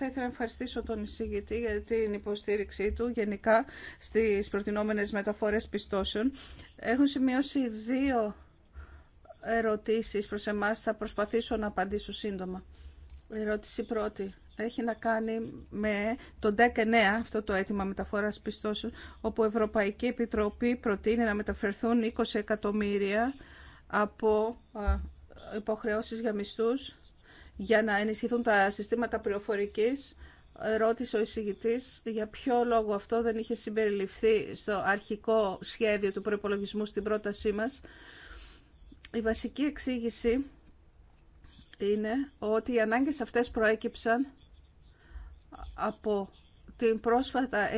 Θα ήθελα να ευχαριστήσω τον εισηγητή για την υποστήριξή του γενικά στις προτινόμενες μεταφορές πιστώσεων. Έχουν σημειώσει δύο ερωτήσεις προς εμάς. Θα προσπαθήσω να απαντήσω σύντομα. Η ερώτηση πρώτη έχει να κάνει με το 19, αυτό το αίτημα μεταφοράς πιστώσεων, όπου η Ευρωπαϊκή Επιτροπή προτείνει να μεταφερθούν 20 εκατομμύρια από υποχρεώσεις για μισθούς για να ενισχυθούν τα συστήματα πληροφορικής. Ρώτησε ο εισηγητή για ποιο λόγο αυτό δεν είχε συμπεριληφθεί στο αρχικό σχέδιο του προπολογισμού στην πρότασή μας. Η βασική εξήγηση είναι ότι οι ανάγκες αυτές προέκυψαν από την πρόσφατα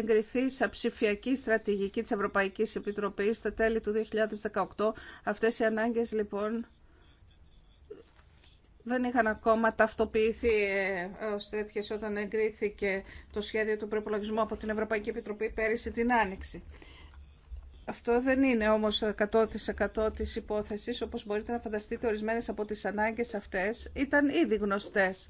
σε ψηφιακή στρατηγική της Ευρωπαϊκής Επιτροπής στα τέλη του 2018. Αυτές οι ανάγκες λοιπόν δεν είχαν ακόμα ταυτοποιηθεί ε, ω τέτοιε όταν εγκρίθηκε το σχέδιο του προπολογισμού από την Ευρωπαϊκή Επιτροπή πέρυσι την Άνοιξη. Αυτό δεν είναι όμως 100% της υπόθεσης, όπως μπορείτε να φανταστείτε ορισμένες από τις ανάγκες αυτές ήταν ήδη γνωστές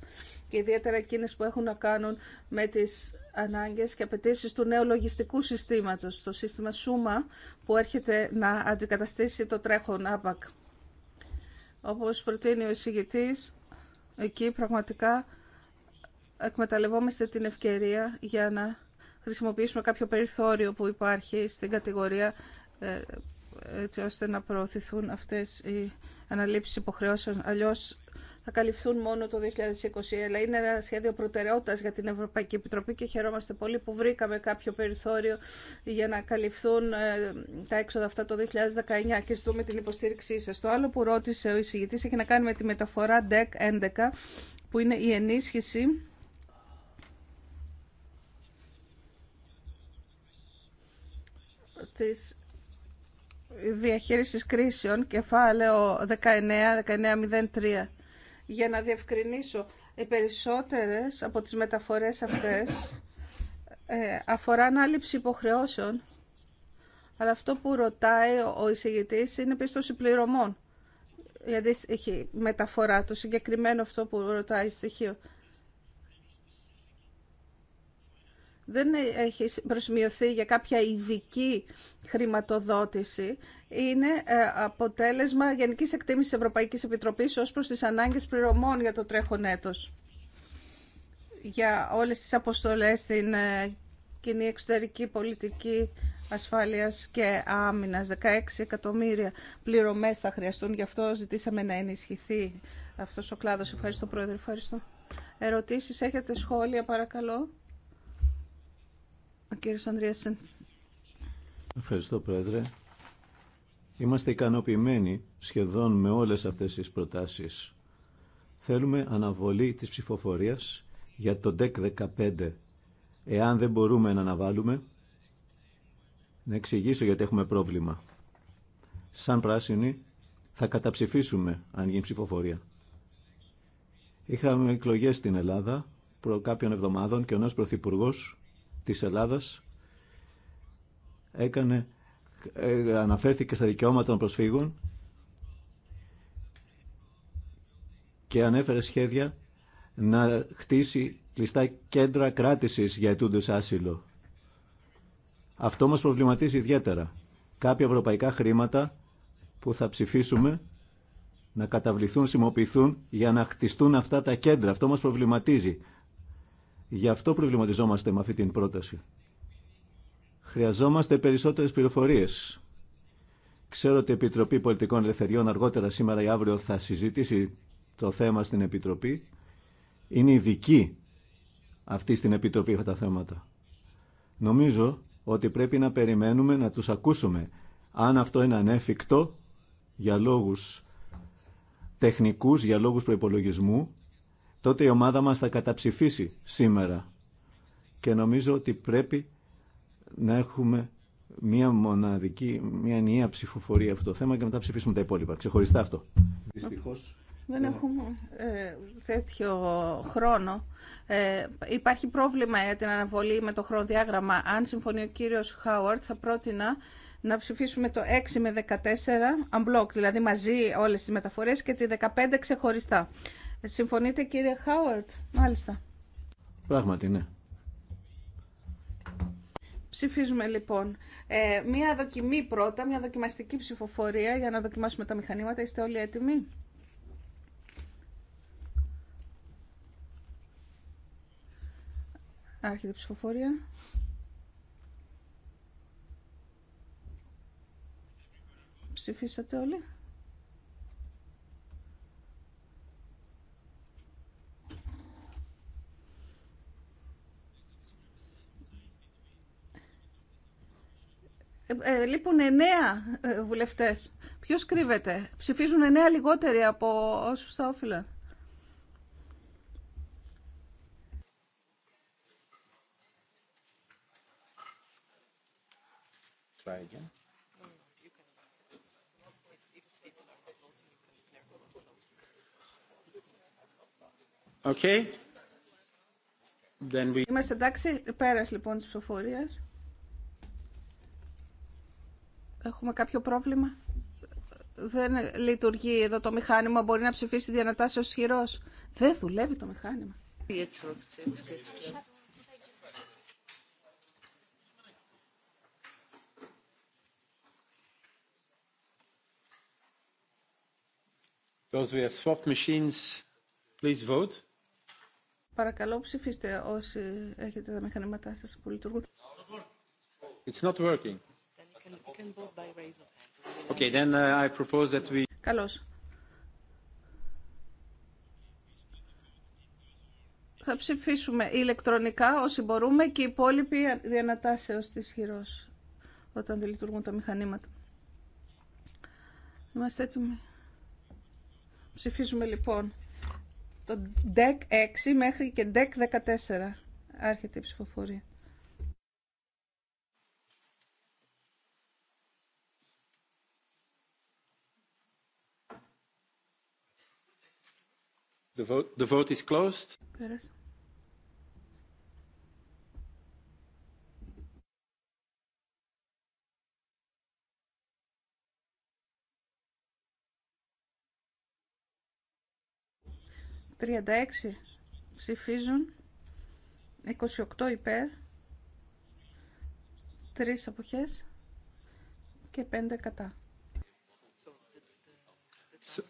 και ιδιαίτερα εκείνες που έχουν να κάνουν με τις ανάγκες και απαιτήσει του νέου λογιστικού συστήματος, το σύστημα ΣΟΥΜΑ που έρχεται να αντικαταστήσει το τρέχον ΑΠΑΚ όπως προτείνει ο εισηγητής, εκεί πραγματικά εκμεταλλευόμαστε την ευκαιρία για να χρησιμοποιήσουμε κάποιο περιθώριο που υπάρχει στην κατηγορία ε, έτσι ώστε να προωθηθούν αυτές οι αναλήψεις υποχρεώσεων. Αλλιώς θα καλυφθούν μόνο το 2020, αλλά είναι ένα σχέδιο προτεραιότητα για την Ευρωπαϊκή Επιτροπή και χαιρόμαστε πολύ που βρήκαμε κάποιο περιθώριο για να καλυφθούν ε, τα έξοδα αυτά το 2019 και ζητούμε την υποστήριξή σα. Το άλλο που ρώτησε ο εισηγητή έχει να κάνει με τη μεταφορά DEC 11, που είναι η ενίσχυση της διαχείρισης κρίσεων, κεφάλαιο 19-1903 για να διευκρινίσω. Οι περισσότερες από τις μεταφορές αυτές ε, αφορά ανάληψη υποχρεώσεων, αλλά αυτό που ρωτάει ο εισηγητής είναι πίστοση πληρωμών. γιατί έχει μεταφορά, το συγκεκριμένο αυτό που ρωτάει στοιχείο. δεν έχει προσμειωθεί για κάποια ειδική χρηματοδότηση είναι ε, αποτέλεσμα Γενικής Εκτίμησης Ευρωπαϊκής Επιτροπής ως προς τις ανάγκες πληρωμών για το τρέχον έτος. Για όλες τις αποστολές στην ε, κοινή εξωτερική πολιτική ασφάλειας και άμυνας. 16 εκατομμύρια πληρωμές θα χρειαστούν. Γι' αυτό ζητήσαμε να ενισχυθεί αυτός ο κλάδος. Ευχαριστώ, Πρόεδρε. Ευχαριστώ. Ερωτήσεις έχετε, σχόλια, παρακαλώ. Ο κύριο Ανδρίασεν. Ευχαριστώ, Πρόεδρε. Είμαστε ικανοποιημένοι σχεδόν με όλες αυτές τις προτάσεις. Θέλουμε αναβολή της ψηφοφορίας για το ΤΕΚ 15. Εάν δεν μπορούμε να αναβάλουμε, να εξηγήσω γιατί έχουμε πρόβλημα. Σαν πράσινοι θα καταψηφίσουμε αν γίνει ψηφοφορία. Είχαμε εκλογές στην Ελλάδα προ κάποιων εβδομάδων και ο νέος Πρωθυπουργός της Ελλάδας έκανε ε, αναφέρθηκε στα δικαιώματα των προσφύγων και ανέφερε σχέδια να χτίσει κλειστά κέντρα κράτησης για ετούντες άσυλο. Αυτό μας προβληματίζει ιδιαίτερα. Κάποια ευρωπαϊκά χρήματα που θα ψηφίσουμε να καταβληθούν, συμμοποιηθούν για να χτιστούν αυτά τα κέντρα. Αυτό μας προβληματίζει. Γι' αυτό προβληματιζόμαστε με αυτή την πρόταση. Χρειαζόμαστε περισσότερε πληροφορίε. Ξέρω ότι η Επιτροπή Πολιτικών Ελευθεριών αργότερα σήμερα ή αύριο θα συζητήσει το θέμα στην Επιτροπή. Είναι ειδική αυτή στην Επιτροπή αυτά τα θέματα. Νομίζω ότι πρέπει να περιμένουμε να τους ακούσουμε. Αν αυτό είναι ανέφικτο για λόγους τεχνικούς, για λόγους προϋπολογισμού, τότε η ομάδα μας θα καταψηφίσει σήμερα. Και νομίζω ότι πρέπει να έχουμε μία μοναδική, μία ενιαία ψηφοφορία αυτό το θέμα και μετά ψηφίσουμε τα υπόλοιπα. Ξεχωριστά αυτό. Δυστυχώ, Δεν ε, έχουμε ε, τέτοιο χρόνο. Ε, υπάρχει πρόβλημα για την αναβολή με το χρονοδιάγραμμα. Αν συμφωνεί ο κύριος Χάουαρτ, θα πρότεινα να ψηφίσουμε το 6 με 14 unblock, δηλαδή μαζί όλες τις μεταφορές και τη 15 ξεχωριστά. Συμφωνείτε κύριε Χάουαρτ, μάλιστα. Πράγματι, ναι. Ψηφίζουμε λοιπόν ε, μία δοκιμή πρώτα, μία δοκιμαστική ψηφοφορία για να δοκιμάσουμε τα μηχανήματα. Είστε όλοι έτοιμοι. Άρχεται ψηφοφορία. Ψηφίσατε όλοι. Ε, ε, λείπουν εννέα ε, βουλευτές. Ποιος κρύβεται. Ψηφίζουν εννέα λιγότεροι από όσους θα όφυλαν. Okay. Then we... Είμαστε εντάξει, πέρας λοιπόν της ψηφοφορίας. Έχουμε κάποιο πρόβλημα. Δεν λειτουργεί εδώ το μηχάνημα. Μπορεί να ψηφίσει διανατάσσεως χειρός. Δεν δουλεύει το μηχάνημα. Those have machines, please vote. Παρακαλώ ψηφίστε όσοι έχετε τα μηχανήματά σας που λειτουργούν. It's not working. Okay, then uh, I propose that we... Καλώς. Θα ψηφίσουμε ηλεκτρονικά όσοι μπορούμε και οι υπόλοιποι διανατάσεως της χειρός όταν δεν λειτουργούν τα μηχανήματα. Είμαστε έτοιμοι. Ψηφίζουμε λοιπόν το DEC 6 μέχρι και DEC 14. Άρχεται η ψηφοφορία. The vote, is closed. Πέρασε. ψηφίζουν, 28 υπέρ, 3 αποχές και 5 κατά. So,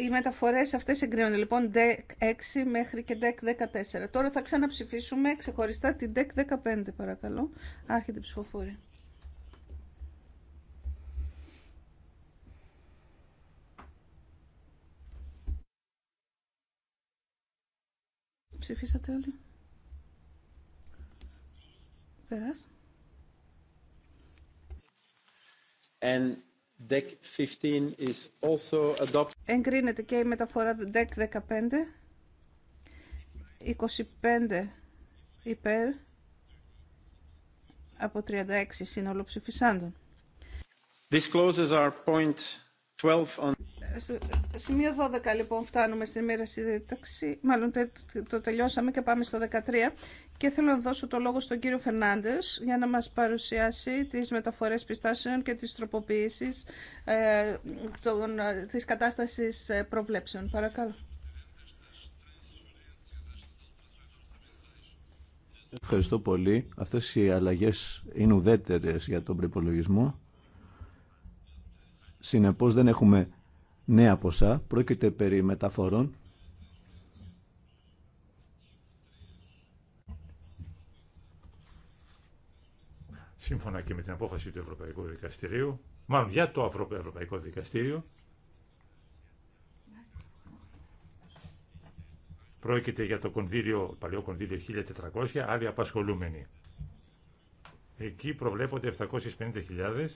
οι μεταφορέ αυτές εγκρίνονται λοιπόν DEC 6 μέχρι και DEC 14. Τώρα θα ξαναψηφίσουμε ξεχωριστά την DEC 15 παρακαλώ. Άρχεται η Ψηφίσατε όλοι. Περάσε. And DEC 15 is also adopted. Εγκρίνεται και η μεταφορά DEC 15. 25 υπέρ από 36 σύνολο ψηφισάντων. This closes our point 12 on σημείο 12 λοιπόν φτάνουμε στην μοίραση δίταξη. μάλλον το τελειώσαμε και πάμε στο 13 και θέλω να δώσω το λόγο στον κύριο Φερνάντες για να μας παρουσιάσει τις μεταφορές πιστάσεων και τις τροποποιήσεις ε, των, ε, της κατάστασης ε, προβλέψεων. Παρακαλώ. Ευχαριστώ πολύ. Αυτές οι αλλαγές είναι ουδέτερες για τον προπολογισμό. Συνεπώς δεν έχουμε νέα ποσά. Πρόκειται περί μεταφορών σύμφωνα και με την απόφαση του Ευρωπαϊκού Δικαστηρίου, μάλλον για το Ευρωπαϊκό Δικαστήριο, πρόκειται για το κονδύλιο, παλιό κονδύλιο 1400, άλλοι απασχολούμενοι. Εκεί προβλέπονται 750.000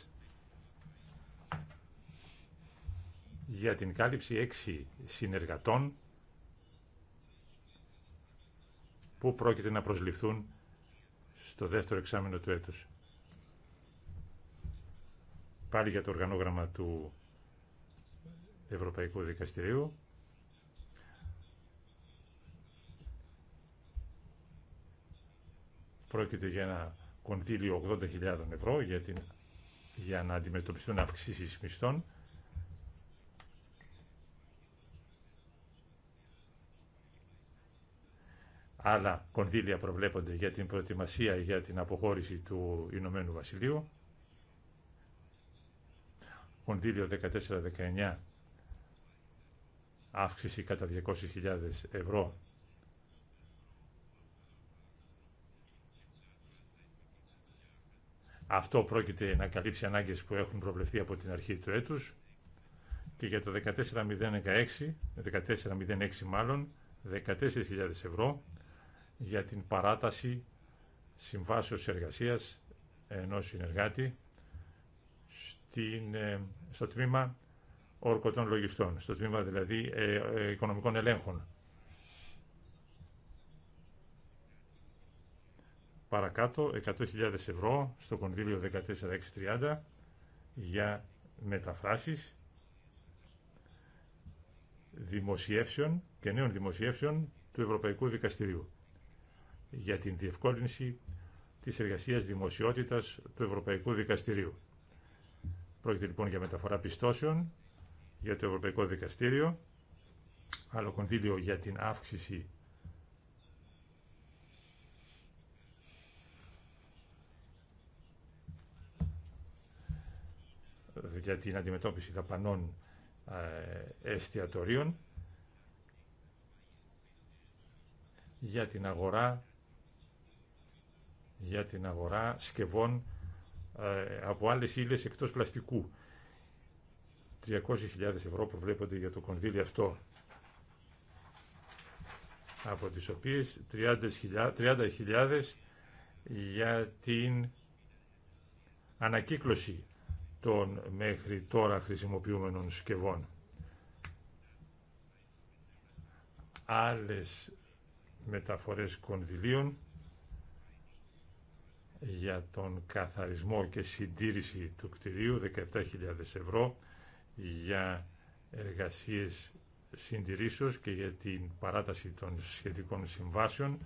για την κάλυψη έξι συνεργατών που πρόκειται να προσληφθούν στο δεύτερο εξάμεινο του έτους. Πάλι για το οργανόγραμμα του Ευρωπαϊκού Δικαστηρίου. Πρόκειται για ένα κονδύλιο 80.000 ευρώ για, την, για να αντιμετωπιστούν αυξήσεις μισθών άλλα κονδύλια προβλέπονται για την προετοιμασία για την αποχώρηση του Ηνωμένου Βασιλείου. Κονδύλιο 14-19 αύξηση κατά 200.000 ευρώ. Αυτό πρόκειται να καλύψει ανάγκες που έχουν προβλεφθεί από την αρχή του έτους και για το 14.016, 14.06 μάλλον, 14.000 ευρώ για την παράταση συμβάσεως εργασίας ενός συνεργάτη στην, ε, στο τμήμα ορκωτών λογιστών, στο τμήμα δηλαδή ε, ε, οικονομικών ελέγχων. Παρακάτω 100.000 ευρώ στο κονδύλιο 14630 για μεταφράσεις δημοσιεύσεων και νέων δημοσιεύσεων του Ευρωπαϊκού Δικαστηρίου για την διευκόλυνση της εργασίας δημοσιότητας του Ευρωπαϊκού Δικαστηρίου. Πρόκειται λοιπόν για μεταφορά πιστώσεων για το Ευρωπαϊκό Δικαστήριο, άλλο κονδύλιο για την αύξηση για την αντιμετώπιση δαπανών ε, εστιατορίων για την αγορά για την αγορά σκευών ε, από άλλες ύλες εκτός πλαστικού. 300.000 ευρώ προβλέπονται για το κονδύλι αυτό, από τις οποίες 30.000 για την ανακύκλωση των μέχρι τώρα χρησιμοποιούμενων σκευών. Άλλες μεταφορές κονδυλίων για τον καθαρισμό και συντήρηση του κτηρίου 17.000 ευρώ για εργασίες συντηρήσεως και για την παράταση των σχετικών συμβάσεων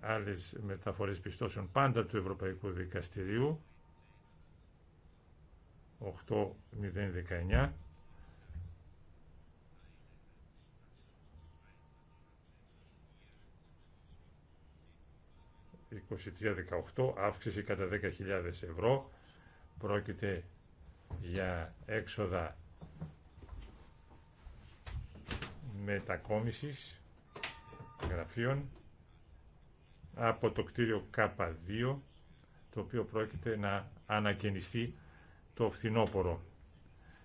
άλλες μεταφορές πιστώσεων πάντα του Ευρωπαϊκού Δικαστηρίου 8.019 2318, αύξηση κατά 10.000 ευρώ. Πρόκειται για έξοδα μετακόμισης γραφείων από το κτίριο K2, το οποίο πρόκειται να ανακαινιστεί το φθινόπωρο.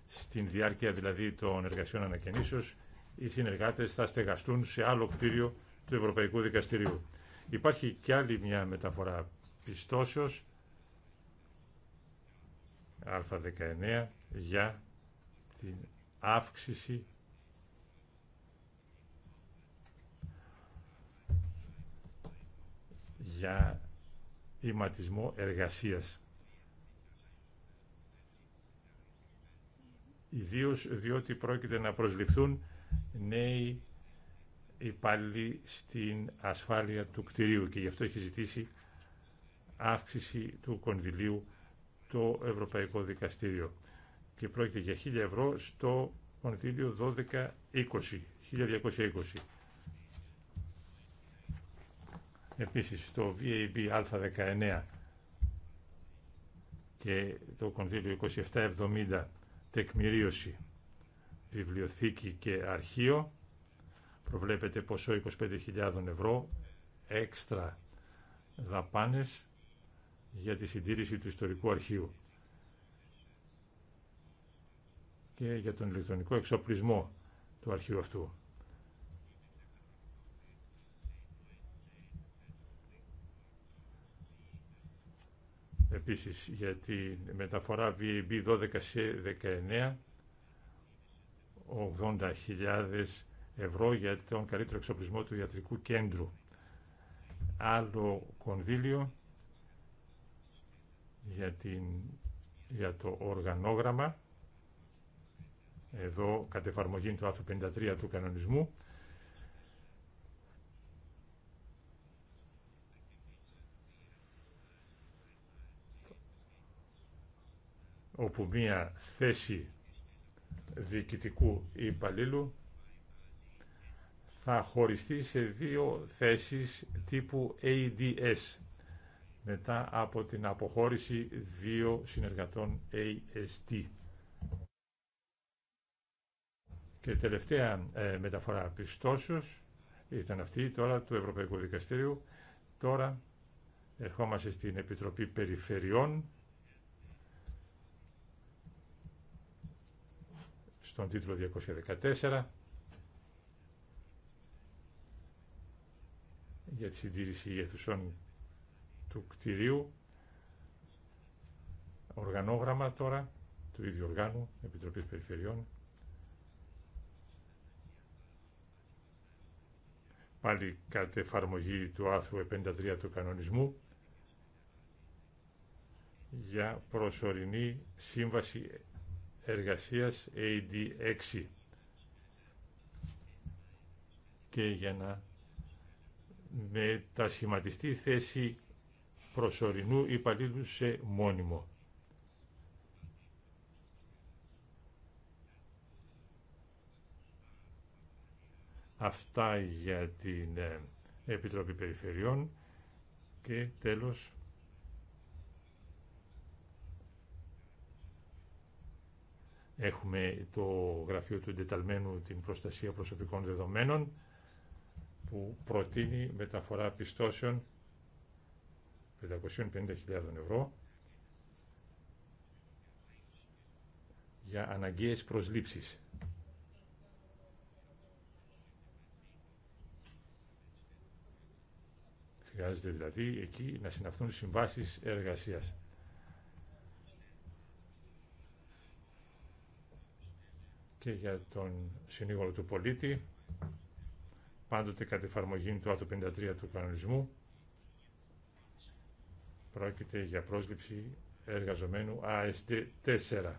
Στην διάρκεια δηλαδή των εργασιών ανακαινήσεως, οι συνεργάτες θα στεγαστούν σε άλλο κτίριο του Ευρωπαϊκού Δικαστηρίου. Υπάρχει κι άλλη μια μεταφορά πιστώσεως Α19 για την αύξηση για ηματισμό εργασίας. Ιδίως διότι πρόκειται να προσληφθούν νέοι υπάλληλοι στην ασφάλεια του κτηρίου και γι' αυτό έχει ζητήσει αύξηση του κονδυλίου το Ευρωπαϊκό Δικαστήριο. Και πρόκειται για 1.000 ευρώ στο κονδύλιο 1220, 1220. Επίσης το VAB Α19 και το κονδύλιο 2770 τεκμηρίωση, βιβλιοθήκη και αρχείο Προβλέπετε ποσό 25.000 ευρώ έξτρα δαπάνες για τη συντήρηση του ιστορικού αρχείου και για τον ηλεκτρονικό εξοπλισμό του αρχείου αυτού. Επίσης για τη μεταφορά VAB 12 c 19 80.000 ευρώ για τον καλύτερο εξοπλισμό του ιατρικού κέντρου. Άλλο κονδύλιο για, για το οργανόγραμμα. Εδώ κατ' εφαρμογή του άρθρου 53 του κανονισμού. όπου μία θέση διοικητικού υπαλλήλου θα χωριστεί σε δύο θέσεις τύπου ADS μετά από την αποχώρηση δύο συνεργατών AST. Και τελευταία ε, μεταφορά πιστώσεως ήταν αυτή τώρα του Ευρωπαϊκού Δικαστήριου. Τώρα ερχόμαστε στην Επιτροπή Περιφερειών στον τίτλο 214 για τη συντήρηση αιθουσών του κτηρίου. Οργανόγραμμα τώρα του ίδιου οργάνου, Επιτροπής Περιφερειών. Πάλι κατ' εφαρμογή του άρθρου 53 του κανονισμού για προσωρινή σύμβαση εργασίας AD6 και για να μετασχηματιστεί θέση προσωρινού υπαλλήλου σε μόνιμο. Αυτά για την ε, Επιτροπή Περιφερειών και τέλος έχουμε το γραφείο του εντεταλμένου την προστασία προσωπικών δεδομένων που προτείνει μεταφορά πιστώσεων 550.000 ευρώ για αναγκαίες προσλήψεις. Χρειάζεται δηλαδή εκεί να συναυθούν συμβάσεις εργασίας. Και για τον συνήγορο του πολίτη πάντοτε κατ' εφαρμογή του άτου 53 του κανονισμού. Πρόκειται για πρόσληψη εργαζομένου ASD4.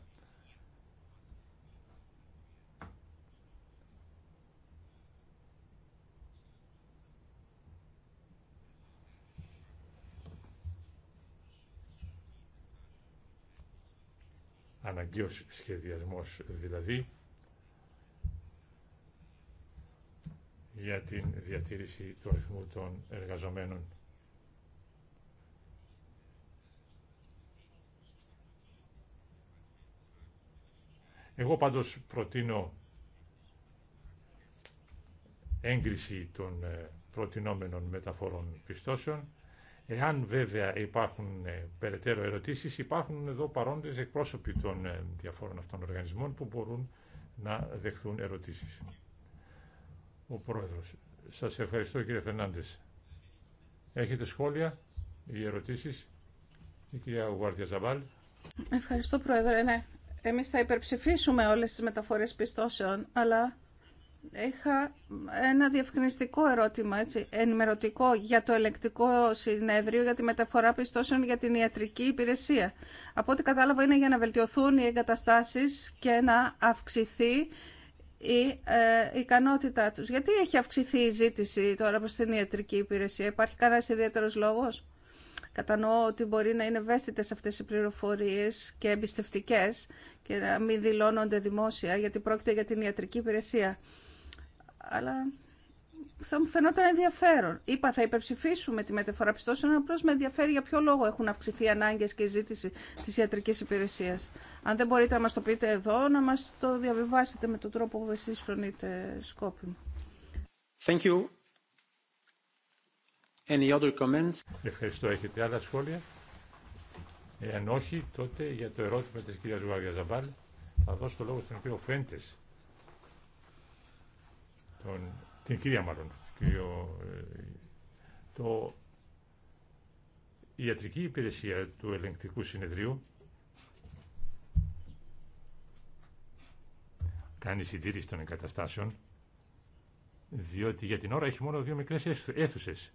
αναγκαίος σχεδιασμός δηλαδή για την διατήρηση του αριθμού των εργαζομένων. Εγώ πάντως προτείνω έγκριση των ε, προτινόμενων μεταφορών πιστώσεων. Εάν βέβαια υπάρχουν ε, περαιτέρω ερωτήσεις, υπάρχουν εδώ παρόντες εκπρόσωποι των ε, διαφόρων αυτών οργανισμών που μπορούν να δεχθούν ερωτήσεις. Ο Πρόεδρος. Σας ευχαριστώ κύριε Φερνάντες. Έχετε σχόλια ή ερωτήσεις. Η κυρία Γουάρτια Ζαμπάλ. Ευχαριστώ Πρόεδρε. Ναι. Εμείς θα υπερψηφίσουμε όλες τις μεταφορές πιστώσεων, αλλά είχα ένα διευκρινιστικό ερώτημα, έτσι, ενημερωτικό για το ελεκτικό συνέδριο για τη μεταφορά πιστώσεων για την ιατρική υπηρεσία. Από ό,τι κατάλαβα είναι για να βελτιωθούν οι εγκαταστάσεις και να αυξηθεί η ε, ικανότητά τους. Γιατί έχει αυξηθεί η ζήτηση τώρα προς την ιατρική υπηρεσία. Υπάρχει κανένας ιδιαίτερος λόγος. Κατανοώ ότι μπορεί να είναι ευαίσθητες αυτές οι πληροφορίες και εμπιστευτικές και να μην δηλώνονται δημόσια γιατί πρόκειται για την ιατρική υπηρεσία. Αλλά θα μου φαινόταν ενδιαφέρον. Είπα θα υπερψηφίσουμε τη μεταφορά πιστώσεων, απλώ με ενδιαφέρει για ποιο λόγο έχουν αυξηθεί οι ανάγκε και η ζήτηση τη ιατρική υπηρεσία. Αν δεν μπορείτε να μα το πείτε εδώ, να μα το διαβιβάσετε με τον τρόπο που εσεί φρονείτε σκόπιμο. Thank Ευχαριστώ. Έχετε άλλα σχόλια. Εάν όχι, τότε για το ερώτημα τη κυρία Γουάρια θα δώσω το λόγο στον κύριο Φέντε την κυρία μάλλον, ε, το, η ιατρική υπηρεσία του ελεγκτικού συνεδρίου κάνει συντήρηση των εγκαταστάσεων, διότι για την ώρα έχει μόνο δύο μικρές αίθουσες.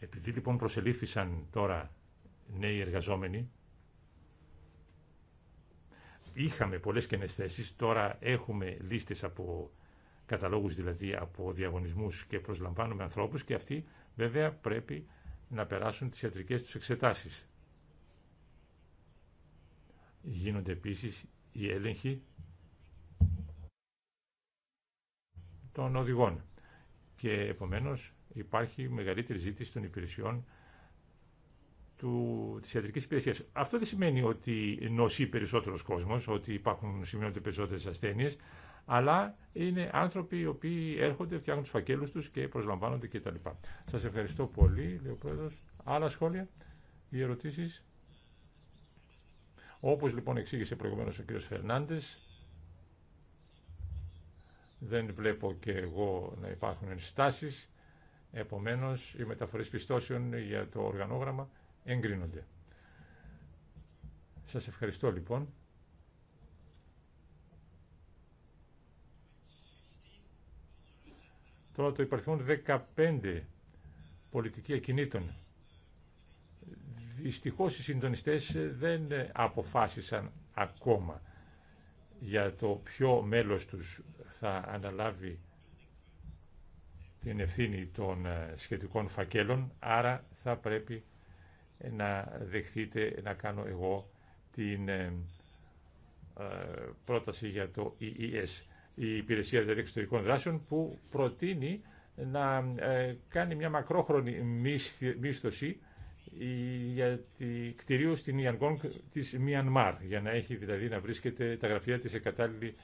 Επειδή λοιπόν προσελήφθησαν τώρα νέοι εργαζόμενοι, είχαμε πολλές καινές θέσεις, τώρα έχουμε λίστες από καταλόγους δηλαδή από διαγωνισμούς και προσλαμβάνουμε ανθρώπους και αυτοί βέβαια πρέπει να περάσουν τις ιατρικές τους εξετάσεις. Γίνονται επίσης οι έλεγχοι των οδηγών και επομένως υπάρχει μεγαλύτερη ζήτηση των υπηρεσιών του, της ιατρικής υπηρεσίας. Αυτό δεν σημαίνει ότι νοσεί περισσότερος κόσμος, ότι υπάρχουν σημειώνονται περισσότερες ασθένειες, αλλά είναι άνθρωποι οι οποίοι έρχονται, φτιάχνουν του φακέλου του και προσλαμβάνονται κτλ. Σα ευχαριστώ πολύ, λέει ο Άλλα σχόλια ή ερωτήσει. Όπω λοιπόν εξήγησε προηγουμένω ο κ. Φερνάντε, δεν βλέπω και εγώ να υπάρχουν ενστάσει. Επομένω, οι μεταφορέ πιστώσεων για το οργανόγραμμα εγκρίνονται. Σας ευχαριστώ λοιπόν. Τώρα το υπαριθμόν 15 πολιτική ακινήτων. Δυστυχώς οι συντονιστές δεν αποφάσισαν ακόμα για το ποιο μέλος τους θα αναλάβει την ευθύνη των ε, σχετικών φακέλων, άρα θα πρέπει να δεχθείτε να κάνω εγώ την ε, ε, πρόταση για το EES η Υπηρεσία δηλαδή Εξωτερικών Δράσεων που προτείνει να ε, κάνει μια μακρόχρονη μίσθωση ε, για τη κτηρίου στην Ιανγκόνγκ της Μιανμάρ για να έχει δηλαδή να βρίσκεται τα γραφεία της σε κατάλληλη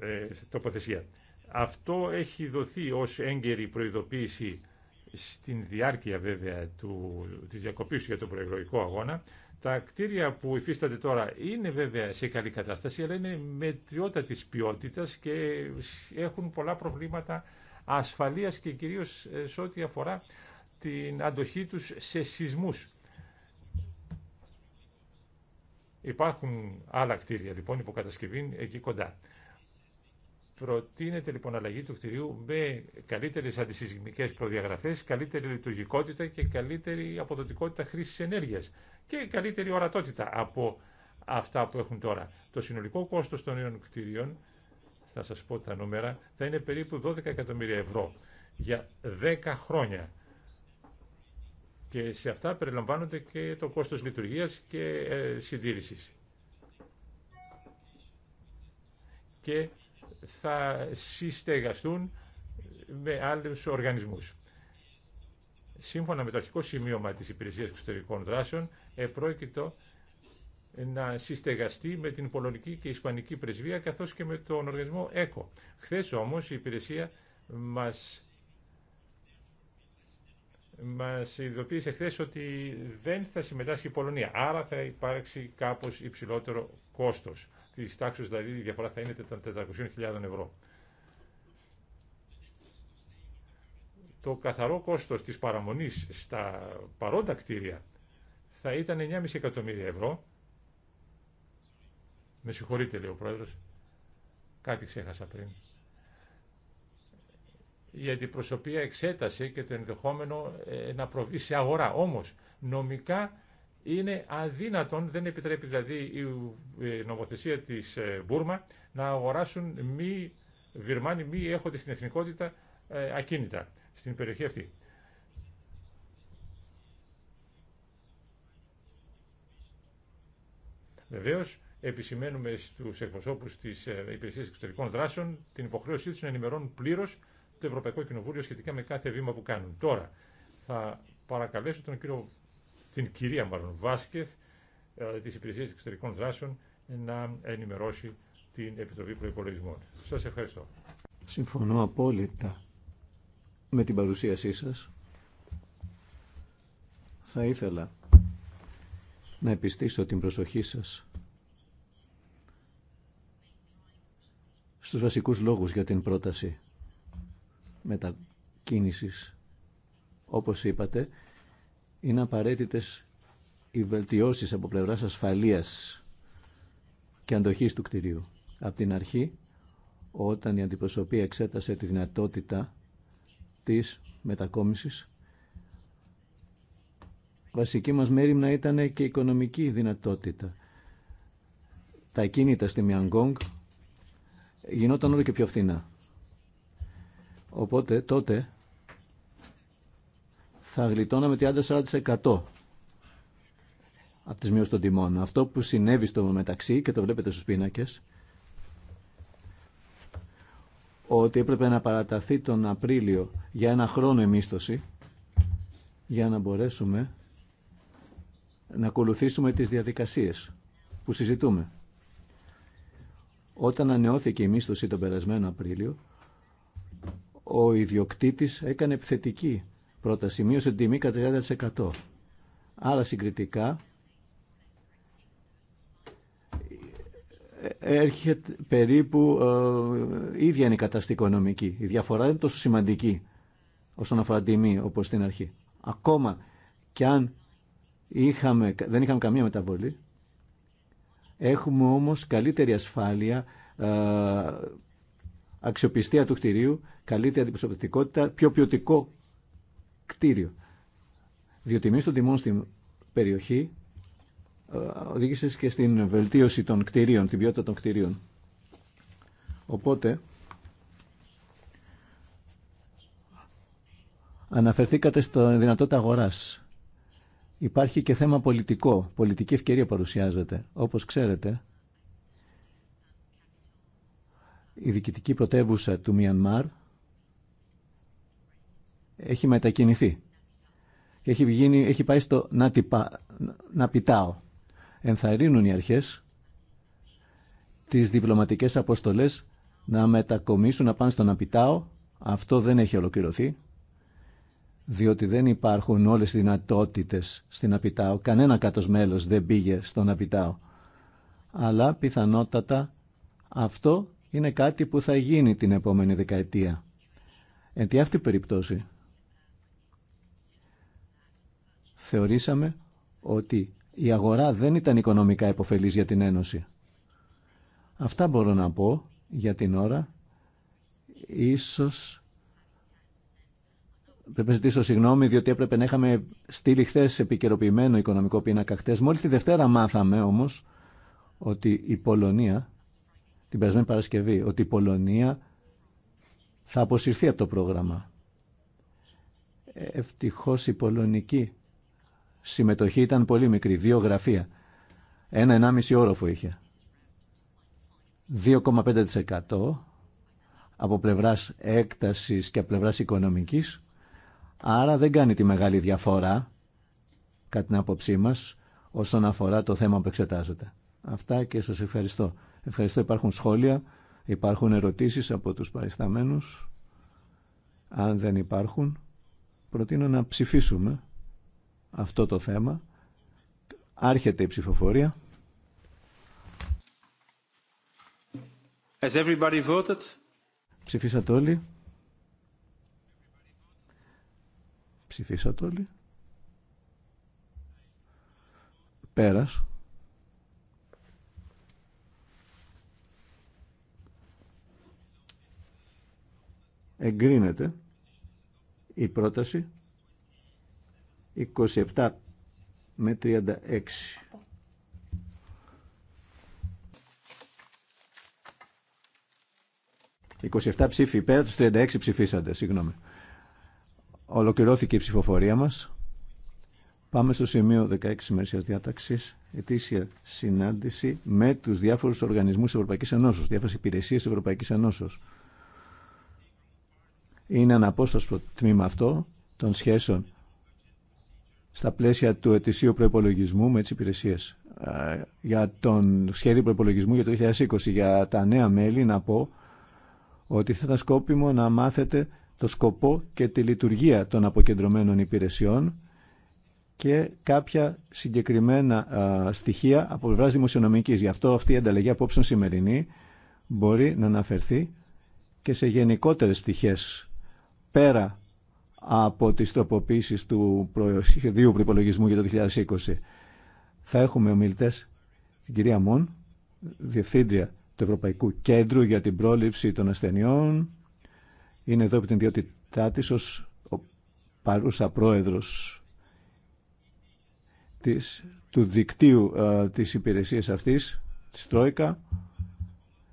ε, τοποθεσία. Αυτό έχει δοθεί ως έγκαιρη προειδοποίηση στην διάρκεια βέβαια του, της διακοπής για τον προεκλογικό αγώνα τα κτίρια που υφίστανται τώρα είναι βέβαια σε καλή κατάσταση, αλλά είναι της ποιότητας και έχουν πολλά προβλήματα ασφαλείας και κυρίως ε, σε ό,τι αφορά την αντοχή τους σε σεισμούς. Υπάρχουν άλλα κτίρια λοιπόν υποκατασκευή εκεί κοντά. Προτείνεται λοιπόν αλλαγή του κτιρίου με καλύτερε αντισυσμικέ προδιαγραφέ, καλύτερη λειτουργικότητα και καλύτερη αποδοτικότητα χρήση ενέργεια και καλύτερη ορατότητα από αυτά που έχουν τώρα. Το συνολικό κόστος των νέων κτίριων, θα σας πω τα νούμερα, θα είναι περίπου 12 εκατομμύρια ευρώ για 10 χρόνια. Και σε αυτά περιλαμβάνονται και το κόστος λειτουργίας και ε, συντήρησης. Και θα συστεγαστούν με άλλους οργανισμούς. Σύμφωνα με το αρχικό σημείωμα της Υπηρεσίας Εξωτερικών Δράσεων, επρόκειτο να συστεγαστεί με την Πολωνική και Ισπανική Πρεσβεία καθώς και με τον οργανισμό ΕΚΟ. Χθες όμως η υπηρεσία μας, μας ειδοποίησε χθες ότι δεν θα συμμετάσχει η Πολωνία, άρα θα υπάρξει κάπως υψηλότερο κόστος. Τη τάξη δηλαδή η διαφορά θα είναι των 400.000 ευρώ. Το καθαρό κόστος της παραμονής στα παρόντα κτίρια θα ήταν 9,5 εκατομμύρια ευρώ. Με συγχωρείτε, λέει ο πρόεδρο, Κάτι ξέχασα πριν. Η προσωπία εξέτασε και το ενδεχόμενο ε, να προβεί σε αγορά. Όμως, νομικά είναι αδύνατον, δεν επιτρέπει δηλαδή η ε, νομοθεσία της ε, Μπούρμα να αγοράσουν μη Βυρμάνοι μη έχονται στην εθνικότητα ακίνητα στην περιοχή αυτή. Βεβαίω, επισημαίνουμε στου εκπροσώπου τη ε, Υπηρεσία Εξωτερικών Δράσεων την υποχρέωσή του να ενημερώνουν πλήρω το Ευρωπαϊκό Κοινοβούλιο σχετικά με κάθε βήμα που κάνουν. Τώρα, θα παρακαλέσω τον κύριο, την κυρία μάλλον Βάσκεθ ε, τη Υπηρεσία Εξωτερικών Δράσεων να ενημερώσει την Επιτροπή Προπολογισμών. Σα ευχαριστώ. Συμφωνώ απόλυτα με την παρουσίασή σας. Θα ήθελα να επιστήσω την προσοχή σας στους βασικούς λόγους για την πρόταση μετακίνησης. Όπως είπατε, είναι απαραίτητες οι βελτιώσεις από πλευράς ασφαλείας και αντοχής του κτηρίου. Από την αρχή, όταν η αντιπροσωπή εξέτασε τη δυνατότητα της μετακόμισης, Βασική μας μέρημνα ήταν και η οικονομική δυνατότητα. Τα κίνητα στη Μιανγκόγκ γινόταν όλο και πιο φθηνά. Οπότε τότε θα γλιτώναμε 30-40% από τις μειώσεις των τιμών. Αυτό που συνέβη στο μεταξύ και το βλέπετε στους πίνακες ότι έπρεπε να παραταθεί τον Απρίλιο για ένα χρόνο η μίσθωση για να μπορέσουμε να ακολουθήσουμε τις διαδικασίες που συζητούμε. Όταν ανεώθηκε η μίσθωση τον περασμένο Απρίλιο, ο ιδιοκτήτης έκανε επιθετική πρόταση, μείωσε την τιμή κατά 30%. Άρα συγκριτικά έρχεται περίπου ε, ίδια είναι η κατάσταση οικονομική. Η διαφορά είναι τόσο σημαντική όσον αφορά τιμή όπως στην αρχή. Ακόμα και αν είχαμε, δεν είχαμε καμία μεταβολή. Έχουμε όμως καλύτερη ασφάλεια, ε, αξιοπιστία του κτηρίου, καλύτερη αντιπροσωπευτικότητα, πιο ποιοτικό κτίριο. Διότι εμείς των τιμών στην περιοχή ε, οδήγησε και στην βελτίωση των κτηρίων, την ποιότητα των κτηρίων. Οπότε, αναφερθήκατε στο δυνατότητα αγοράς Υπάρχει και θέμα πολιτικό. Πολιτική ευκαιρία παρουσιάζεται. Όπως ξέρετε, η διοικητική πρωτεύουσα του Μιανμάρ έχει μετακινηθεί. Έχει, έχει πάει στο Ναπιτάο. να Ενθαρρύνουν οι αρχές τις διπλωματικές αποστολές να μετακομίσουν, να πάνε στο Ναπιτάο. Αυτό δεν έχει ολοκληρωθεί διότι δεν υπάρχουν όλες οι δυνατότητες στην Απιτάο. Κανένα κάτος μέλος δεν πήγε στον Απιτάο. Αλλά πιθανότατα αυτό είναι κάτι που θα γίνει την επόμενη δεκαετία. Εν τη αυτή περιπτώση θεωρήσαμε ότι η αγορά δεν ήταν οικονομικά επωφελής για την Ένωση. Αυτά μπορώ να πω για την ώρα. Ίσως Πρέπει να ζητήσω συγγνώμη, διότι έπρεπε να είχαμε στείλει χθε επικαιροποιημένο οικονομικό πίνακα χθε. Μόλι τη Δευτέρα μάθαμε όμω ότι η Πολωνία, την περασμένη Παρασκευή, ότι η Πολωνία θα αποσυρθεί από το πρόγραμμα. Ε, Ευτυχώ η πολωνική συμμετοχή ήταν πολύ μικρή, δύο γραφεία. Ένα ενάμιση όροφο είχε. 2,5% από πλευράς έκτασης και από πλευράς οικονομικής Άρα δεν κάνει τη μεγάλη διαφορά, κατά την άποψή μας, όσον αφορά το θέμα που εξετάζεται. Αυτά και σας ευχαριστώ. Ευχαριστώ. Υπάρχουν σχόλια, υπάρχουν ερωτήσεις από τους παρισταμένους. Αν δεν υπάρχουν, προτείνω να ψηφίσουμε αυτό το θέμα. Άρχεται η ψηφοφορία. Has everybody voted? Ψηφίσατε όλοι. Ψηφίσατε όλοι. Πέρας. Εγκρίνεται η πρόταση 27 με 36. 27 ψηφί. Πέρα τους 36 ψηφίσαντε, συγγνώμη. Ολοκληρώθηκε η ψηφοφορία μας. Πάμε στο σημείο 16 ημερησίας διάταξης, ετήσια συνάντηση με τους διάφορους οργανισμούς Ευρωπαϊκής Ενώσεως, διάφορες υπηρεσίες Ευρωπαϊκής Ενώσεως. Είναι αναπόσπαστο τμήμα αυτό των σχέσεων στα πλαίσια του ετησίου προπολογισμού με τις υπηρεσίες. Για τον σχέδιο προπολογισμού για το 2020, για τα νέα μέλη, να πω ότι θα ήταν σκόπιμο να μάθετε το σκοπό και τη λειτουργία των αποκεντρωμένων υπηρεσιών και κάποια συγκεκριμένα στοιχεία από πλευρά δημοσιονομική. Γι' αυτό αυτή η ανταλλαγή απόψεων σημερινή μπορεί να αναφερθεί και σε γενικότερες πτυχέ πέρα από τις τροποποίησεις του δύο προπολογισμού για το 2020. Θα έχουμε ομιλητές την κυρία Μον, Διευθύντρια του Ευρωπαϊκού Κέντρου για την Πρόληψη των Ασθενειών, είναι εδώ από την ιδιότητά τη ω ο παρούσα πρόεδρος της, του δικτύου ε, της υπηρεσίας αυτής, της Τρόικα.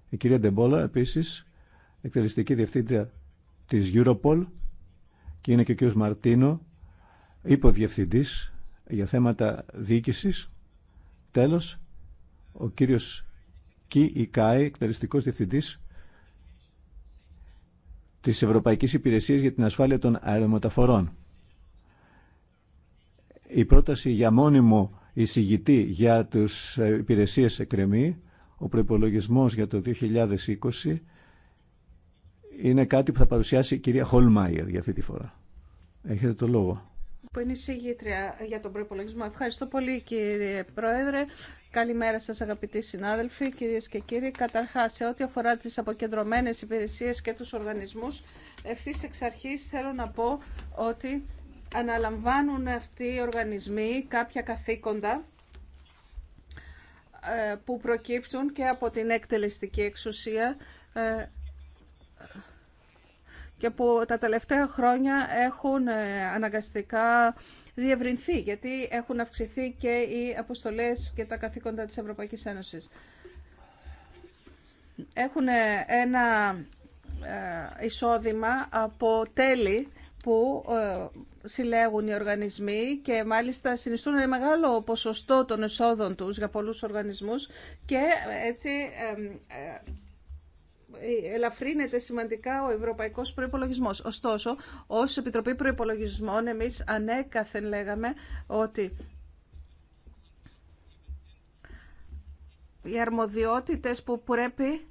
Η κυρία Ντεμπόλα επίσης, εκτελεστική διευθύντρια της Europol και είναι και ο κύριος Μαρτίνο, υποδιευθυντής για θέματα διοίκηση. Τέλος, ο κύριος Κι Ικάη, εκτελεστικός διευθυντής της Ευρωπαϊκής Υπηρεσίας για την Ασφάλεια των Αερομεταφορών. Η πρόταση για μόνιμο εισηγητή για τις υπηρεσίες εκκρεμεί. Ο προϋπολογισμός για το 2020 είναι κάτι που θα παρουσιάσει η κυρία Χολμάιερ για αυτή τη φορά. Έχετε το λόγο. Που είναι εισηγήτρια για τον προϋπολογισμό. Ευχαριστώ πολύ κύριε Πρόεδρε. Καλημέρα σας αγαπητοί συνάδελφοι, κυρίες και κύριοι. Καταρχάς, σε ό,τι αφορά τις αποκεντρωμένες υπηρεσίες και τους οργανισμούς, ευθύς εξ αρχής θέλω να πω ότι αναλαμβάνουν αυτοί οι οργανισμοί κάποια καθήκοντα ε, που προκύπτουν και από την εκτελεστική εξουσία ε, και που τα τελευταία χρόνια έχουν ε, αναγκαστικά διευρυνθεί, γιατί έχουν αυξηθεί και οι αποστολές και τα καθήκοντα της Ευρωπαϊκής Ένωσης. Έχουν ε, ένα ε, εισόδημα από τέλη που ε, συλλέγουν οι οργανισμοί και μάλιστα συνιστούν ένα μεγάλο ποσοστό των εσόδων τους για πολλούς οργανισμούς και έτσι ελαφρύνεται σημαντικά ο ευρωπαϊκός προϋπολογισμός. Ωστόσο, ως Επιτροπή Προϋπολογισμών εμείς ανέκαθεν λέγαμε ότι οι αρμοδιότητες που πρέπει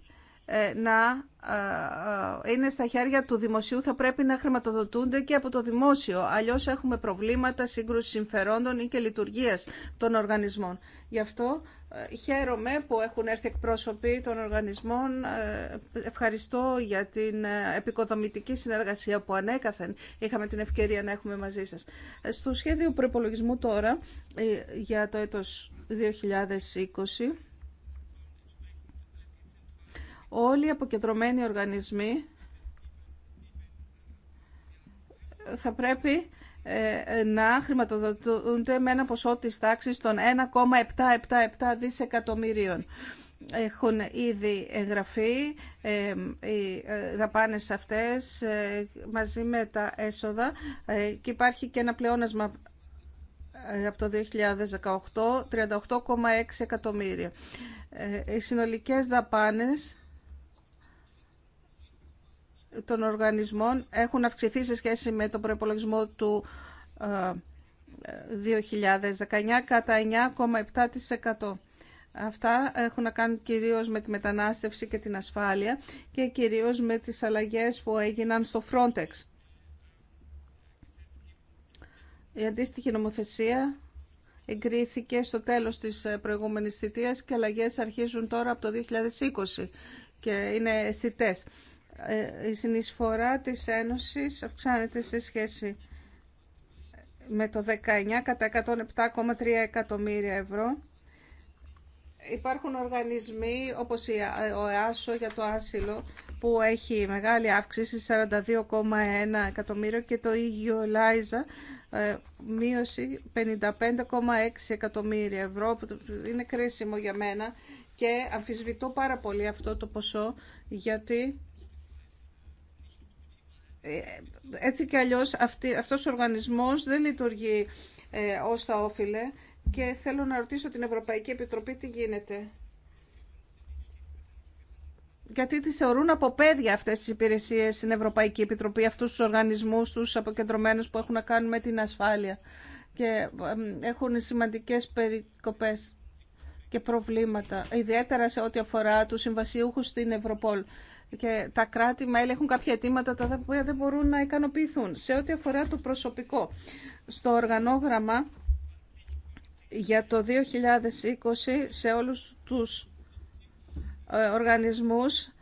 ε, να ε, ε, είναι στα χέρια του δημοσίου θα πρέπει να χρηματοδοτούνται και από το δημόσιο. Αλλιώς έχουμε προβλήματα σύγκρουση συμφερόντων ή και λειτουργίας των οργανισμών. Γι' αυτό χαίρομαι που έχουν έρθει εκπρόσωποι των οργανισμών. Ευχαριστώ για την επικοδομητική συνεργασία που ανέκαθεν είχαμε την ευκαιρία να έχουμε μαζί σας. Στο σχέδιο προπολογισμού τώρα για το έτος 2020 όλοι οι αποκεντρωμένοι οργανισμοί θα πρέπει ε, να χρηματοδοτούνται με ένα ποσό της τάξης των 1,777 δισεκατομμυρίων. Έχουν ήδη εγγραφεί ε, οι ε, δαπάνες αυτές μαζί με τα έσοδα και υπάρχει και ένα πλεόνασμα από το 2018, 38,6 εκατομμύρια. Οι συνολικές δαπάνες των οργανισμών έχουν αυξηθεί σε σχέση με τον προπολογισμό του 2019 ε, ε, κατά 9,7%. Αυτά έχουν να κάνουν κυρίως με τη μετανάστευση και την ασφάλεια και κυρίως με τις αλλαγές που έγιναν στο Frontex. Η αντίστοιχη νομοθεσία εγκρίθηκε στο τέλος της ε, προηγούμενης θητείας και αλλαγές αρχίζουν τώρα από το 2020 και είναι αισθητέ. Ε, η συνεισφορά της Ένωσης αυξάνεται σε σχέση με το 19 κατά 107,3 εκατομμύρια ευρώ. Υπάρχουν οργανισμοί όπως ο ΕΑΣΟ για το άσυλο που έχει μεγάλη αύξηση 42,1 εκατομμύρια και το ίδιο Λάιζα ε, μείωση 55,6 εκατομμύρια ευρώ που είναι κρίσιμο για μένα και αμφισβητώ πάρα πολύ αυτό το ποσό γιατί έτσι και αλλιώς αυτή, αυτός ο οργανισμός δεν λειτουργεί ε, ως τα όφιλε και θέλω να ρωτήσω την Ευρωπαϊκή Επιτροπή τι γίνεται. Γιατί τις θεωρούν από παιδιά αυτές τις υπηρεσίες στην Ευρωπαϊκή Επιτροπή, αυτούς τους οργανισμούς, τους αποκεντρωμένους που έχουν να κάνουν με την ασφάλεια και ε, έχουν σημαντικές περικοπές και προβλήματα, ιδιαίτερα σε ό,τι αφορά τους συμβασιούχους στην Ευρωπόλ και τα κράτη-μέλη έχουν κάποια αιτήματα τα οποία δεν μπορούν να ικανοποιηθούν. Σε ό,τι αφορά το προσωπικό, στο οργανόγραμμα για το 2020 σε όλους τους ε, οργανισμούς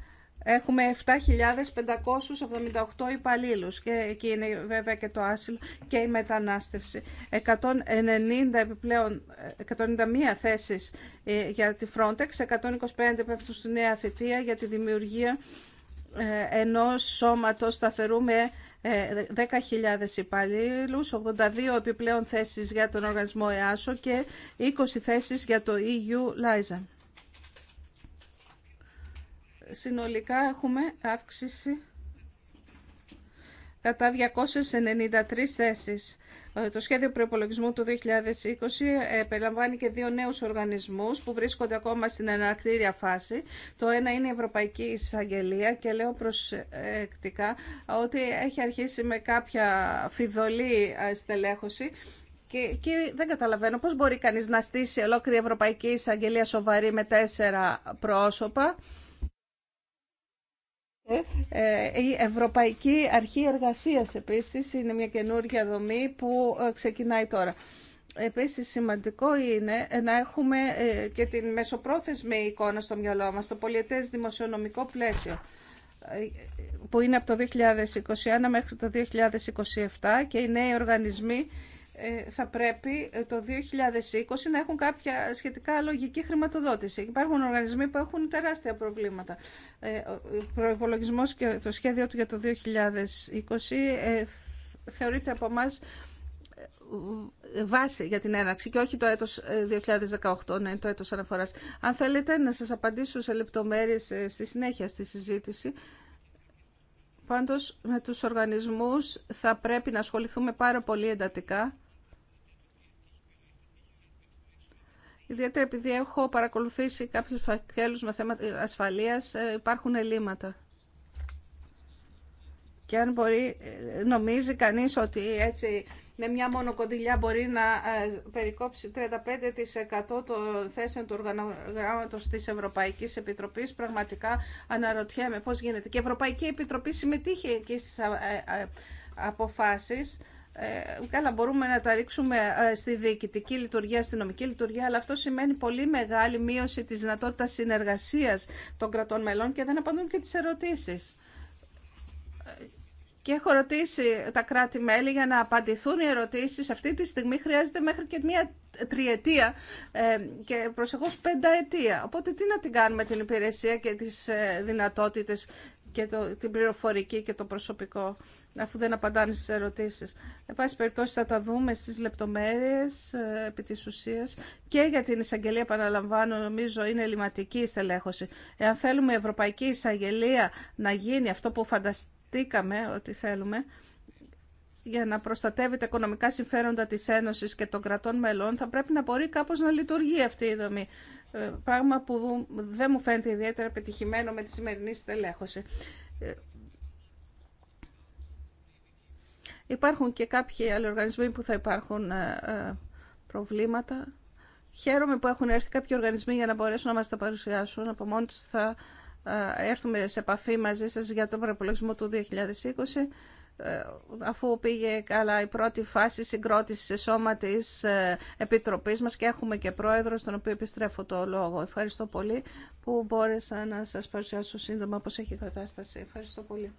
έχουμε 7.578 υπαλλήλους και εκεί είναι βέβαια και το άσυλο και η μετανάστευση. 190 επιπλέον, 191 ε, θέσεις ε, για τη Frontex, 125 πέφτουν στη νέα θητεία για τη δημιουργία ε, ενός σώματος σταθερού 10.000 υπαλλήλου, 82 επιπλέον θέσεις για τον οργανισμό ΕΑΣΟ και 20 θέσεις για το EU LISA. Συνολικά έχουμε αύξηση κατά 293 θέσεις ε, το σχέδιο προπολογισμού του 2020 ε, περιλαμβάνει και δύο νέους οργανισμούς που βρίσκονται ακόμα στην ανακτήρια φάση. Το ένα είναι η Ευρωπαϊκή Εισαγγελία και λέω προσεκτικά ότι έχει αρχίσει με κάποια φιδωλή ε, στελέχωση και, και δεν καταλαβαίνω πώς μπορεί κανείς να στήσει ολόκληρη Ευρωπαϊκή Εισαγγελία σοβαρή με τέσσερα πρόσωπα ε, η Ευρωπαϊκή Αρχή Εργασίας επίσης είναι μια καινούργια δομή που ε, ξεκινάει τώρα. Επίσης σημαντικό είναι να έχουμε ε, και την μεσοπρόθεσμη εικόνα στο μυαλό μας, το πολιετές δημοσιονομικό πλαίσιο που είναι από το 2021 μέχρι το 2027 και οι νέοι οργανισμοί ε, θα πρέπει ε, το 2020 να έχουν κάποια σχετικά λογική χρηματοδότηση. Υπάρχουν οργανισμοί που έχουν τεράστια προβλήματα. Ε, ο προπολογισμό και το σχέδιο του για το 2020 θεωρείται από εμά βάση για την έναρξη και όχι το έτος 2018, ναι, το έτος αναφοράς. Αν θέλετε να σας απαντήσω σε λεπτομέρειες στη συνέχεια στη συζήτηση, πάντως με τους οργανισμούς θα πρέπει να ασχοληθούμε πάρα πολύ εντατικά Ιδιαίτερα επειδή έχω παρακολουθήσει κάποιους φακέλους με θέματα ασφαλείας, ε, υπάρχουν ελλείμματα. Και αν μπορεί, ε, νομίζει κανείς ότι έτσι με μια μόνο κοντιλιά μπορεί να ε, περικόψει 35% των θέσεων του οργανογράμματος της Ευρωπαϊκής Επιτροπής. Πραγματικά αναρωτιέμαι πώς γίνεται. Και η Ευρωπαϊκή Επιτροπή συμμετείχε εκεί στις αποφάσεις ε, καλά, μπορούμε να τα ρίξουμε ε, στη διοικητική λειτουργία, στη νομική λειτουργία, αλλά αυτό σημαίνει πολύ μεγάλη μείωση της δυνατότητα συνεργασίας των κρατών μελών και δεν απαντούν και τις ερωτήσεις. Και έχω ρωτήσει τα κράτη-μέλη για να απαντηθούν οι ερωτήσεις. Αυτή τη στιγμή χρειάζεται μέχρι και μία τριετία ε, και προσεχώς πενταετία. Οπότε τι να την κάνουμε την υπηρεσία και τις δυνατότητες και το, την πληροφορική και το προσωπικό αφού δεν απαντάνε στις ερωτήσεις. Εν πάση περιπτώσει θα τα δούμε στις λεπτομέρειες ε, επί της ουσίας και για την εισαγγελία παραλαμβάνω νομίζω είναι ελληματική η στελέχωση. Εάν θέλουμε η Ευρωπαϊκή Εισαγγελία να γίνει αυτό που φανταστήκαμε ότι θέλουμε για να προστατεύει τα οικονομικά συμφέροντα της Ένωσης και των κρατών μελών θα πρέπει να μπορεί κάπως να λειτουργεί αυτή η δομή. Ε, πράγμα που δεν μου φαίνεται ιδιαίτερα πετυχημένο με τη σημερινή στελέχωση. Ε, Υπάρχουν και κάποιοι άλλοι οργανισμοί που θα υπάρχουν ε, ε, προβλήματα. Χαίρομαι που έχουν έρθει κάποιοι οργανισμοί για να μπορέσουν να μας τα παρουσιάσουν. Από μόνοι θα ε, έρθουμε σε επαφή μαζί σας για τον προπολογισμό του 2020 αφού πήγε καλά η πρώτη φάση συγκρότηση σε σώμα της Επιτροπής μας και έχουμε και πρόεδρο στον οποίο επιστρέφω το λόγο. Ευχαριστώ πολύ που μπόρεσα να σας παρουσιάσω σύντομα πώς έχει η κατάσταση. Ευχαριστώ πολύ.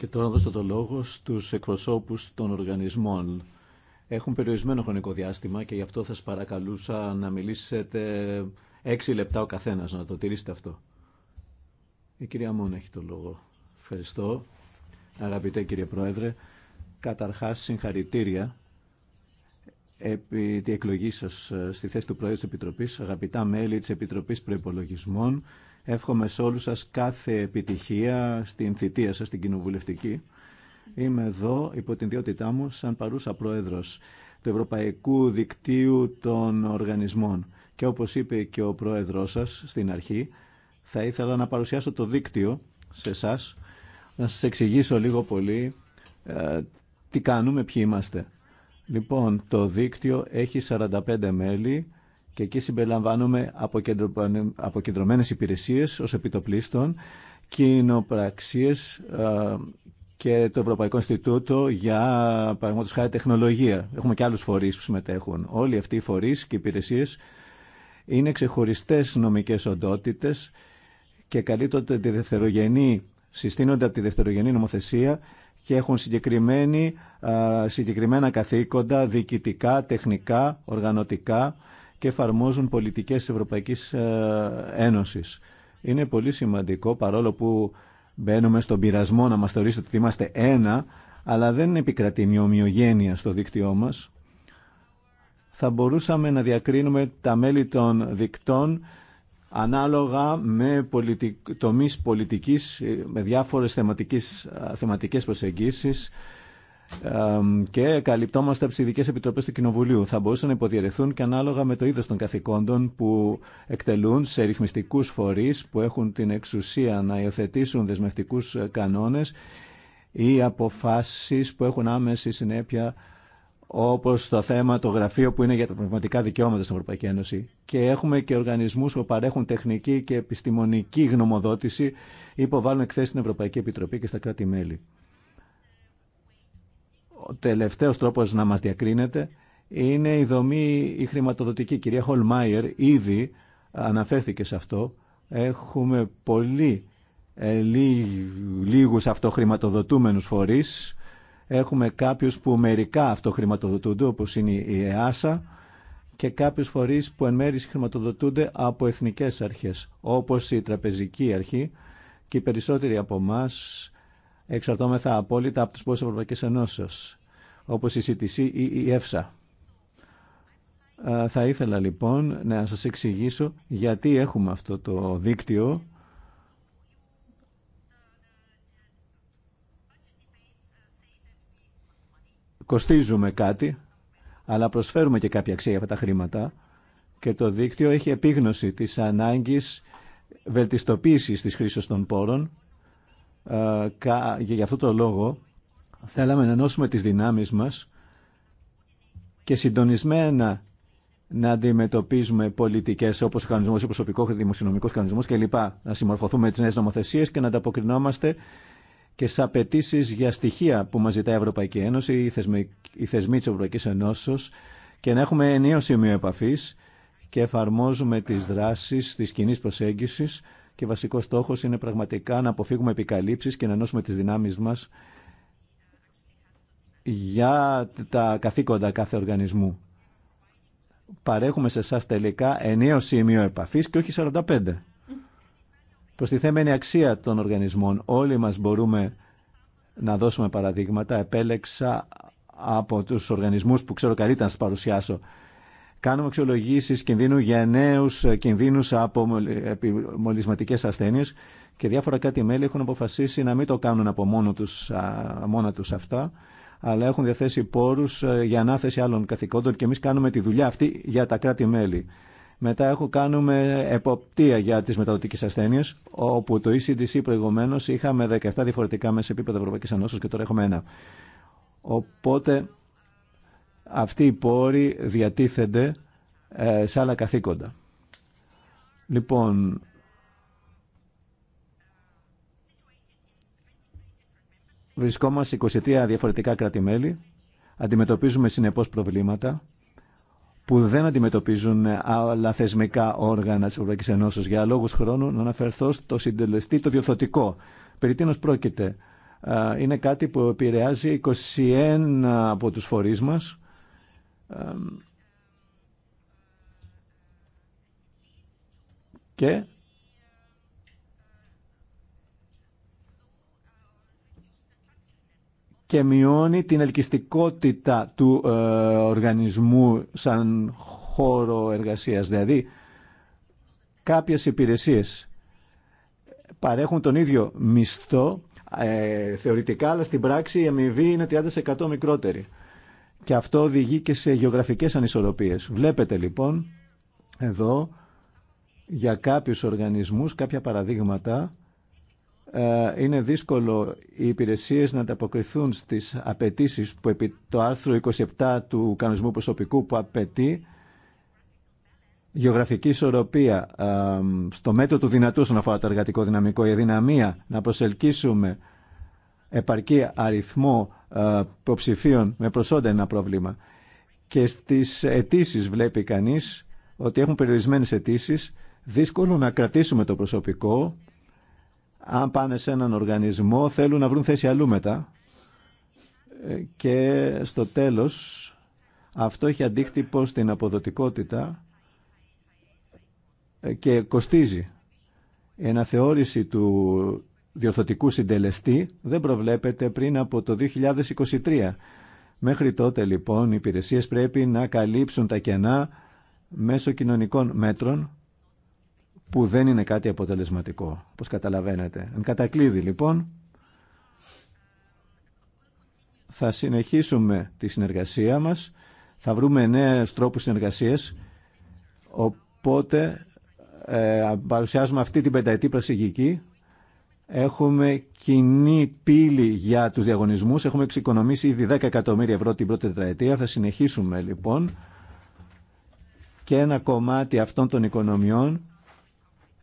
Και τώρα να δώσω το λόγο στους εκπροσώπους των οργανισμών. Έχουν περιορισμένο χρονικό διάστημα και γι' αυτό θα σας παρακαλούσα να μιλήσετε έξι λεπτά ο καθένας, να το τηρήσετε αυτό. Η κυρία Μόν έχει το λόγο. Ευχαριστώ. Αγαπητέ κύριε Πρόεδρε, καταρχάς συγχαρητήρια επί τη εκλογή σας ε, στη θέση του Πρόεδρου της Επιτροπής, αγαπητά μέλη της Επιτροπής Προϋπολογισμών, Εύχομαι σε όλους σας κάθε επιτυχία στην θητεία σας, στην κοινοβουλευτική. Είμαι εδώ υπό την ιδιότητά μου σαν παρούσα πρόεδρος του Ευρωπαϊκού Δικτύου των Οργανισμών. Και όπως είπε και ο πρόεδρός σας στην αρχή, θα ήθελα να παρουσιάσω το δίκτυο σε εσά, να σας εξηγήσω λίγο πολύ ε, τι κάνουμε, ποιοι είμαστε. Λοιπόν, το δίκτυο έχει 45 μέλη και εκεί συμπεριλαμβάνουμε αποκεντρωμένες υπηρεσίες ως επιτοπλίστων, κοινοπραξίες ε, και το Ευρωπαϊκό Ινστιτούτο για παραδείγματος χάρη τεχνολογία. Έχουμε και άλλους φορείς που συμμετέχουν. Όλοι αυτοί οι φορείς και οι υπηρεσίες είναι ξεχωριστές νομικές οντότητες και καλύπτονται τη δευτερογενή, συστήνονται από τη δευτερογενή νομοθεσία και έχουν ε, συγκεκριμένα καθήκοντα διοικητικά, τεχνικά, οργανωτικά και εφαρμόζουν πολιτικές της Ευρωπαϊκής ε, Ένωσης. Είναι πολύ σημαντικό, παρόλο που μπαίνουμε στον πειρασμό να μας θεωρήσετε ότι είμαστε ένα, αλλά δεν επικρατεί μια ομοιογένεια στο δίκτυό μας. Θα μπορούσαμε να διακρίνουμε τα μέλη των δικτών ανάλογα με πολιτικ... τομείς πολιτικής, ε, με διάφορες θεματικές, ε, θεματικές προσεγγίσεις, και καλυπτόμαστε από τι ειδικέ επιτροπέ του Κοινοβουλίου. Θα μπορούσαν να υποδιαιρεθούν και ανάλογα με το είδο των καθηκόντων που εκτελούν σε ρυθμιστικού φορεί που έχουν την εξουσία να υιοθετήσουν δεσμευτικού ε, κανόνε ή αποφάσει που έχουν άμεση συνέπεια όπω το θέμα, το γραφείο που είναι για τα πνευματικά δικαιώματα στην Ευρωπαϊκή Ένωση. Και έχουμε και οργανισμού που παρέχουν τεχνική και επιστημονική γνωμοδότηση ή βάλουν εκθέσει στην Ευρωπαϊκή Επιτροπή και στα κράτη-μέλη. Ο τελευταίος τρόπος να μας διακρίνεται είναι η δομή η χρηματοδοτική. Η κυρία Χολμάιερ ήδη αναφέρθηκε σε αυτό. Έχουμε πολύ ε, λίγους αυτοχρηματοδοτούμενους φορείς. Έχουμε κάποιους που μερικά αυτοχρηματοδοτούνται, όπως είναι η ΕΑΣΑ, και κάποιους φορείς που εν μέρει χρηματοδοτούνται από εθνικές αρχές, όπως η Τραπεζική Αρχή, και οι περισσότεροι από εμά εξαρτώμεθα απόλυτα από τους πόρους Ευρωπαϊκής Ενώσεως, όπως η CTC ή η ΕΦΣΑ. Ε, θα ήθελα λοιπόν να σας εξηγήσω γιατί έχουμε αυτό το δίκτυο κοστίζουμε κάτι, αλλά προσφέρουμε και κάποια αξία για αυτά τα χρήματα και το δίκτυο έχει επίγνωση της ανάγκης βελτιστοποίησης της χρήσης των πόρων ε, και για αυτό το λόγο θέλαμε να ενώσουμε τις δυνάμεις μας και συντονισμένα να αντιμετωπίζουμε πολιτικέ όπω ο κανονισμό, ο προσωπικό και δημοσιονομικό κανονισμό κλπ. Να συμμορφωθούμε με τι νέε νομοθεσίε και να ανταποκρινόμαστε και στι απαιτήσει για στοιχεία που μα ζητάει η Ευρωπαϊκή Ένωση, οι θεσμοί, οι θεσμοί τη Ευρωπαϊκή Ενώσεω και να έχουμε ενίο σημείο επαφή και εφαρμόζουμε τι δράσει τη κοινή προσέγγιση και βασικό στόχο είναι πραγματικά να αποφύγουμε επικαλύψει και να ενώσουμε τις δυνάμεις μας για τα καθήκοντα κάθε οργανισμού. Παρέχουμε σε εσά τελικά ενίο σημείο επαφής και όχι 45. Προστιθέμενη αξία των οργανισμών. Όλοι μας μπορούμε να δώσουμε παραδείγματα. Επέλεξα από τους οργανισμούς που ξέρω καλύτερα να σας παρουσιάσω Κάνουμε αξιολογήσει κινδύνου για νέου ε, κινδύνου από ε, μολυσματικέ ασθένειε και διάφορα κράτη-μέλη έχουν αποφασίσει να μην το κάνουν από μόνο τους, μόνα του αυτά, αλλά έχουν διαθέσει πόρου ε, για ανάθεση άλλων καθηκόντων και εμεί κάνουμε τη δουλειά αυτή για τα κράτη-μέλη. Μετά έχουμε κάνουμε εποπτεία για τις μεταδοτικές ασθένειες, όπου το ECDC προηγουμένως είχαμε 17 διαφορετικά μέσα επίπεδα Ευρωπαϊκής Ενώσεως και τώρα έχουμε ένα. Οπότε αυτοί οι πόροι διατίθενται ε, σε άλλα καθήκοντα. Λοιπόν, βρισκόμαστε 23 διαφορετικά κράτη-μέλη, αντιμετωπίζουμε συνεπώς προβλήματα που δεν αντιμετωπίζουν άλλα θεσμικά όργανα της Ευρωπαϊκής Ενώσης. Για λόγους χρόνου να αναφερθώ στο συντελεστή, το διορθωτικό. Περί τίνος πρόκειται. Ε, είναι κάτι που επηρεάζει 21 από τους φορείς μας και και μειώνει την ελκυστικότητα του ε, οργανισμού σαν χώρο εργασίας. Δηλαδή, κάποιες υπηρεσίες παρέχουν τον ίδιο μισθό ε, θεωρητικά, αλλά στην πράξη η αμοιβή είναι 30% μικρότερη και αυτό οδηγεί και σε γεωγραφικές ανισορροπίες. Βλέπετε λοιπόν εδώ για κάποιους οργανισμούς κάποια παραδείγματα ε, είναι δύσκολο οι υπηρεσίες να ανταποκριθούν στις απαιτήσει που το άρθρο 27 του κανονισμού προσωπικού που απαιτεί γεωγραφική ισορροπία ε, στο μέτρο του δυνατού όσον αφορά το εργατικό δυναμικό η δυναμία να προσελκύσουμε επαρκή αριθμό ε, υποψηφίων με προσόντα ένα πρόβλημα. Και στις αιτήσει βλέπει κανείς ότι έχουν περιορισμένες αιτήσει, δύσκολο να κρατήσουμε το προσωπικό. Αν πάνε σε έναν οργανισμό θέλουν να βρουν θέση αλλού μετά. Ε, και στο τέλος αυτό έχει αντίκτυπο στην αποδοτικότητα ε, και κοστίζει. Η αναθεώρηση του διορθωτικού συντελεστή δεν προβλέπεται πριν από το 2023. Μέχρι τότε λοιπόν οι υπηρεσίες πρέπει να καλύψουν τα κενά μέσω κοινωνικών μέτρων που δεν είναι κάτι αποτελεσματικό, όπως καταλαβαίνετε. Εν κατακλείδη λοιπόν θα συνεχίσουμε τη συνεργασία μας, θα βρούμε νέες τρόπους συνεργασίες, οπότε ε, παρουσιάζουμε αυτή την πενταετή πρασιγική Έχουμε κοινή πύλη για τους διαγωνισμούς. Έχουμε εξοικονομήσει ήδη 10 εκατομμύρια ευρώ την πρώτη τετραετία. Θα συνεχίσουμε λοιπόν και ένα κομμάτι αυτών των οικονομιών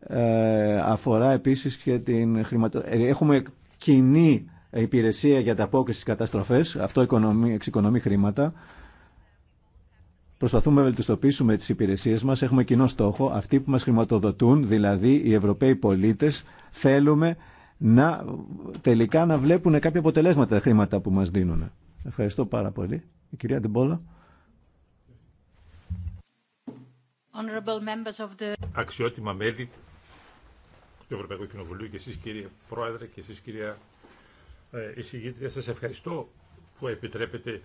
ε, αφορά επίσης και την χρηματοδότηση. Ε, έχουμε κοινή υπηρεσία για τα απόκριση στις καταστροφές. Αυτό εξοικονομεί χρήματα. Προσπαθούμε να βελτιστοποιήσουμε τις υπηρεσίες μας. Έχουμε κοινό στόχο. Αυτοί που μας χρηματοδοτούν, δηλαδή οι Ευρωπαίοι πολίτες, θέλουμε να τελικά να βλέπουν κάποια αποτελέσματα τα χρήματα που μας δίνουν. Ευχαριστώ πάρα πολύ. Η κυρία Ντεμπόλα. Αξιότιμα μέλη του Ευρωπαϊκού Κοινοβουλίου και εσείς κύριε Πρόεδρε και εσείς κυρία ε, εισηγήτρια, σας ευχαριστώ που επιτρέπετε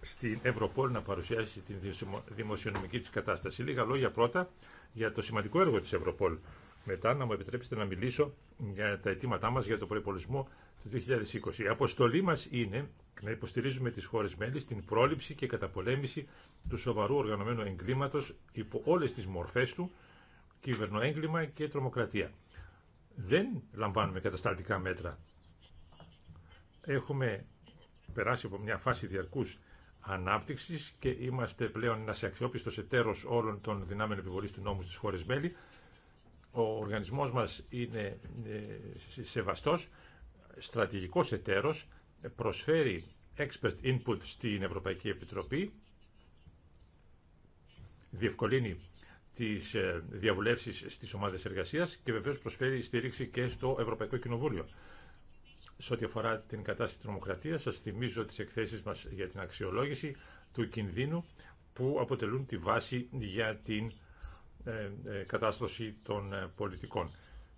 στην Ευρωπόλ να παρουσιάσει την δημοσιονομική της κατάσταση. Λίγα λόγια πρώτα για το σημαντικό έργο της Ευρωπόλη μετά να μου επιτρέψετε να μιλήσω για τα αιτήματά μας για το προϋπολισμό του 2020. Η αποστολή μας είναι να υποστηρίζουμε τις χώρες μέλη στην πρόληψη και καταπολέμηση του σοβαρού οργανωμένου εγκλήματος υπό όλες τις μορφές του, κυβερνοέγκλημα και τρομοκρατία. Δεν λαμβάνουμε κατασταλτικά μέτρα. Έχουμε περάσει από μια φάση διαρκούς ανάπτυξης και είμαστε πλέον ένας αξιόπιστος εταίρος όλων των δυνάμεων επιβολής του νόμου στις χώρες μέλη ο οργανισμός μας είναι ε, σεβαστός, στρατηγικός εταίρος, προσφέρει expert input στην Ευρωπαϊκή Επιτροπή, διευκολύνει τις ε, διαβουλεύσεις στις ομάδες εργασίας και βεβαίως προσφέρει στήριξη και στο Ευρωπαϊκό Κοινοβούλιο. Σε ό,τι αφορά την κατάσταση της τρομοκρατίας, σας θυμίζω τις εκθέσεις μας για την αξιολόγηση του κινδύνου που αποτελούν τη βάση για την ε, ε, κατάσταση των ε, πολιτικών.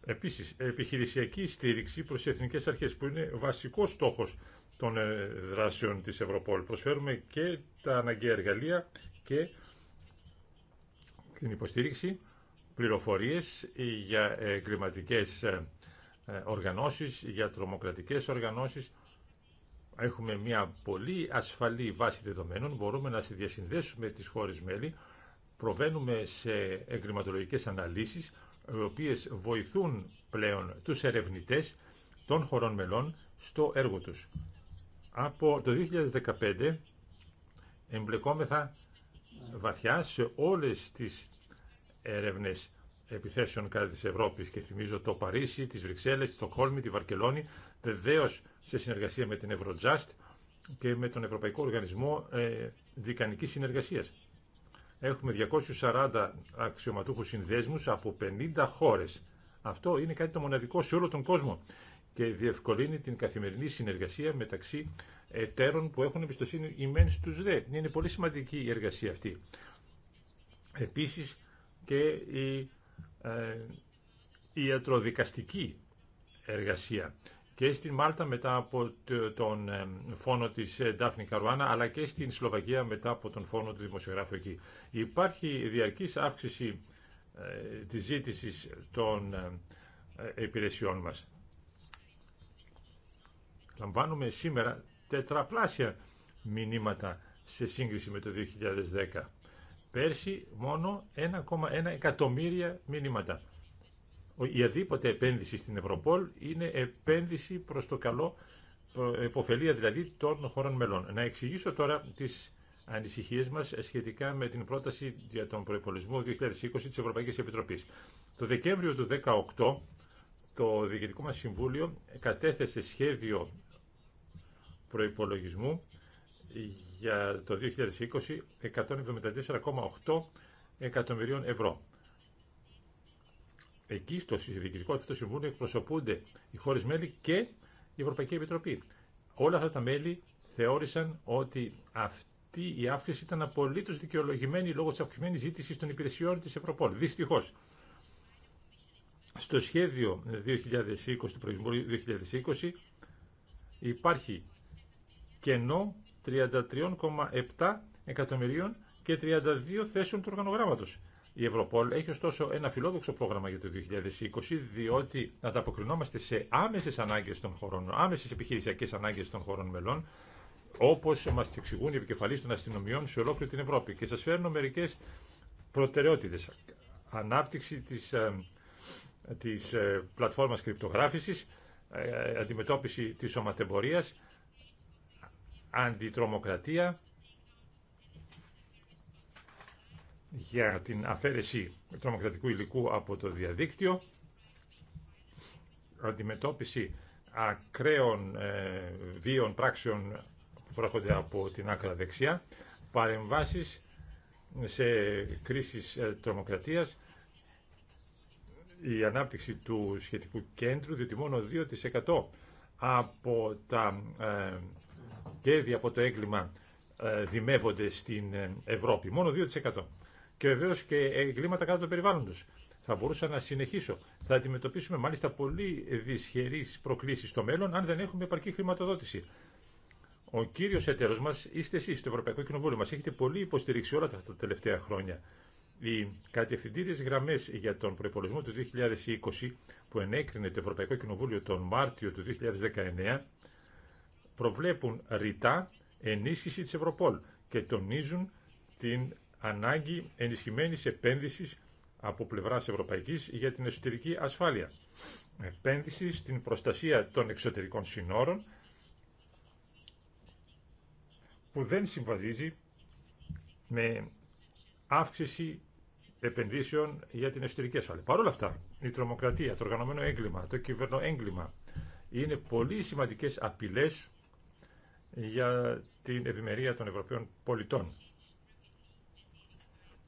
Επίσης, επιχειρησιακή στήριξη προς τις εθνικές αρχές που είναι βασικός στόχος των δράσεων της Ευρωπόλ. Προσφέρουμε και τα αναγκαία εργαλεία και την υποστήριξη πληροφορίες για εγκληματικές οργανώσεις, για τρομοκρατικές οργανώσεις. Έχουμε μια πολύ ασφαλή βάση δεδομένων, μπορούμε να διασυνδέσουμε τις χώρες μέλη προβαίνουμε σε εγκληματολογικές αναλύσεις, οι οποίες βοηθούν πλέον τους ερευνητές των χωρών μελών στο έργο τους. Από το 2015 εμπλεκόμεθα βαθιά σε όλες τις έρευνες επιθέσεων κατά της Ευρώπης και θυμίζω το Παρίσι, τις Βρυξέλλες, τη Στοκχόλμη, τη Βαρκελόνη, βεβαίω σε συνεργασία με την Eurojust και με τον Ευρωπαϊκό Οργανισμό ε, Δικανικής Συνεργασίας έχουμε 240 αξιωματούχους συνδέσμους από 50 χώρες. Αυτό είναι κάτι το μοναδικό σε όλο τον κόσμο και διευκολύνει την καθημερινή συνεργασία μεταξύ εταίρων που έχουν εμπιστοσύνη οι στους δε. Είναι πολύ σημαντική η εργασία αυτή. Επίσης και η ε, ιατροδικαστική εργασία και στην Μάλτα μετά από τον ε, φόνο της Ντάφνη ε, Καρουάνα, αλλά και στην Σλοβακία μετά από τον φόνο του δημοσιογράφου εκεί. Υπάρχει διαρκής αύξηση ε, της ζήτησης των υπηρεσιών μας. Λαμβάνουμε σήμερα τετραπλάσια μηνύματα σε σύγκριση με το 2010. Πέρσι μόνο 1,1 εκατομμύρια μηνύματα η αδίποτε επένδυση στην Ευρωπόλ είναι επένδυση προς το καλό, υποφελία δηλαδή των χωρών μελών. Να εξηγήσω τώρα τις ανησυχίες μας σχετικά με την πρόταση για τον προϋπολισμό 2020 της Ευρωπαϊκής Επιτροπής. Το Δεκέμβριο του 2018 το Διοικητικό μας Συμβούλιο κατέθεσε σχέδιο προϋπολογισμού για το 2020 174,8 εκατομμυρίων ευρώ. Εκεί στο διοικητικό αυτό συμβούλιο εκπροσωπούνται οι χώρε μέλη και η Ευρωπαϊκή Επιτροπή. Όλα αυτά τα μέλη θεώρησαν ότι αυτή η αύξηση ήταν απολύτω δικαιολογημένη λόγω τη αυξημένη ζήτηση των υπηρεσιών τη Ευρωπόλ. Δυστυχώ. Στο σχέδιο 2020, του 2020 υπάρχει κενό 33,7 εκατομμυρίων και 32 θέσεων του οργανογράμματος. Η Ευρωπόλ έχει ωστόσο ένα φιλόδοξο πρόγραμμα για το 2020, διότι ανταποκρινόμαστε σε άμεσες ανάγκες των χωρών, άμεσες επιχειρησιακές ανάγκες των χωρών μελών, όπως μας εξηγούν οι επικεφαλεί των αστυνομιών σε ολόκληρη την Ευρώπη. Και σα φέρνω μερικέ προτεραιότητες. Ανάπτυξη της, ε, της ε, πλατφόρμας κρυπτογράφησης, ε, αντιμετώπιση της σωματεμπορίας, αντιτρομοκρατία, για την αφαίρεση τρομοκρατικού υλικού από το διαδίκτυο, αντιμετώπιση ακραίων ε, βίων πράξεων που προέρχονται από την άκρα δεξιά, παρεμβάσεις σε κρίσεις ε, τρομοκρατίας, η ανάπτυξη του σχετικού κέντρου, διότι μόνο 2% από τα ε, κέρδη από το έγκλημα ε, δημεύονται στην ε, Ευρώπη. Μόνο 2% και βεβαίω και εγκλήματα κάτω του περιβάλλοντο. Θα μπορούσα να συνεχίσω. Θα αντιμετωπίσουμε μάλιστα πολύ δυσχερεί προκλήσει στο μέλλον, αν δεν έχουμε επαρκή χρηματοδότηση. Ο κύριο εταίρο μα είστε εσεί, το Ευρωπαϊκό Κοινοβούλιο. Μα έχετε πολύ υποστηρίξει όλα αυτά τα τελευταία χρόνια. Οι κατευθυντήριε γραμμέ για τον προπολογισμό του 2020 που ενέκρινε το Ευρωπαϊκό Κοινοβούλιο τον Μάρτιο του 2019 προβλέπουν ρητά ενίσχυση τη Ευρωπόλ και τονίζουν την ανάγκη ενισχυμένη επένδυσης από πλευράς ευρωπαϊκής για την εσωτερική ασφάλεια. Επένδυση στην προστασία των εξωτερικών συνόρων που δεν συμβαδίζει με αύξηση επενδύσεων για την εσωτερική ασφάλεια. Παρ' όλα αυτά, η τρομοκρατία, το οργανωμένο έγκλημα, το κυβερνοέγκλημα είναι πολύ σημαντικές απειλές για την ευημερία των Ευρωπαίων πολιτών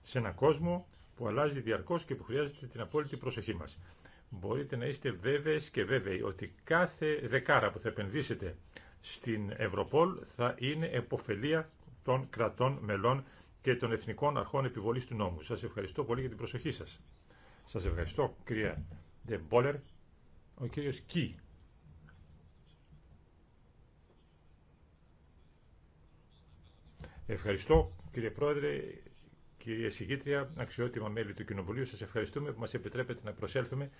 σε έναν κόσμο που αλλάζει διαρκώς και που χρειάζεται την απόλυτη προσοχή μας. Μπορείτε να είστε βέβαιε και βέβαιοι ότι κάθε δεκάρα που θα επενδύσετε στην Ευρωπόλ θα είναι εποφελία των κρατών μελών και των εθνικών αρχών επιβολής του νόμου. Σας ευχαριστώ πολύ για την προσοχή σας. Σας ευχαριστώ κυρία Ντεμπόλερ. Ο κύριο Κι. Ευχαριστώ κύριε Πρόεδρε, Κυρία Συγήτρια, αξιότιμα μέλη του Κοινοβουλίου, σας ευχαριστούμε που μας επιτρέπετε να προσέλθουμε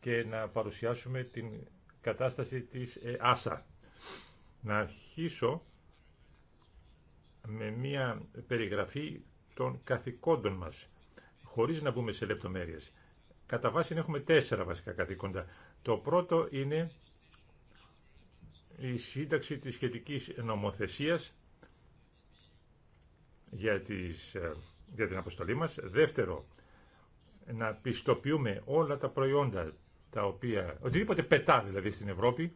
και να παρουσιάσουμε την κατάσταση της ε, ΆΣΑ. Να αρχίσω με μία περιγραφή των καθηκόντων μας, χωρίς να μπούμε σε λεπτομέρειες. Κατά βάση έχουμε τέσσερα βασικά καθήκοντα. Το πρώτο είναι η σύνταξη της σχετικής νομοθεσίας για τις ε, για την αποστολή μας. Δεύτερο, να πιστοποιούμε όλα τα προϊόντα τα οποία, οτιδήποτε πετά δηλαδή στην Ευρώπη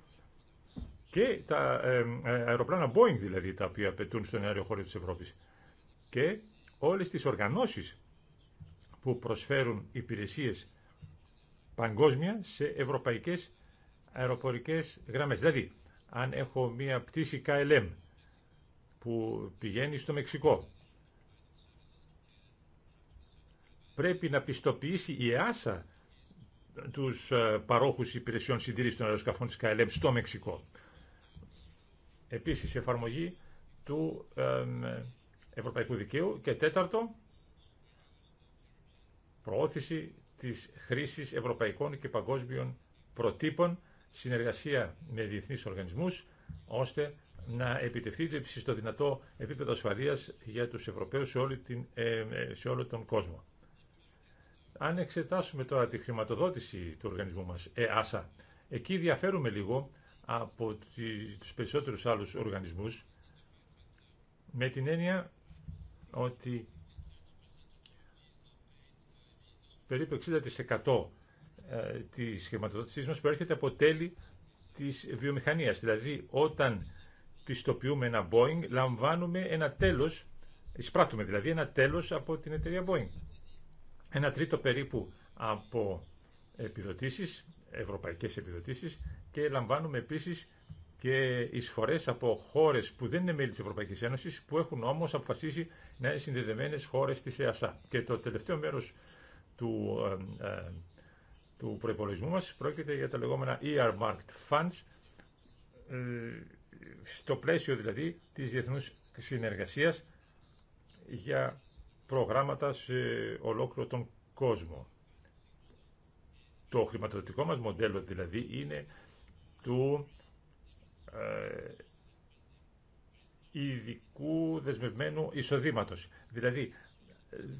και τα ε, ε, αεροπλάνα Boeing δηλαδή τα οποία πετούν στον αέριο χώρο της Ευρώπης και όλες τις οργανώσεις που προσφέρουν υπηρεσίες παγκόσμια σε ευρωπαϊκές αεροπορικές γραμμές. Δηλαδή, αν έχω μία πτήση KLM που πηγαίνει στο Μεξικό πρέπει να πιστοποιήσει η ΕΑΣΑ τους ε, παρόχους υπηρεσιών συντήρησης των αεροσκαφών τη ΚΑΕΛΕΜ στο Μεξικό. Επίσης, εφαρμογή του Ευρωπαϊκού Δικαίου και τέταρτο, προώθηση της χρήσης ευρωπαϊκών και παγκόσμιων προτύπων, συνεργασία με διεθνείς οργανισμούς, ώστε να επιτευχθεί το δυνατό επίπεδο ασφαλεία για τους Ευρωπαίου σε, ε, ε, σε όλο τον κόσμο. Αν εξετάσουμε τώρα τη χρηματοδότηση του οργανισμού μας, ΕΑΣΑ, εκεί διαφέρουμε λίγο από τους περισσότερους άλλους οργανισμούς με την έννοια ότι περίπου 60% ε, της χρηματοδότησής μας προέρχεται από τέλη της βιομηχανίας. Δηλαδή, όταν πιστοποιούμε ένα Boeing, λαμβάνουμε ένα τέλος, εισπράττουμε δηλαδή ένα τέλος από την εταιρεία Boeing ένα τρίτο περίπου από επιδοτήσεις, ευρωπαϊκές επιδοτήσεις και λαμβάνουμε επίσης και εισφορές από χώρες που δεν είναι μέλη της Ευρωπαϊκής Ένωσης που έχουν όμως αποφασίσει να είναι συνδεδεμένες χώρες της ΕΑΣΑ. Και το τελευταίο μέρος του, ε, ε του προϋπολογισμού μας πρόκειται για τα λεγόμενα earmarked funds ε, στο πλαίσιο δηλαδή της διεθνούς συνεργασίας για προγράμματα σε ολόκληρο τον κόσμο. Το χρηματοδοτικό μας μοντέλο δηλαδή είναι του ε, ειδικού δεσμευμένου εισοδήματος. Δηλαδή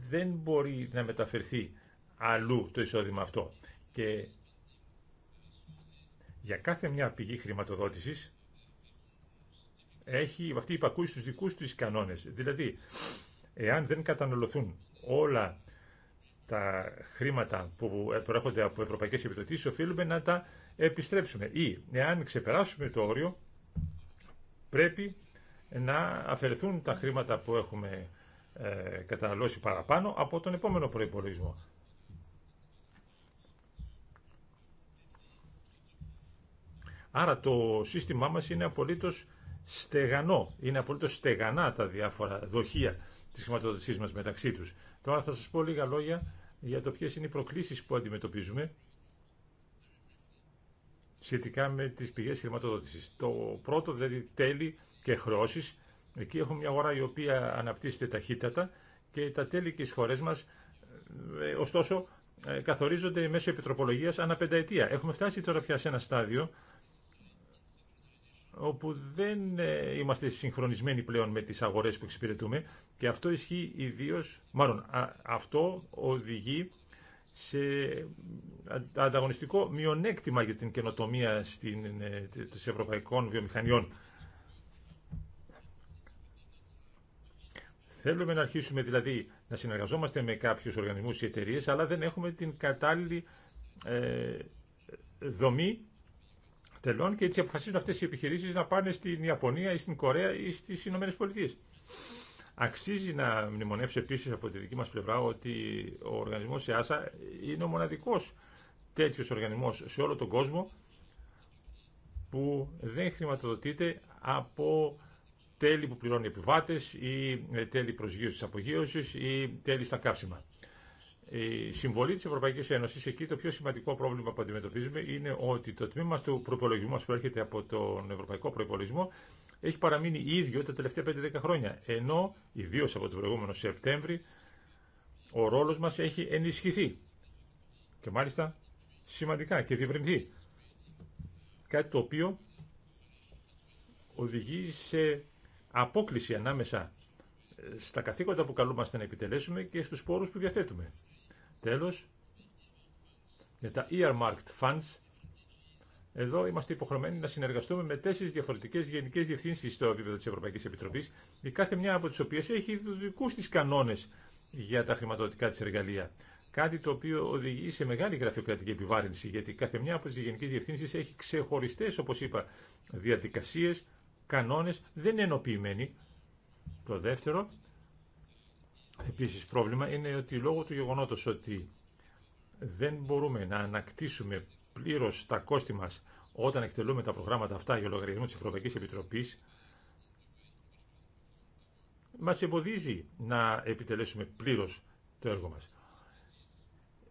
δεν μπορεί να μεταφερθεί αλλού το εισόδημα αυτό. Και για κάθε μια πηγή χρηματοδότησης έχει αυτή υπακούει στους δικούς τους κανόνες. Δηλαδή Εάν δεν καταναλωθούν όλα τα χρήματα που προέρχονται από ευρωπαϊκές επιδοτήσεις, οφείλουμε να τα επιστρέψουμε. Ή, εάν ξεπεράσουμε το όριο, πρέπει να αφαιρεθούν τα χρήματα που έχουμε ε, καταναλώσει παραπάνω από τον επόμενο προϋπολογισμό. Άρα το σύστημά μας είναι απολύτως στεγανό, είναι απολύτως στεγανά τα διάφορα δοχεία τη χρηματοδότησή μα μεταξύ του. Τώρα θα σα πω λίγα λόγια για το ποιε είναι οι προκλήσει που αντιμετωπίζουμε σχετικά με τι πηγέ χρηματοδότηση. Το πρώτο, δηλαδή τέλη και χρεώσει. Εκεί έχουμε μια αγορά η οποία αναπτύσσεται ταχύτατα και τα τέλη και οι εισφορέ μα, ε, ωστόσο, ε, καθορίζονται μέσω επιτροπολογία ανά πενταετία. Έχουμε φτάσει τώρα πια σε ένα στάδιο όπου δεν ε, είμαστε συγχρονισμένοι πλέον με τις αγορές που εξυπηρετούμε και αυτό ισχύει ιδίως, μάλλον αυτό οδηγεί σε ανταγωνιστικό μειονέκτημα για την καινοτομία στην, ε, ευρωπαϊκών βιομηχανιών. Θέλουμε να αρχίσουμε δηλαδή να συνεργαζόμαστε με κάποιους οργανισμούς ή εταιρείες, αλλά δεν έχουμε την κατάλληλη ε, δομή τελών και έτσι αποφασίζουν αυτές οι επιχειρήσεις να πάνε στην Ιαπωνία ή στην Κορέα ή στις Ηνωμένες Πολιτείες. Αξίζει να μνημονεύσω επίσης από τη δική μας πλευρά ότι ο οργανισμός ΕΑΣΑ είναι ο μοναδικός τέτοιος οργανισμός σε όλο τον κόσμο που δεν χρηματοδοτείται από τέλη που πληρώνει οι επιβάτες ή τέλη προσγείωσης απογείωσης ή τέλη στα κάψιμα η συμβολή τη Ευρωπαϊκή Ένωση εκεί το πιο σημαντικό πρόβλημα που αντιμετωπίζουμε είναι ότι το τμήμα του προπολογισμού που έρχεται από τον Ευρωπαϊκό Προπολογισμό έχει παραμείνει ίδιο τα τελευταία 5-10 χρόνια. Ενώ, ιδίω από τον προηγούμενο Σεπτέμβρη, ο ρόλο μα έχει ενισχυθεί. Και μάλιστα σημαντικά και διευρυνθεί. Κάτι το οποίο οδηγεί σε απόκληση ανάμεσα στα καθήκοντα που καλούμαστε να επιτελέσουμε και στους πόρους που διαθέτουμε. Τέλος, για τα earmarked funds, εδώ είμαστε υποχρεωμένοι να συνεργαστούμε με τέσσερι διαφορετικέ γενικέ διευθύνσει στο επίπεδο τη Ευρωπαϊκή Επιτροπή, η κάθε μια από τι οποίε έχει δικού τη κανόνε για τα χρηματοδοτικά τη εργαλεία. Κάτι το οποίο οδηγεί σε μεγάλη γραφειοκρατική επιβάρυνση, γιατί κάθε μια από τι γενικέ διευθύνσει έχει ξεχωριστέ, όπω είπα, διαδικασίε, κανόνε, δεν είναι ενοποιημένοι. Το δεύτερο, επίσης πρόβλημα είναι ότι λόγω του γεγονότος ότι δεν μπορούμε να ανακτήσουμε πλήρως τα κόστη μας όταν εκτελούμε τα προγράμματα αυτά για λογαριασμό της Ευρωπαϊκής Επιτροπής, μας εμποδίζει να επιτελέσουμε πλήρως το έργο μας.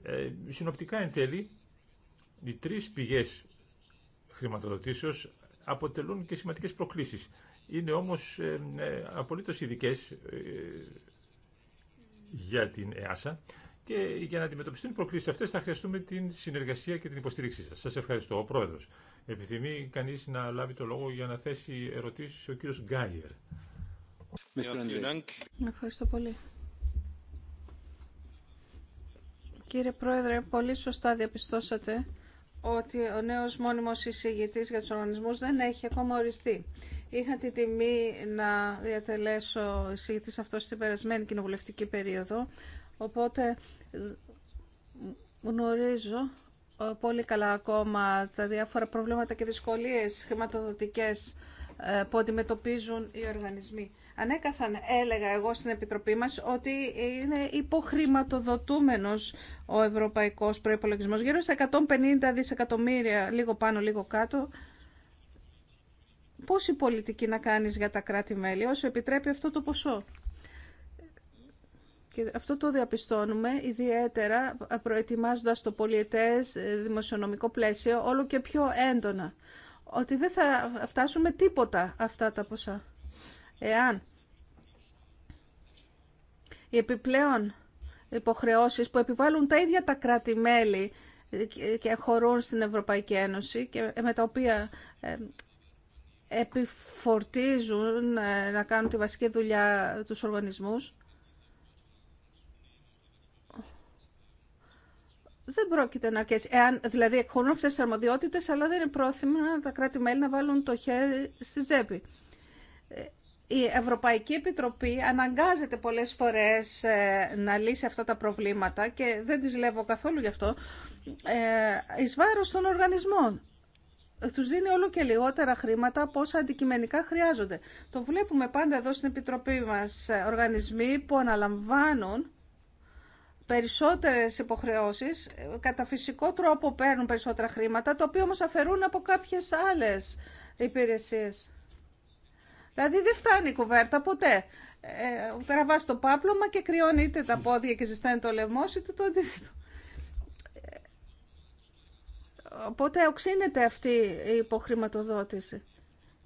Ε, συνοπτικά εν τέλει, οι τρεις πηγές χρηματοδοτήσεως αποτελούν και σημαντικές προκλήσεις. Είναι όμως ε, ε απολύτως ειδικέ, ε, για την ΕΑΣΑ και για να αντιμετωπιστούν οι προκλήσει αυτές θα χρειαστούμε την συνεργασία και την υποστήριξή σας. Σας ευχαριστώ. Ο πρόεδρο. Επιθυμεί κανείς να λάβει το λόγο για να θέσει ερωτήσεις ο κύριος Γκάιερ. Ευχαριστώ πολύ. Κύριε Πρόεδρε, πολύ σωστά διαπιστώσατε ότι ο νέος μόνιμος εισηγητής για τους οργανισμούς δεν έχει ακόμα οριστεί. Είχα την τιμή να διατελέσω εισηγητής αυτό στην περασμένη κοινοβουλευτική περίοδο, οπότε γνωρίζω ε, πολύ καλά ακόμα τα διάφορα προβλήματα και δυσκολίες χρηματοδοτικές ε, που αντιμετωπίζουν οι οργανισμοί. Ανέκαθαν έλεγα εγώ στην Επιτροπή μας ότι είναι υποχρηματοδοτούμενος ο ευρωπαϊκός προϋπολογισμός, γύρω στα 150 δισεκατομμύρια, λίγο πάνω, λίγο κάτω, η πολιτική να κάνεις για τα κράτη-μέλη όσο επιτρέπει αυτό το ποσό. Και αυτό το διαπιστώνουμε ιδιαίτερα προετοιμάζοντας το πολιετές ε, δημοσιονομικό πλαίσιο όλο και πιο έντονα. Ότι δεν θα φτάσουμε τίποτα αυτά τα ποσά. Εάν οι επιπλέον υποχρεώσεις που επιβάλλουν τα ίδια τα κράτη-μέλη και χωρούν στην Ευρωπαϊκή Ένωση και με τα οποία ε, επιφορτίζουν ε, να κάνουν τη βασική δουλειά τους οργανισμούς. Δεν πρόκειται να αρκέσει. δηλαδή εκχωρούν αυτές τις αρμοδιότητες, αλλά δεν είναι πρόθυμα τα κράτη-μέλη να βάλουν το χέρι στη τσέπη. Ε, η Ευρωπαϊκή Επιτροπή αναγκάζεται πολλές φορές ε, να λύσει αυτά τα προβλήματα και δεν τις λέω καθόλου γι' αυτό, εις βάρος των οργανισμών τους δίνει όλο και λιγότερα χρήματα από όσα αντικειμενικά χρειάζονται. Το βλέπουμε πάντα εδώ στην Επιτροπή μας ε, οργανισμοί που αναλαμβάνουν περισσότερες υποχρεώσεις, ε, κατά φυσικό τρόπο παίρνουν περισσότερα χρήματα, τα οποία όμως αφαιρούν από κάποιες άλλες υπηρεσίες. Δηλαδή δεν φτάνει η κουβέρτα ποτέ. Ε, τραβάς το πάπλωμα και κρυώνει είτε τα πόδια και ζεστάνει το λαιμό, είτε το αντίθετο. Οπότε οξύνεται αυτή η υποχρηματοδότηση.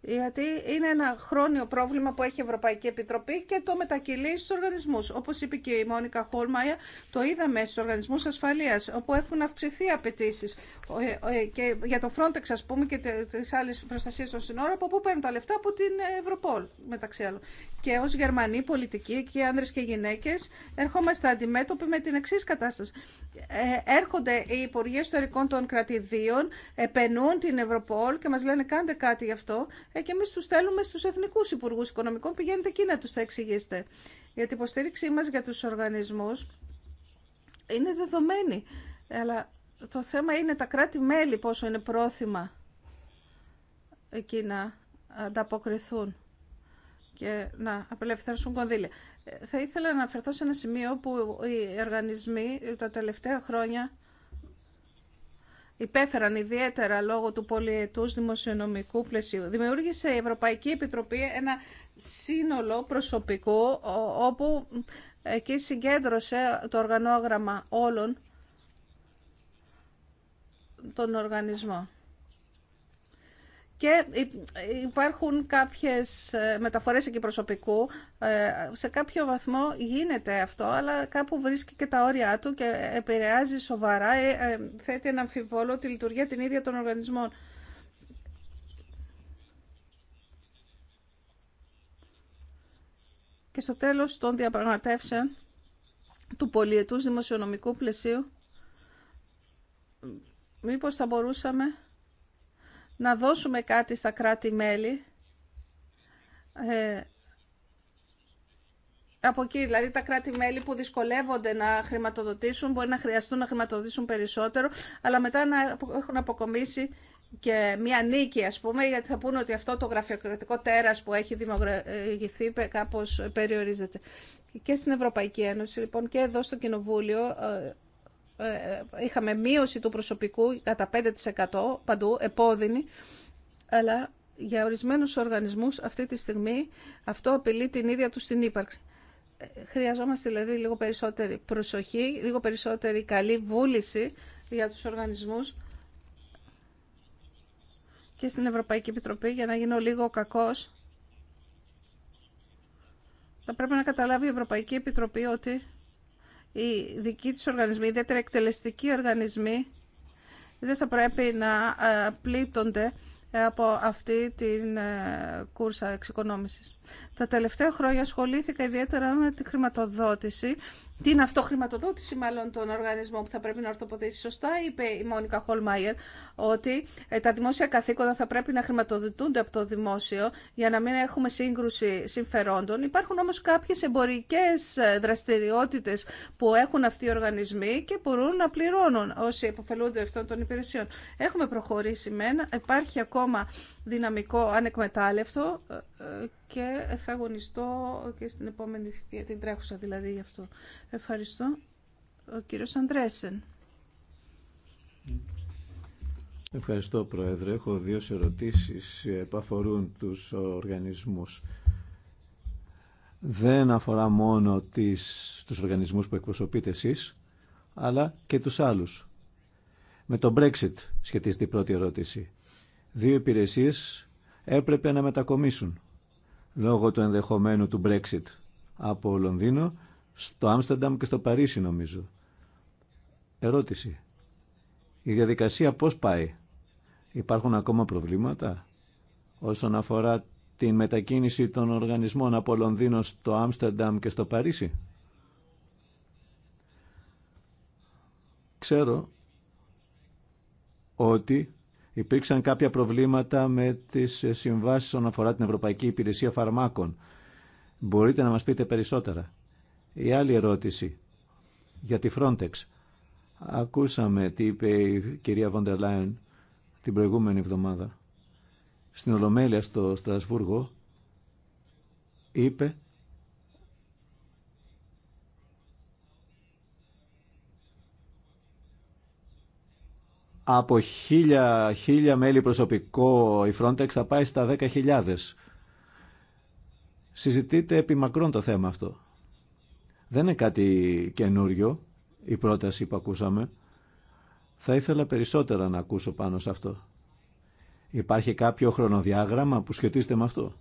Γιατί είναι ένα χρόνιο πρόβλημα που έχει η Ευρωπαϊκή Επιτροπή και το μετακυλεί στου οργανισμού. Όπως είπε και η Μόνικα Χόλμαια, το είδαμε στου οργανισμού ασφαλείας, όπου έχουν αυξηθεί απαιτήσει ε, ε, και για το Frontex ας πούμε και τις άλλες προστασίες των συνόρων από πού παίρνουν τα λεφτά από την Ευρωπόλ μεταξύ άλλων. Και ως Γερμανοί πολιτικοί και άνδρες και γυναίκες ερχόμαστε αντιμέτωποι με την εξή κατάσταση. Ε, έρχονται οι Υπουργοί Ιστορικών των Κρατηδίων, επενούν την Ευρωπόλ και μας λένε κάντε κάτι γι' αυτό και εμείς τους στέλνουμε στους Εθνικούς Υπουργούς Οικονομικών, πηγαίνετε εκεί να τους τα εξηγήσετε. Για η υποστήριξή μας για τους οργανισμούς είναι δεδομένη. Αλλά το θέμα είναι τα κράτη-μέλη πόσο είναι πρόθυμα εκεί να ανταποκριθούν και να απελευθερώσουν κονδύλια. Ε, θα ήθελα να αναφερθώ σε ένα σημείο που οι οργανισμοί τα τελευταία χρόνια υπέφεραν ιδιαίτερα λόγω του πολυετούς δημοσιονομικού πλαισίου. Δημιούργησε η Ευρωπαϊκή Επιτροπή ένα σύνολο προσωπικού όπου εκεί συγκέντρωσε το οργανόγραμμα όλων τον οργανισμό. Και υπάρχουν κάποιες ε, μεταφορές εκεί προσωπικού. Ε, σε κάποιο βαθμό γίνεται αυτό, αλλά κάπου βρίσκει και τα όρια του και επηρεάζει σοβαρά, ε, θέτει ένα αμφιβόλο τη λειτουργία την ίδια των οργανισμών. Και στο τέλος των διαπραγματεύσεων του πολιετούς δημοσιονομικού πλαισίου, μήπως θα μπορούσαμε να δώσουμε κάτι στα κράτη-μέλη. Ε, από εκεί, δηλαδή τα κράτη-μέλη που δυσκολεύονται να χρηματοδοτήσουν, μπορεί να χρειαστούν να χρηματοδοτήσουν περισσότερο, αλλά μετά να έχουν αποκομίσει και μια νίκη, ας πούμε, γιατί θα πούνε ότι αυτό το γραφειοκρατικό τέρας που έχει δημιουργηθεί κάπως περιορίζεται. Και στην Ευρωπαϊκή Ένωση, λοιπόν, και εδώ στο Κοινοβούλιο, ε, ε, ε, είχαμε μείωση του προσωπικού κατά 5% παντού, επώδυνη, αλλά για ορισμένους οργανισμούς αυτή τη στιγμή αυτό απειλεί την ίδια του την ύπαρξη. Ε, χρειαζόμαστε δηλαδή λίγο περισσότερη προσοχή, λίγο περισσότερη καλή βούληση για τους οργανισμούς και στην Ευρωπαϊκή Επιτροπή για να γίνω λίγο κακός. Θα πρέπει να καταλάβει η Ευρωπαϊκή Επιτροπή ότι οι δικοί του οργανισμοί, ιδιαίτερα εκτελεστικοί οργανισμοί, δεν θα πρέπει να ε, πλήττονται από αυτή την ε, κούρσα εξοικονόμησης. Τα τελευταία χρόνια ασχολήθηκα ιδιαίτερα με τη χρηματοδότηση την αυτοχρηματοδότηση μάλλον των οργανισμών που θα πρέπει να ορθοποθήσει Σωστά είπε η Μόνικα Χολμάιερ ότι ε, τα δημόσια καθήκοντα θα πρέπει να χρηματοδοτούνται από το δημόσιο για να μην έχουμε σύγκρουση συμφερόντων. Υπάρχουν όμως κάποιες εμπορικές ε, δραστηριότητες που έχουν αυτοί οι οργανισμοί και μπορούν να πληρώνουν όσοι υποφελούνται αυτών των υπηρεσιών. Έχουμε προχωρήσει μένα, υπάρχει ακόμα δυναμικό ανεκμετάλλευτο και θα αγωνιστώ και στην επόμενη, την τρέχουσα δηλαδή γι' αυτό. Ευχαριστώ. Ο κύριος Αντρέσεν. Ευχαριστώ Πρόεδρε. Έχω δύο ερωτήσεις που αφορούν τους οργανισμούς. Δεν αφορά μόνο τις, τους οργανισμούς που εκπροσωπείτε εσείς, αλλά και τους άλλους. Με το Brexit σχετίζεται η πρώτη ερώτηση δύο υπηρεσίες έπρεπε να μετακομίσουν λόγω του ενδεχομένου του Brexit από Λονδίνο στο Άμστερνταμ και στο Παρίσι νομίζω. Ερώτηση. Η διαδικασία πώς πάει. Υπάρχουν ακόμα προβλήματα όσον αφορά την μετακίνηση των οργανισμών από Λονδίνο στο Άμστερνταμ και στο Παρίσι. Ξέρω ότι Υπήρξαν κάποια προβλήματα με τις συμβάσεις όσον αφορά την Ευρωπαϊκή Υπηρεσία Φαρμάκων. Μπορείτε να μας πείτε περισσότερα. Η άλλη ερώτηση για τη Frontex. Ακούσαμε τι είπε η κυρία Βόντερ την προηγούμενη εβδομάδα. Στην Ολομέλεια στο Στρασβούργο είπε από χίλια, χίλια μέλη προσωπικό η Frontex θα πάει στα 10.000. Συζητείται επί το θέμα αυτό. Δεν είναι κάτι καινούριο η πρόταση που ακούσαμε. Θα ήθελα περισσότερα να ακούσω πάνω σε αυτό. Υπάρχει κάποιο χρονοδιάγραμμα που σχετίζεται με αυτό.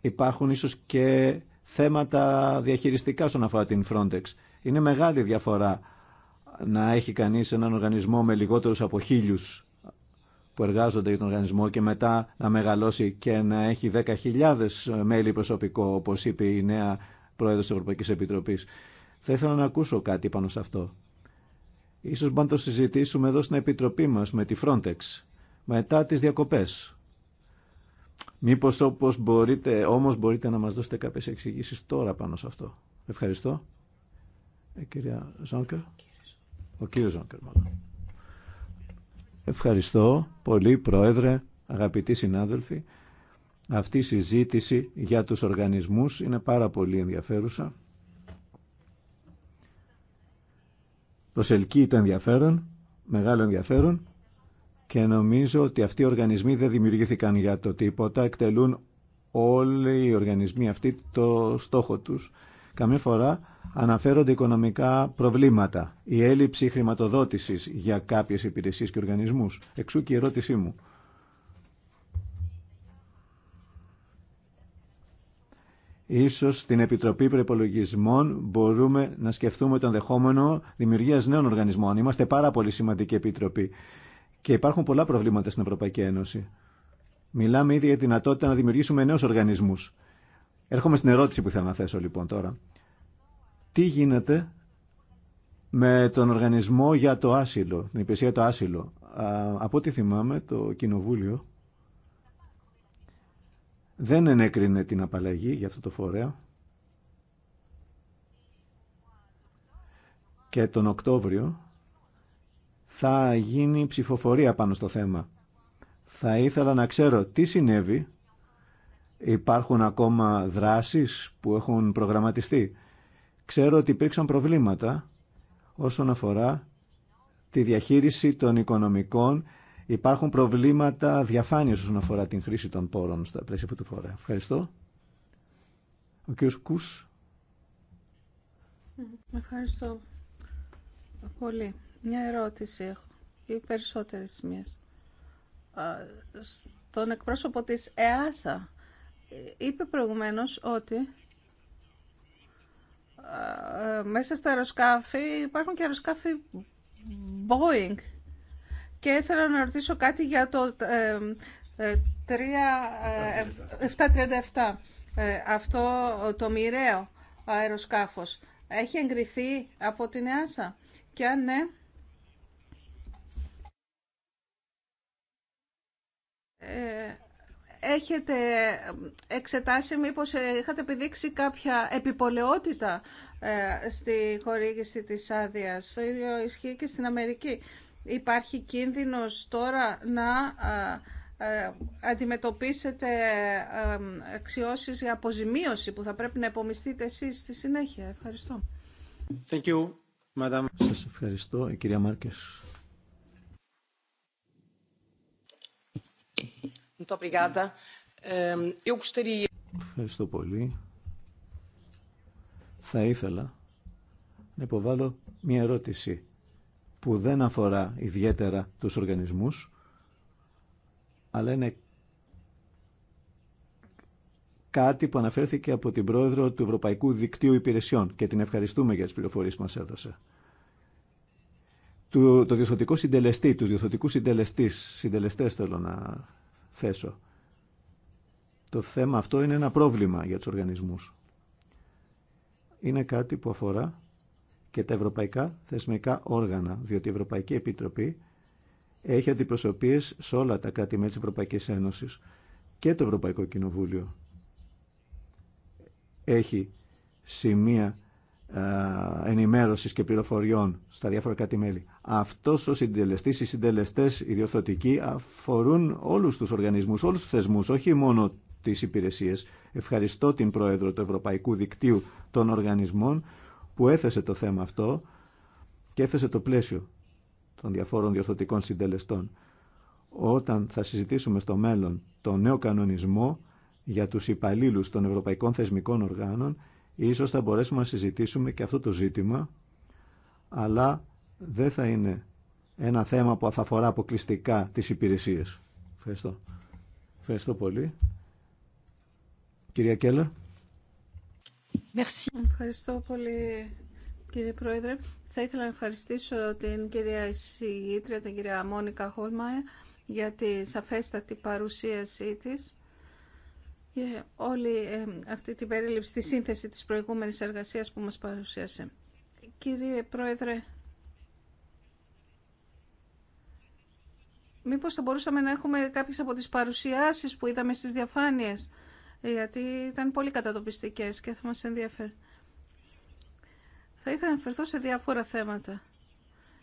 Υπάρχουν ίσως και θέματα διαχειριστικά στον αφορά την Frontex. Είναι μεγάλη διαφορά να έχει κανείς έναν οργανισμό με λιγότερους από χίλιους που εργάζονται για τον οργανισμό και μετά να μεγαλώσει και να έχει 10.000 μέλη προσωπικό, όπως είπε η νέα πρόεδρος της Ευρωπαϊκής Επιτροπής. Θα ήθελα να ακούσω κάτι πάνω σε αυτό. Ίσως μπορούμε να το συζητήσουμε εδώ στην Επιτροπή μας με τη Frontex, μετά τις διακοπές. Μήπως όπως μπορείτε, όμως μπορείτε να μας δώσετε κάποιες εξηγήσεις τώρα πάνω σε αυτό. Ευχαριστώ. Ε, Ο κύριος Ζόνκερ, Ευχαριστώ πολύ, Πρόεδρε, αγαπητοί συνάδελφοι. Αυτή η συζήτηση για τους οργανισμούς είναι πάρα πολύ ενδιαφέρουσα. Προσελκύει το ενδιαφέρον, μεγάλο ενδιαφέρον και νομίζω ότι αυτοί οι οργανισμοί δεν δημιουργήθηκαν για το τίποτα, εκτελούν όλοι οι οργανισμοί αυτοί το στόχο τους. Καμία φορά αναφέρονται οικονομικά προβλήματα, η έλλειψη χρηματοδότησης για κάποιες υπηρεσίες και οργανισμούς. Εξού και η ερώτησή μου. Ίσως στην Επιτροπή Προπολογισμών μπορούμε να σκεφτούμε τον δεχόμενο δημιουργίας νέων οργανισμών. Είμαστε πάρα πολύ σημαντική επιτροπή και υπάρχουν πολλά προβλήματα στην Ευρωπαϊκή Ένωση. Μιλάμε ήδη για τη δυνατότητα να δημιουργήσουμε νέους οργανισμούς. Έρχομαι στην ερώτηση που θέλω να θέσω λοιπόν τώρα τι γίνεται με τον οργανισμό για το άσυλο, την υπηρεσία το άσυλο. Από ό,τι θυμάμαι, το Κοινοβούλιο δεν ενέκρινε την απαλλαγή για αυτό το φορέα. Και τον Οκτώβριο θα γίνει ψηφοφορία πάνω στο θέμα. Θα ήθελα να ξέρω τι συνέβη. Υπάρχουν ακόμα δράσεις που έχουν προγραμματιστεί Ξέρω ότι υπήρξαν προβλήματα όσον αφορά τη διαχείριση των οικονομικών. Υπάρχουν προβλήματα διαφάνειας όσον αφορά την χρήση των πόρων στα πλαίσια αυτού του φορά. Ευχαριστώ. Ο κ. Κούς. Ευχαριστώ πολύ. Μια ερώτηση έχω ή περισσότερες μιας. Στον εκπρόσωπο της ΕΑΣΑ ε, είπε προηγουμένως ότι ε, μέσα στα αεροσκάφη υπάρχουν και αεροσκάφη Boeing. Και ήθελα να ρωτήσω κάτι για το 737. Ε, ε, αυτό το μοιραίο αεροσκάφος. Έχει εγκριθεί από την ΕΑΣΑ. Και αν ναι, έχετε εξετάσει μήπως ε, είχατε επιδείξει κάποια επιπολαιότητα ε, στη χορήγηση της άδεια. Το ίδιο ισχύει και στην Αμερική. Υπάρχει κίνδυνος τώρα να ε, αντιμετωπίσετε αξιώσεις για αποζημίωση που θα πρέπει να επομιστείτε εσείς στη συνέχεια. Ευχαριστώ. Thank you, Madam. Σας ευχαριστώ, η κυρία Μάρκες. Ehm, Ευχαριστώ πολύ. Θα ήθελα να υποβάλω μία ερώτηση που δεν αφορά ιδιαίτερα τους οργανισμούς, αλλά είναι κάτι που αναφέρθηκε από την πρόεδρο του Ευρωπαϊκού Δικτύου Υπηρεσιών και την ευχαριστούμε για τις πληροφορίες που μας έδωσε. του το διορθωτικό συντελεστή, τους διορθωτικούς συντελεστές θέλω να θέσω. Το θέμα αυτό είναι ένα πρόβλημα για τους οργανισμούς. Είναι κάτι που αφορά και τα ευρωπαϊκά θεσμικά όργανα, διότι η Ευρωπαϊκή Επιτροπή έχει αντιπροσωπείες σε όλα τα κράτη-μέλη της Ευρωπαϊκής Ένωσης και το Ευρωπαϊκό Κοινοβούλιο έχει σημεία ε, ενημέρωσης και πληροφοριών στα διάφορα κάτι μέλη. Αυτός ο συντελεστής, οι συντελεστές ιδιορθωτικοί αφορούν όλους τους οργανισμούς, όλους τους θεσμούς, όχι μόνο τις υπηρεσίες. Ευχαριστώ την Πρόεδρο του Ευρωπαϊκού Δικτύου των Οργανισμών που έθεσε το θέμα αυτό και έθεσε το πλαίσιο των διαφόρων διορθωτικών συντελεστών. Όταν θα συζητήσουμε στο μέλλον το νέο κανονισμό για τους υπαλλήλους των ευρωπαϊκών θεσμικών οργάνων, Ίσως θα μπορέσουμε να συζητήσουμε και αυτό το ζήτημα, αλλά δεν θα είναι ένα θέμα που θα αφορά αποκλειστικά τις υπηρεσίες. Ευχαριστώ. Ευχαριστώ πολύ. Κυρία Κέλλερ. Ευχαριστώ πολύ κύριε Πρόεδρε. Θα ήθελα να ευχαριστήσω την κυρία εισηγήτρια, την κυρία Μόνικα Χόλμαε, για τη σαφέστατη παρουσίασή της για όλη ε, αυτή την περίληψη, τη σύνθεση της προηγούμενης εργασίας που μας παρουσίασε. Κύριε Πρόεδρε, μήπως θα μπορούσαμε να έχουμε κάποιες από τις παρουσιάσεις που είδαμε στις διαφάνειες, γιατί ήταν πολύ κατατοπιστικές και θα μας ενδιαφέρει. Θα ήθελα να αναφερθώ σε διάφορα θέματα.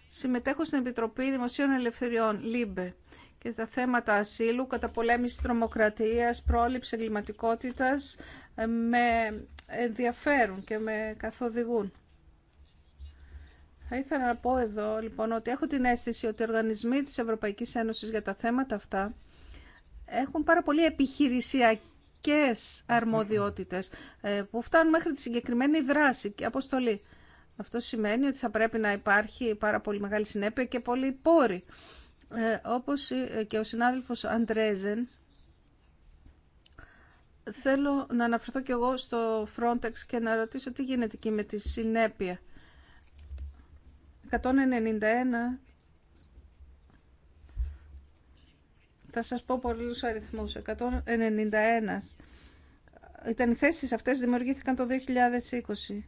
Συμμετέχω στην Επιτροπή Δημοσίων Ελευθεριών, ΛΥΜΠΕ, και τα θέματα ασύλου, καταπολέμηση τρομοκρατίας, πρόληψη εγκληματικότητας ε, με ενδιαφέρουν και με καθοδηγούν. Θα ήθελα να πω εδώ λοιπόν ότι έχω την αίσθηση ότι οι οργανισμοί της Ευρωπαϊκής Ένωσης για τα θέματα αυτά έχουν πάρα πολύ επιχειρησιακές αρμοδιότητες ε, που φτάνουν μέχρι τη συγκεκριμένη δράση και αποστολή. Αυτό σημαίνει ότι θα πρέπει να υπάρχει πάρα πολύ μεγάλη συνέπεια και πολύ πόρη. Ε, όπως ε, και ο συνάδελφος Αντρέζεν, θέλω να αναφερθώ κι εγώ στο Frontex και να ρωτήσω τι γίνεται εκεί με τη συνέπεια. 191 θα σας πω πολλούς αριθμούς. 191 ήταν οι θέσεις αυτές δημιουργήθηκαν το 2020.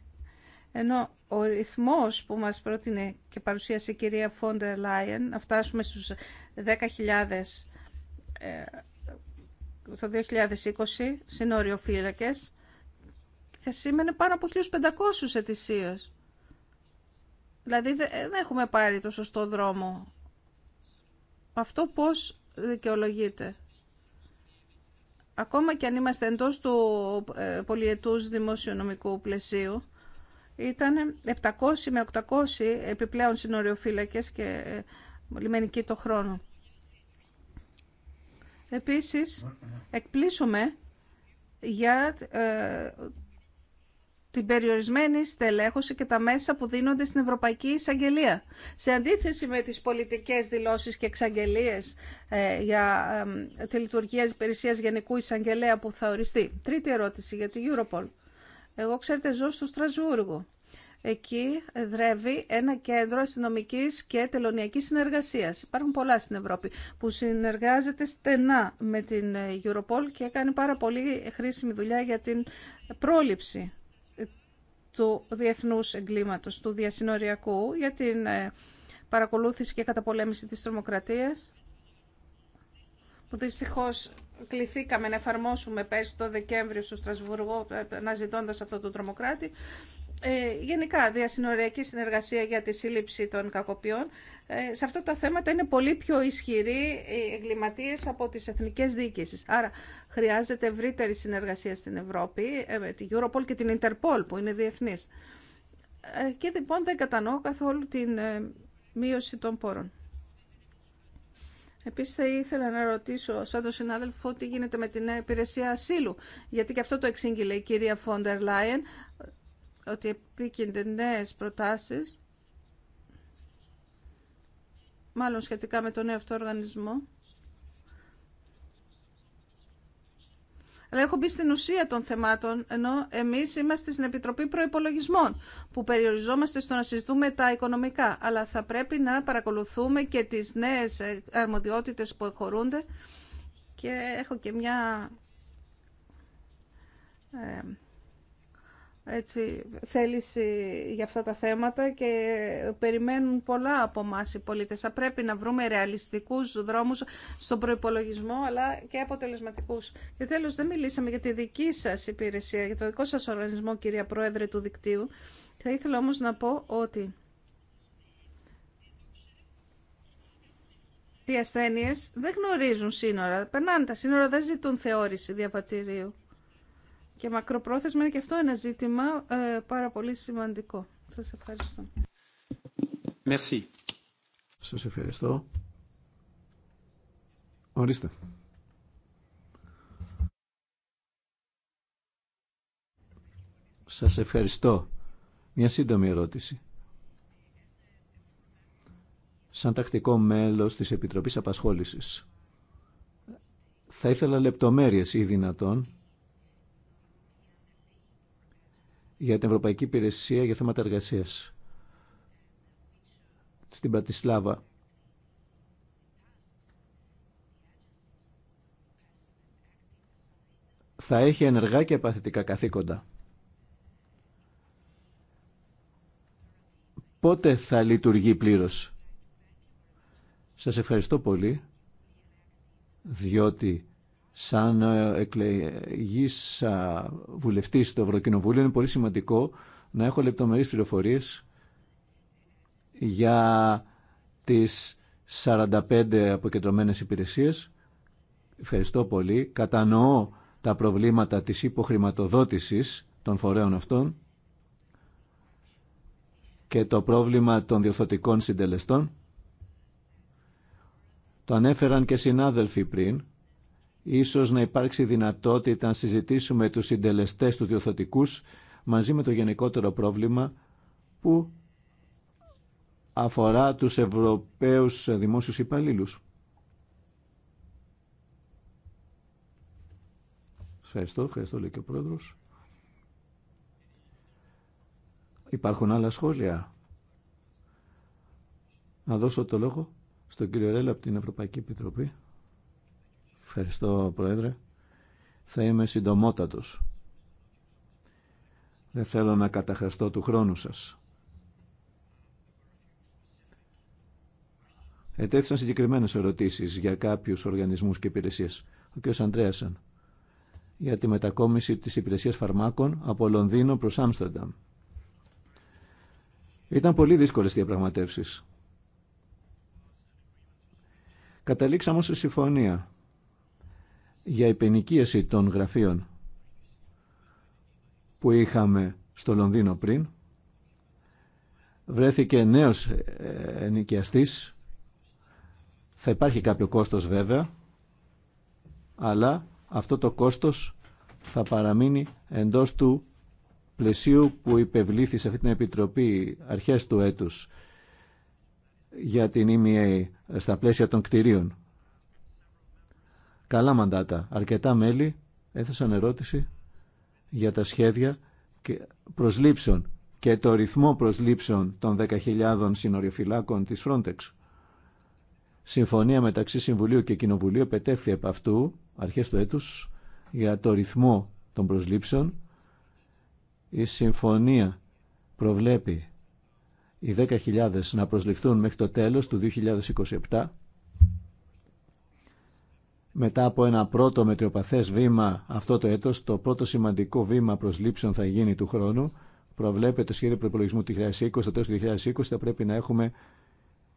Ενώ ο ρυθμός που μας πρότεινε και παρουσίασε η κυρία Φόντερ Λάιεν να φτάσουμε στους 10.000 ε, το 2020 φύλακες, θα σήμαινε πάνω από 1.500 ετησίως. Δηλαδή ε, δεν έχουμε πάρει το σωστό δρόμο. Αυτό πώς δικαιολογείται. Ακόμα και αν είμαστε εντός του ε, πολιετούς δημοσιονομικού πλαισίου, ήταν 700 με 800 επιπλέον συνοριοφύλακες και ε, λιμενικοί το χρόνο. Επίσης, εκπλήσουμε για ε, την περιορισμένη στελέχωση και τα μέσα που δίνονται στην Ευρωπαϊκή Εισαγγελία. Σε αντίθεση με τις πολιτικές δηλώσεις και εξαγγελίες ε, για τη λειτουργία υπηρεσίας Γενικού Εισαγγελέα που θα οριστεί. Τρίτη ερώτηση για την Europol. Εγώ, ξέρετε, ζω στο Στρασβούργο. Εκεί δρεύει ένα κέντρο αστυνομική και τελωνιακή συνεργασία. Υπάρχουν πολλά στην Ευρώπη που συνεργάζεται στενά με την Europol και κάνει πάρα πολύ χρήσιμη δουλειά για την πρόληψη του διεθνούς εγκλήματος, του διασυνοριακού, για την ε, παρακολούθηση και καταπολέμηση της τρομοκρατίας, που κληθήκαμε να εφαρμόσουμε πέρσι το Δεκέμβριο στο Στρασβουργό, ε, αναζητώντα αυτό το τρομοκράτη. Ε, γενικά, διασυνοριακή συνεργασία για τη σύλληψη των κακοποιών. Ε, σε αυτά τα θέματα είναι πολύ πιο ισχυροί οι εγκληματίες από τις εθνικές διοίκησεις. Άρα, χρειάζεται ευρύτερη συνεργασία στην Ευρώπη, ε, με την Europol και την Interpol που είναι διεθνής. Ε, και λοιπόν δεν κατανοώ καθόλου την ε, μείωση των πόρων. Επίση, θα ήθελα να ρωτήσω σαν τον συνάδελφο τι γίνεται με την υπηρεσία ασύλου. Γιατί και αυτό το εξήγηλε η κυρία Φόντερ Λάιεν, ότι νέε προτάσει, μάλλον σχετικά με τον νέο αυτό οργανισμό, αλλά έχω μπει στην ουσία των θεμάτων, ενώ εμείς είμαστε στην Επιτροπή Προϋπολογισμών, που περιοριζόμαστε στο να συζητούμε τα οικονομικά, αλλά θα πρέπει να παρακολουθούμε και τις νέες ε, αρμοδιότητες που εχωρούνται και έχω και μια ε, έτσι, θέληση για αυτά τα θέματα και περιμένουν πολλά από εμά οι πολίτες. Θα πρέπει να βρούμε ρεαλιστικούς δρόμους στον προϋπολογισμό αλλά και αποτελεσματικούς. Και τέλος δεν μιλήσαμε για τη δική σας υπηρεσία, για το δικό σας οργανισμό κυρία Πρόεδρε του Δικτύου. Θα ήθελα όμως να πω ότι οι ασθένειε δεν γνωρίζουν σύνορα. Περνάνε τα σύνορα, δεν ζητούν θεώρηση διαβατηρίου. Και μακροπρόθεσμα είναι και αυτό ένα ζήτημα ε, πάρα πολύ σημαντικό. Σας ευχαριστώ. Merci. Σας ευχαριστώ. Ορίστε. Σας ευχαριστώ. Μια σύντομη ερώτηση. Σαν τακτικό μέλος της Επιτροπής Απασχόλησης, θα ήθελα λεπτομέρειες ή δυνατόν για την Ευρωπαϊκή Υπηρεσία για θέματα εργασίας στην Πρατισλάβα. Θα έχει ενεργά και απαθητικά καθήκοντα. Πότε θα λειτουργεί πλήρως. Σας ευχαριστώ πολύ, διότι σαν ε, εκλεγής βουλευτής στο Ευρωκοινοβούλιο είναι πολύ σημαντικό να έχω λεπτομερείς πληροφορίες για τις 45 αποκεντρωμένες υπηρεσίες. Ευχαριστώ πολύ. Κατανοώ τα προβλήματα της υποχρηματοδότησης των φορέων αυτών και το πρόβλημα των διορθωτικών συντελεστών. Το ανέφεραν και συνάδελφοι πριν Ίσως να υπάρξει δυνατότητα να συζητήσουμε τους συντελεστές του διορθωτικούς μαζί με το γενικότερο πρόβλημα που αφορά τους Ευρωπαίους δημόσιους υπαλλήλους. Ευχαριστώ, ευχαριστώ λέει και ο Πρόεδρος. Υπάρχουν άλλα σχόλια. Να δώσω το λόγο στον κύριο Ρέλα από την Ευρωπαϊκή Επιτροπή. Ευχαριστώ, Πρόεδρε. Θα είμαι συντομότατος. Δεν θέλω να καταχραστώ του χρόνου σας. Ετέθησαν συγκεκριμένες ερωτήσεις για κάποιους οργανισμούς και υπηρεσίες. Ο κ. Αντρέασεν για τη μετακόμιση της υπηρεσίας φαρμάκων από Λονδίνο προς Άμστερνταμ. Ήταν πολύ δύσκολες διαπραγματεύσεις. Καταλήξαμε σε συμφωνία για υπενικίαση των γραφείων που είχαμε στο Λονδίνο πριν. Βρέθηκε νέος ε, ενοικιαστής. Θα υπάρχει κάποιο κόστος βέβαια, αλλά αυτό το κόστος θα παραμείνει εντός του πλαισίου που υπευλήθη σε αυτή την Επιτροπή αρχές του έτους για την EMEA ε, στα πλαίσια των κτηρίων. Καλά μαντάτα. Αρκετά μέλη έθεσαν ερώτηση για τα σχέδια προσλήψεων και το ρυθμό προσλήψεων των 10.000 συνοριοφυλάκων της Frontex. Συμφωνία μεταξύ Συμβουλίου και Κοινοβουλίου επετέφθη από αυτού αρχές του έτους για το ρυθμό των προσλήψεων. Η συμφωνία προβλέπει οι 10.000 να προσληφθούν μέχρι το τέλος του 2027 μετά από ένα πρώτο μετριοπαθές βήμα αυτό το έτος, το πρώτο σημαντικό βήμα προσλήψεων θα γίνει του χρόνου. Προβλέπεται το σχέδιο προπολογισμού του 2020, το τέλος του 2020 θα πρέπει να έχουμε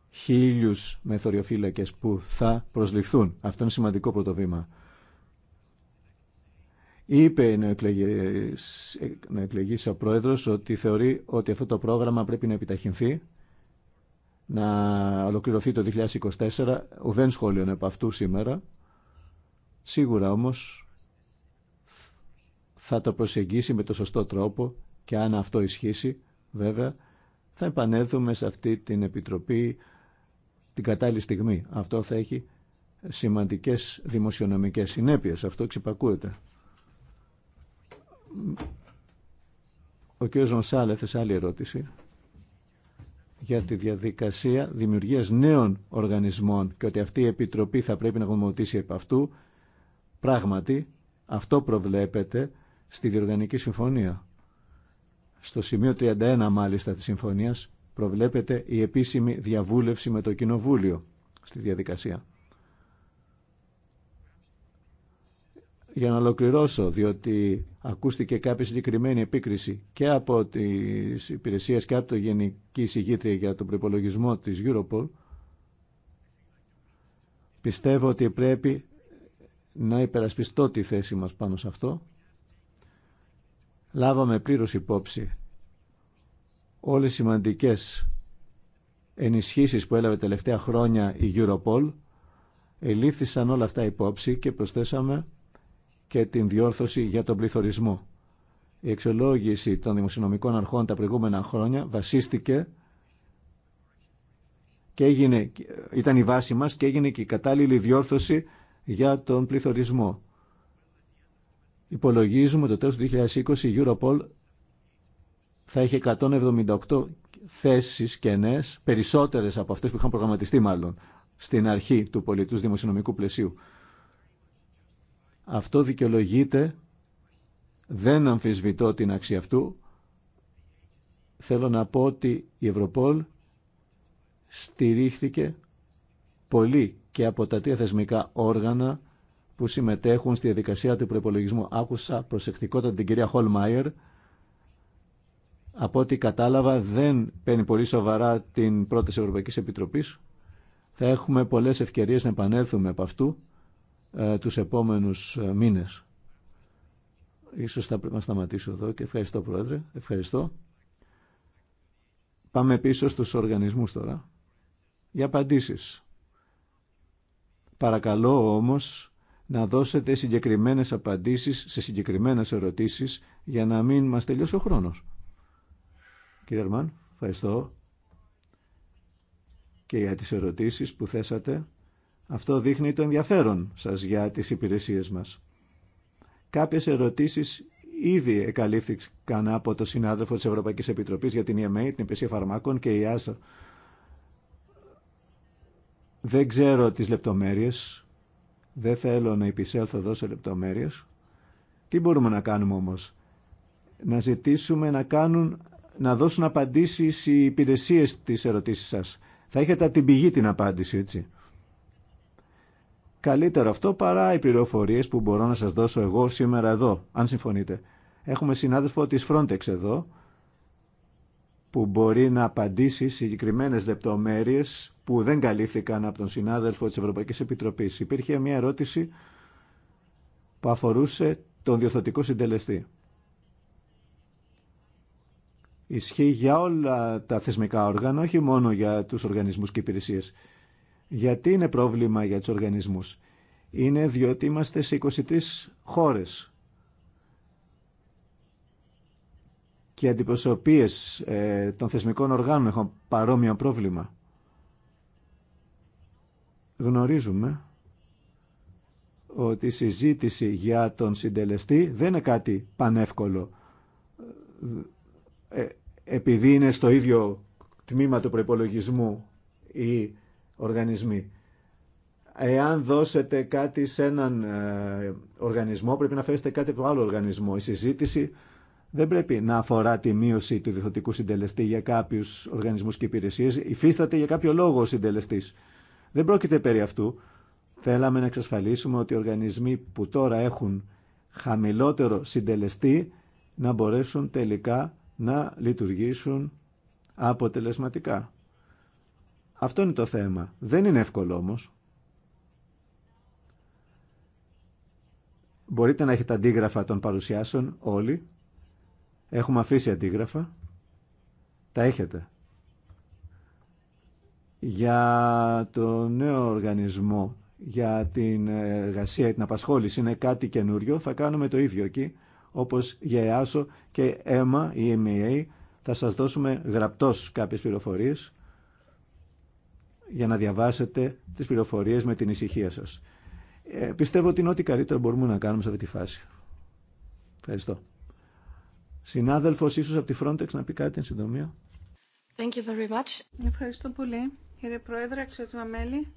χίλιους μεθοριοφύλακες που θα προσληφθούν. Αυτό είναι σημαντικό πρώτο βήμα. Είπε η νεοεκλεγής ο πρόεδρος ότι θεωρεί ότι αυτό το πρόγραμμα πρέπει να επιταχυνθεί, να ολοκληρωθεί το 2024. Ουδέν σχόλιο από αυτού σήμερα. Σίγουρα όμως θα το προσεγγίσει με το σωστό τρόπο και αν αυτό ισχύσει βέβαια θα επανέλθουμε σε αυτή την Επιτροπή την κατάλληλη στιγμή. Αυτό θα έχει σημαντικές δημοσιονομικές συνέπειες. Αυτό ξυπακούεται. Ο κ. Ζωνσάλ άλλη ερώτηση για τη διαδικασία δημιουργίας νέων οργανισμών και ότι αυτή η Επιτροπή θα πρέπει να γνωμοτήσει επ' αυτού Πράγματι, αυτό προβλέπεται στη Διοργανική Συμφωνία. Στο σημείο 31 μάλιστα της Συμφωνίας προβλέπεται η επίσημη διαβούλευση με το Κοινοβούλιο στη διαδικασία. Για να ολοκληρώσω, διότι ακούστηκε κάποια συγκεκριμένη επίκριση και από τις υπηρεσίες και από το Γενική Συγήτρια για τον προπολογισμό της Europol, πιστεύω ότι πρέπει να υπερασπιστώ τη θέση μας πάνω σε αυτό. Λάβαμε πλήρως υπόψη όλες οι σημαντικές ενισχύσεις που έλαβε τελευταία χρόνια η Europol. Ελήφθησαν όλα αυτά υπόψη και προσθέσαμε και την διόρθωση για τον πληθωρισμό. Η εξολόγηση των δημοσιονομικών αρχών τα προηγούμενα χρόνια βασίστηκε και έγινε, ήταν η βάση μας και έγινε και η κατάλληλη διόρθωση για τον πληθωρισμό. Υπολογίζουμε το τέλος του 2020 η Europol θα έχει 178 θέσεις κενές, περισσότερες από αυτές που είχαν προγραμματιστεί μάλλον, στην αρχή του πολιτούς δημοσιονομικού πλαισίου. Αυτό δικαιολογείται, δεν αμφισβητώ την αξία αυτού. Θέλω να πω ότι η Ευρωπόλ στηρίχθηκε πολύ και από τα τρία θεσμικά όργανα που συμμετέχουν στη διαδικασία του προπολογισμού. Άκουσα προσεκτικότατα την κυρία Χολμάιερ. Από ό,τι κατάλαβα δεν παίρνει πολύ σοβαρά την πρώτη Ευρωπαϊκή Επιτροπή. Θα έχουμε πολλές ευκαιρίες να επανέλθουμε από αυτού ε, τους επόμενους ε, μήνες. Ίσως θα πρέπει να σταματήσω εδώ και ευχαριστώ Πρόεδρε. Ευχαριστώ. Πάμε πίσω στους οργανισμούς τώρα για απαντήσεις. Παρακαλώ όμως να δώσετε συγκεκριμένες απαντήσεις σε συγκεκριμένες ερωτήσεις για να μην μας τελειώσει ο χρόνος. Κύριε Ερμάν, ευχαριστώ και για τις ερωτήσεις που θέσατε. Αυτό δείχνει το ενδιαφέρον σας για τις υπηρεσίες μας. Κάποιες ερωτήσεις ήδη εκαλύφθηκαν από το συνάδελφο της Ευρωπαϊκής Επιτροπής για την EMA, την Υπηρεσία Φαρμάκων και η ΆΣΑ δεν ξέρω τις λεπτομέρειες, δεν θέλω να επισέλθω εδώ σε λεπτομέρειες. Τι μπορούμε να κάνουμε όμως. Να ζητήσουμε να, κάνουν, να δώσουν απαντήσεις οι υπηρεσίες της ερωτήσεις σας. Θα έχετε από την πηγή την απάντηση, έτσι. Καλύτερο αυτό παρά οι πληροφορίε που μπορώ να σας δώσω εγώ σήμερα εδώ, αν συμφωνείτε. Έχουμε συνάδελφο της Frontex εδώ, που μπορεί να απαντήσει συγκεκριμένες λεπτομέρειες που δεν καλύφθηκαν από τον συνάδελφο της Ευρωπαϊκής Επιτροπής. Υπήρχε μια ερώτηση που αφορούσε τον διορθωτικό συντελεστή. Ισχύει για όλα τα θεσμικά όργανα, όχι μόνο για τους οργανισμούς και υπηρεσίες. Γιατί είναι πρόβλημα για τους οργανισμούς. Είναι διότι είμαστε σε 23 χώρες και αντιπροσωπείες ε, των θεσμικών οργάνων έχουν παρόμοιο πρόβλημα γνωρίζουμε ότι η συζήτηση για τον συντελεστή δεν είναι κάτι πανεύκολο ε, επειδή είναι στο ίδιο τμήμα του προϋπολογισμού οι οργανισμοί. Εάν δώσετε κάτι σε έναν ε, οργανισμό, πρέπει να φέρετε κάτι από άλλο οργανισμό. Η συζήτηση δεν πρέπει να αφορά τη μείωση του διθωτικού συντελεστή για κάποιους οργανισμούς και υπηρεσίες. Υφίσταται για κάποιο λόγο ο συντελεστή. Δεν πρόκειται περί αυτού. Θέλαμε να εξασφαλίσουμε ότι οι οργανισμοί που τώρα έχουν χαμηλότερο συντελεστή να μπορέσουν τελικά να λειτουργήσουν αποτελεσματικά. Αυτό είναι το θέμα. Δεν είναι εύκολο όμως. Μπορείτε να έχετε αντίγραφα των παρουσιάσεων όλοι. Έχουμε αφήσει αντίγραφα. Τα έχετε για το νέο οργανισμό, για την εργασία, την απασχόληση, είναι κάτι καινούριο, θα κάνουμε το ίδιο εκεί, όπως για ΕΑΣΟ και ΕΜΑ ή EMEA, θα σας δώσουμε γραπτός κάποιες πληροφορίες για να διαβάσετε τις πληροφορίες με την ησυχία σας. Ε, πιστεύω ότι είναι ό,τι καλύτερο μπορούμε να κάνουμε σε αυτή τη φάση. Ευχαριστώ. Συνάδελφος ίσως από τη Frontex να πει κάτι εν συντομία. Thank you very much. Ευχαριστώ πολύ. Κύριε Πρόεδρε, αξιότιμα μέλη,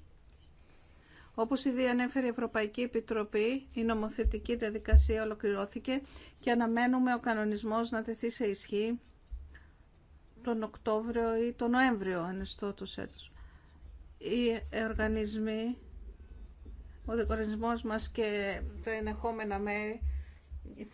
όπως ήδη ανέφερε η Ευρωπαϊκή Επιτροπή, η νομοθετική διαδικασία ολοκληρώθηκε και αναμένουμε ο κανονισμός να τεθεί σε ισχύ τον Οκτώβριο ή τον Νοέμβριο, αν του έτους. Οι οργανισμοί, ο δικορισμός μας και τα ενεχόμενα μέρη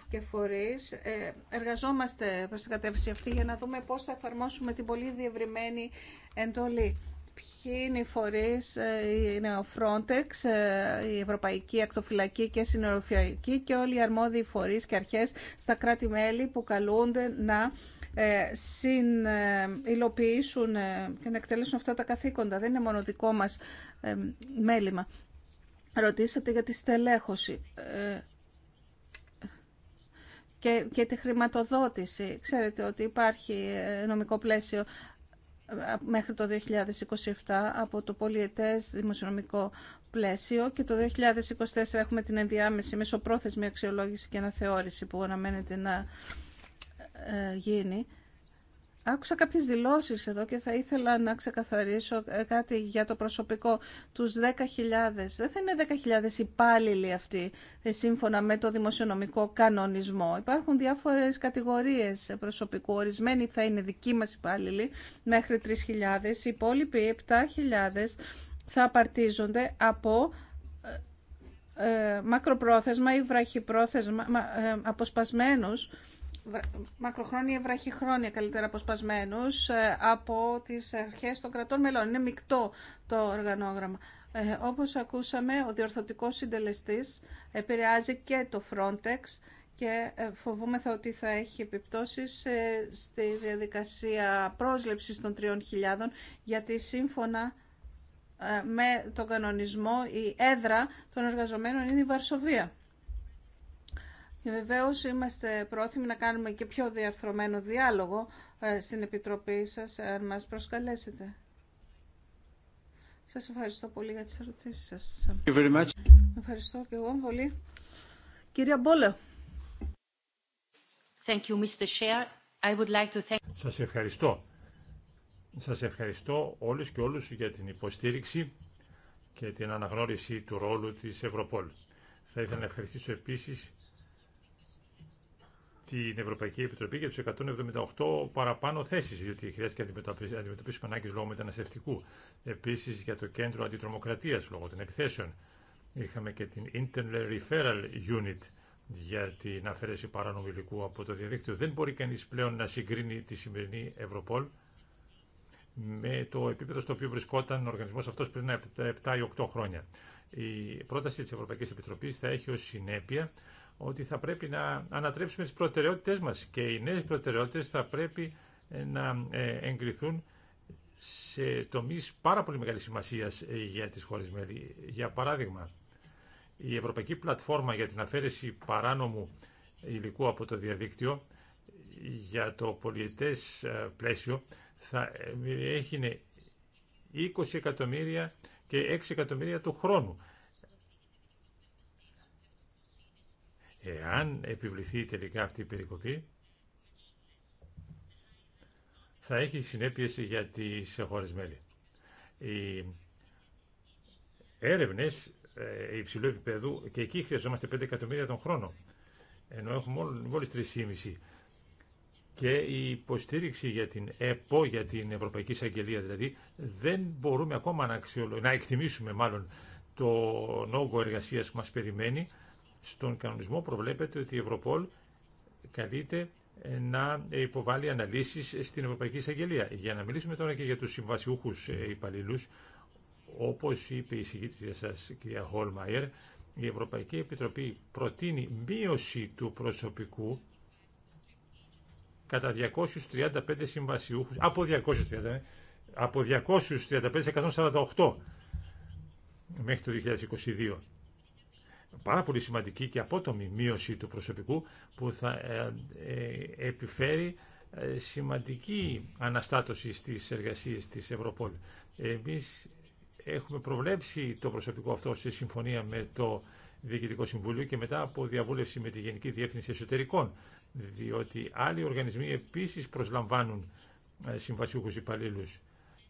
και φορείς, ε, εργαζόμαστε προς την κατεύθυνση αυτή για να δούμε πώς θα εφαρμόσουμε την πολύ διευρυμένη εντολή ποιοι είναι οι φορείς, ε, είναι ο Frontex, ε, η Ευρωπαϊκή Ακτοφυλακή και Συνοροφιακή και όλοι οι αρμόδιοι φορείς και αρχές στα κράτη-μέλη που καλούνται να ε, συνυλοποιήσουν και να εκτελέσουν αυτά τα καθήκοντα. Δεν είναι μόνο δικό μας μέλημα. Ρωτήσατε για τη στελέχωση και, και τη χρηματοδότηση. Ξέρετε ότι υπάρχει νομικό πλαίσιο μέχρι το 2027 από το πολιετές δημοσιονομικό πλαίσιο και το 2024 έχουμε την ενδιάμεση μεσοπρόθεσμη αξιολόγηση και αναθεώρηση που αναμένεται να ε, γίνει. Άκουσα κάποιες δηλώσεις εδώ και θα ήθελα να ξεκαθαρίσω ε, κάτι για το προσωπικό. Τους 10.000, δεν θα είναι 10.000 υπάλληλοι αυτοί ε, σύμφωνα με το δημοσιονομικό κανονισμό. Υπάρχουν διάφορες κατηγορίες προσωπικού. Ορισμένοι θα είναι δικοί μας υπάλληλοι μέχρι 3.000. Οι υπόλοιποι 7.000 θα απαρτίζονται από ε, μακροπρόθεσμα ή βραχυπρόθεσμα αποσπασμένους μακροχρόνια ή βραχυχρόνια καλύτερα αποσπασμένους ε, από τις αρχές των κρατών μελών. Είναι μεικτό το οργανόγραμμα. Ε, όπως ακούσαμε, ο διορθωτικός συντελεστής επηρεάζει και το Frontex και ε, φοβούμεθα ότι θα έχει επιπτώσεις στη διαδικασία πρόσληψης των 3.000 γιατί σύμφωνα με τον κανονισμό η έδρα των εργαζομένων είναι η Βαρσοβία. Και είμαστε πρόθυμοι να κάνουμε και πιο διαρθρωμένο διάλογο ε, στην Επιτροπή σας, αν μας προσκαλέσετε. Σας ευχαριστώ πολύ για τις ερωτήσεις σας. Ευχαριστώ και εγώ πολύ. Κυρία Μπόλε. Thank you, Mr. I would like to thank... Σας ευχαριστώ. Σας ευχαριστώ όλους και όλους για την υποστήριξη και την αναγνώριση του ρόλου της Ευρωπόλ. Θα ήθελα να ευχαριστήσω επίσης την Ευρωπαϊκή Επιτροπή για του 178 παραπάνω θέσει διότι χρειάστηκε να αντιμετωπίσουμε ανάγκε λόγω μεταναστευτικού. Επίση για το κέντρο Αντιτρομοκρατία λόγω των επιθέσεων. Είχαμε και την Internal Referral Unit για την αφαίρεση παράνομου από το διαδίκτυο. Δεν μπορεί κανεί πλέον να συγκρίνει τη σημερινή Ευρωπόλ με το επίπεδο στο οποίο βρισκόταν ο οργανισμό αυτό πριν 7 ή 8 χρόνια. Η πρόταση της Ευρωπαϊκής Επιτροπής θα έχει ως συνέπεια ότι θα πρέπει να ανατρέψουμε τις προτεραιότητες μας και οι νέες προτεραιότητες θα πρέπει ε, να ε, εγκριθούν σε τομείς πάρα πολύ μεγάλη σημασία ε, για τις χώρες μέλη. Για παράδειγμα, η Ευρωπαϊκή Πλατφόρμα για την Αφαίρεση Παράνομου Υλικού από το Διαδίκτυο για το πολιετές πλαίσιο θα έχει 20 εκατομμύρια και 6 εκατομμύρια του χρόνου. Εάν επιβληθεί τελικά αυτή η περικοπή, θα έχει συνέπειες για τις χώρες μέλη. Οι έρευνες ε, υψηλού επίπεδου και εκεί χρειαζόμαστε 5 εκατομμύρια τον χρόνο, ενώ έχουμε μόλις 3,5 και η υποστήριξη για την ΕΠΟ, για την Ευρωπαϊκή Εισαγγελία δηλαδή, δεν μπορούμε ακόμα να, αξιολο... να εκτιμήσουμε μάλλον το όγκο εργασία που μας περιμένει. Στον κανονισμό προβλέπεται ότι η Ευρωπόλ καλείται να υποβάλει αναλύσεις στην Ευρωπαϊκή Εισαγγελία. Για να μιλήσουμε τώρα και για τους συμβασιούχους ε, υπαλλήλου, όπως είπε η συγκήτρια σας κυρία Χόλμαιρ, η Ευρωπαϊκή Επιτροπή προτείνει μείωση του προσωπικού κατά 235 συμβασιούχους, από ναι, από 235 148 μέχρι το 2022. Πάρα πολύ σημαντική και απότομη μείωση του προσωπικού που θα ε, ε, επιφέρει ε, σημαντική αναστάτωση στις εργασίες της Ευρωπόλ. Εμείς έχουμε προβλέψει το προσωπικό αυτό σε συμφωνία με το Διοικητικό Συμβουλίο και μετά από διαβούλευση με τη Γενική Διεύθυνση Εσωτερικών διότι άλλοι οργανισμοί επίσης προσλαμβάνουν ε, συμβασιούχους υπαλλήλους,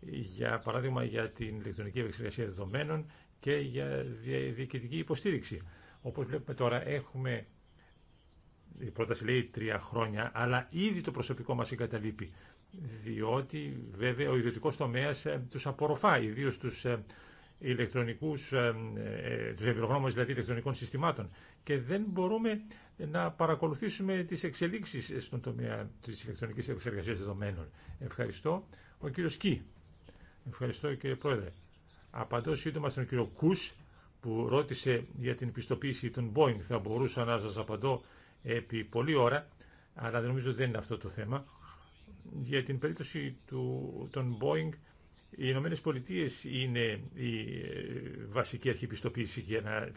για παράδειγμα για την ηλεκτρονική επεξεργασία δεδομένων και για διοικητική υποστήριξη. Όπως βλέπουμε τώρα έχουμε, η πρόταση λέει τρία χρόνια, αλλά ήδη το προσωπικό μας εγκαταλείπει, διότι βέβαια ο ιδιωτικός τομέας ε, τους απορροφά, ιδίως τους ε, ηλεκτρονικούς, ε, ε, ε, τους δηλαδή ηλεκτρονικών συστημάτων και δεν μπορούμε να παρακολουθήσουμε τις εξελίξεις στον τομέα της ηλεκτρονικής εξεργασίας δεδομένων. Ευχαριστώ. Ο κύριος Κι. Ευχαριστώ κύριε Πρόεδρε. Απαντώ σύντομα στον κύριο Κούς που ρώτησε για την πιστοποίηση των Boeing. Θα μπορούσα να σας απαντώ επί πολλή ώρα, αλλά νομίζω δεν είναι αυτό το θέμα. Για την περίπτωση του, των Boeing οι Ηνωμένε Πολιτείε είναι η ε, βασική αρχή πιστοποίηση και, να,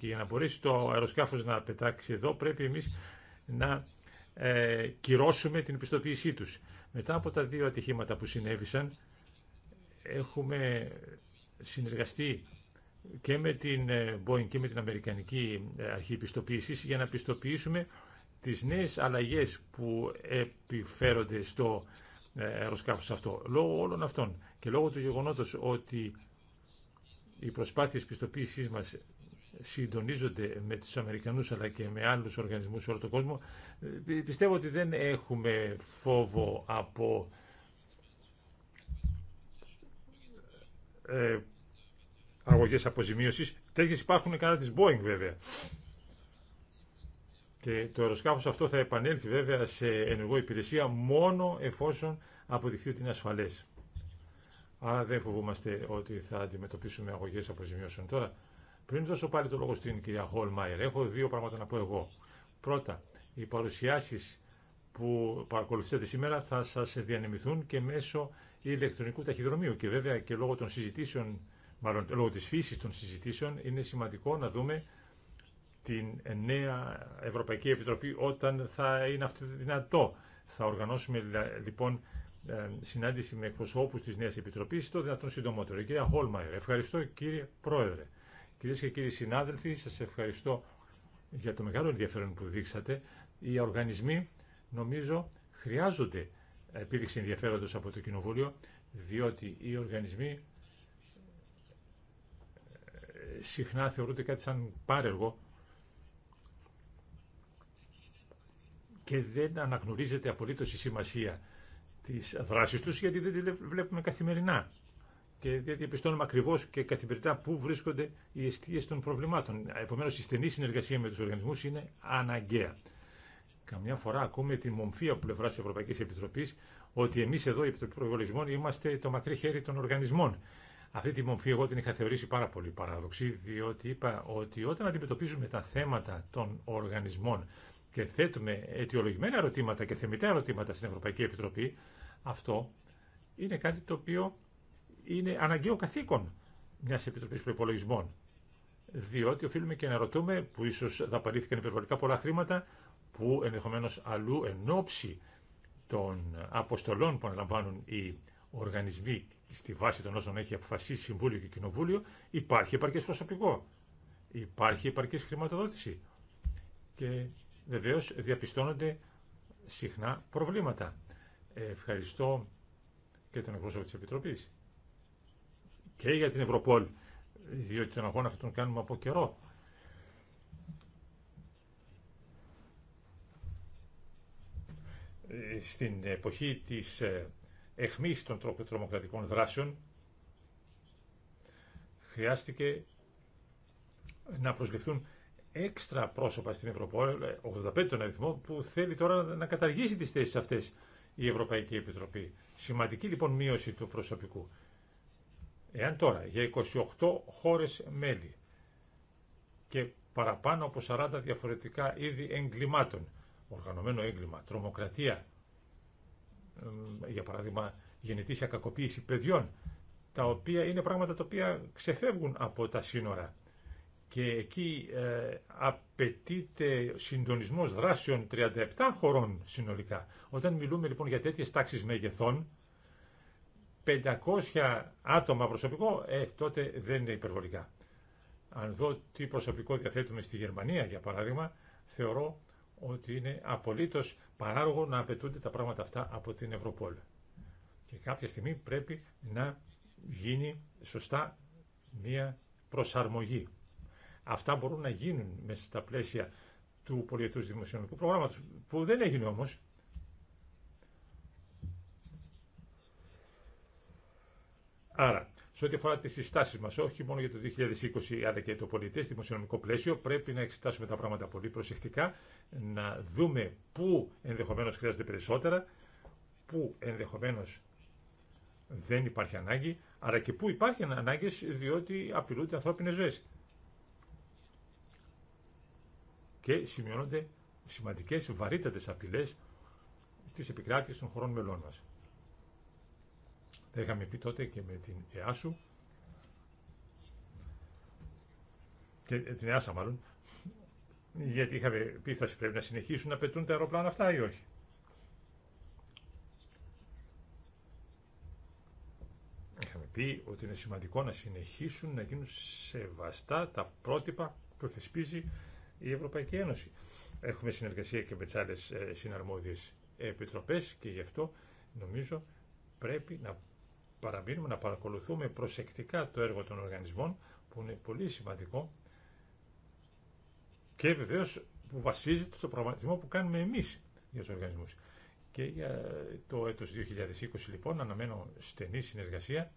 για να μπορέσει το αεροσκάφο να πετάξει εδώ, πρέπει εμεί να ε, κυρώσουμε την πιστοποίησή του. Μετά από τα δύο ατυχήματα που συνέβησαν, έχουμε συνεργαστεί και με την ε, Boeing και με την Αμερικανική ε, Αρχή Πιστοποίησης για να πιστοποιήσουμε τις νέες αλλαγές που επιφέρονται στο ε, αεροσκάφος αυτό. Λόγω όλων αυτών και λόγω του γεγονότο ότι οι προσπάθειε πιστοποίησής μας συντονίζονται με τους Αμερικανούς αλλά και με άλλους οργανισμούς σε όλο τον κόσμο, ε, πιστεύω ότι δεν έχουμε φόβο από ε, αγωγές αποζημίωσης. Τέτοιες υπάρχουν κατά της Boeing βέβαια. Και το αεροσκάφος αυτό θα επανέλθει βέβαια σε ενεργό υπηρεσία μόνο εφόσον αποδειχθεί ότι είναι ασφαλές. Άρα δεν φοβούμαστε ότι θα αντιμετωπίσουμε αγωγές αποζημιώσεων. Τώρα, πριν δώσω πάλι το λόγο στην κυρία Χολμάιερ, έχω δύο πράγματα να πω εγώ. Πρώτα, οι παρουσιάσεις που παρακολουθήσατε σήμερα θα σας διανεμηθούν και μέσω ηλεκτρονικού ταχυδρομείου. Και βέβαια και λόγω των συζητήσεων, μάλλον λόγω της φύσης των συζητήσεων, είναι σημαντικό να δούμε την νέα Ευρωπαϊκή Επιτροπή όταν θα είναι αυτό δυνατό. Θα οργανώσουμε λοιπόν ε, συνάντηση με εκπροσώπους της Νέας Επιτροπής το δυνατόν συντομότερο. κυρία Χόλμαερ, ευχαριστώ κύριε Πρόεδρε. Κυρίε και κύριοι συνάδελφοι, σας ευχαριστώ για το μεγάλο ενδιαφέρον που δείξατε. Οι οργανισμοί νομίζω χρειάζονται επίδειξη ενδιαφέροντος από το Κοινοβούλιο διότι οι οργανισμοί ε, συχνά θεωρούνται κάτι σαν πάρεργο και δεν αναγνωρίζεται απολύτω η σημασία τη δράση του γιατί δεν τη βλέπουμε καθημερινά και επιστώνουμε ακριβώ και καθημερινά πού βρίσκονται οι αιστείε των προβλημάτων. Επομένω, η στενή συνεργασία με του οργανισμού είναι αναγκαία. Καμιά φορά ακούμε τη μομφή από πλευρά τη Ευρωπαϊκή Επιτροπή ότι εμεί εδώ, η Επιτροπή είμαστε το μακρύ χέρι των οργανισμών. Αυτή τη μομφή εγώ την είχα θεωρήσει πάρα πολύ παράδοξη, διότι είπα ότι όταν αντιμετωπίζουμε τα θέματα των οργανισμών και θέτουμε αιτιολογημένα ερωτήματα και θεμητά ερωτήματα στην Ευρωπαϊκή Επιτροπή, αυτό είναι κάτι το οποίο είναι αναγκαίο καθήκον μια επιτροπή Προπολογισμών. Διότι οφείλουμε και να ρωτούμε, που ίσω δαπανήθηκαν υπερβολικά πολλά χρήματα, που ενδεχομένω αλλού εν ώψη των αποστολών που αναλαμβάνουν οι οργανισμοί στη βάση των όσων έχει αποφασίσει Συμβούλιο και Κοινοβούλιο, υπάρχει επαρκέ προσωπικό, υπάρχει επαρκή χρηματοδότηση. Και βεβαίως διαπιστώνονται συχνά προβλήματα. Ευχαριστώ και τον εκπρόσωπο της Επιτροπής και για την Ευρωπόλ, διότι τον αγώνα αυτό τον κάνουμε από καιρό. Στην εποχή της ε, εχμής των τρομοκρατικών δράσεων χρειάστηκε να προσληφθούν έξτρα πρόσωπα στην Ευρωπόλ, 85 ε, τον αριθμό, που θέλει τώρα να καταργήσει τις θέσεις αυτές η Ευρωπαϊκή Επιτροπή. Σημαντική λοιπόν μείωση του προσωπικού. Εάν τώρα για 28 χώρες μέλη και παραπάνω από 40 διαφορετικά είδη εγκλημάτων, οργανωμένο έγκλημα, τρομοκρατία, για παράδειγμα γεννητήσια κακοποίηση παιδιών, τα οποία είναι πράγματα τα οποία ξεφεύγουν από τα σύνορα και εκεί ε, απαιτείται συντονισμός δράσεων 37 χωρών συνολικά. Όταν μιλούμε λοιπόν για τέτοιες τάξεις μεγεθών, 500 άτομα προσωπικό, ε, τότε δεν είναι υπερβολικά. Αν δω τι προσωπικό διαθέτουμε στη Γερμανία, για παράδειγμα, θεωρώ ότι είναι απολύτως παράλογο να απαιτούνται τα πράγματα αυτά από την Ευρωπόλ. Και κάποια στιγμή πρέπει να γίνει σωστά μία προσαρμογή. Αυτά μπορούν να γίνουν μέσα στα πλαίσια του πολιετούς δημοσιονομικού προγράμματος, που δεν έγινε όμως. Άρα, σε ό,τι αφορά τι συστάσεις μα, όχι μόνο για το 2020 αλλά και το πολιτέ δημοσιονομικό πλαίσιο, πρέπει να εξετάσουμε τα πράγματα πολύ προσεκτικά, να δούμε πού ενδεχομένω χρειάζεται περισσότερα, πού ενδεχομένω δεν υπάρχει ανάγκη, αλλά και πού υπάρχουν ανάγκε διότι απειλούνται ανθρώπινε ζωέ και σημειώνονται σημαντικέ, βαρύτατε απειλέ στις επικράτειες των χωρών μελών μα. Τα είχαμε πει τότε και με την ΕΑΣΟΥ και ε, την ΕΑΣΑ μάλλον γιατί είχαμε πει θα πρέπει να συνεχίσουν να πετούν τα αεροπλάνα αυτά ή όχι. Είχαμε πει ότι είναι σημαντικό να συνεχίσουν να γίνουν σεβαστά τα πρότυπα που θεσπίζει η Ευρωπαϊκή Ένωση. Έχουμε συνεργασία και με τι άλλε συναρμόδιε επιτροπέ και γι' αυτό νομίζω πρέπει να παραμείνουμε, να παρακολουθούμε προσεκτικά το έργο των οργανισμών που είναι πολύ σημαντικό και βεβαίω που βασίζεται στο προγραμματισμό που κάνουμε εμεί για του οργανισμού. Και για το έτο 2020 λοιπόν αναμένω στενή συνεργασία.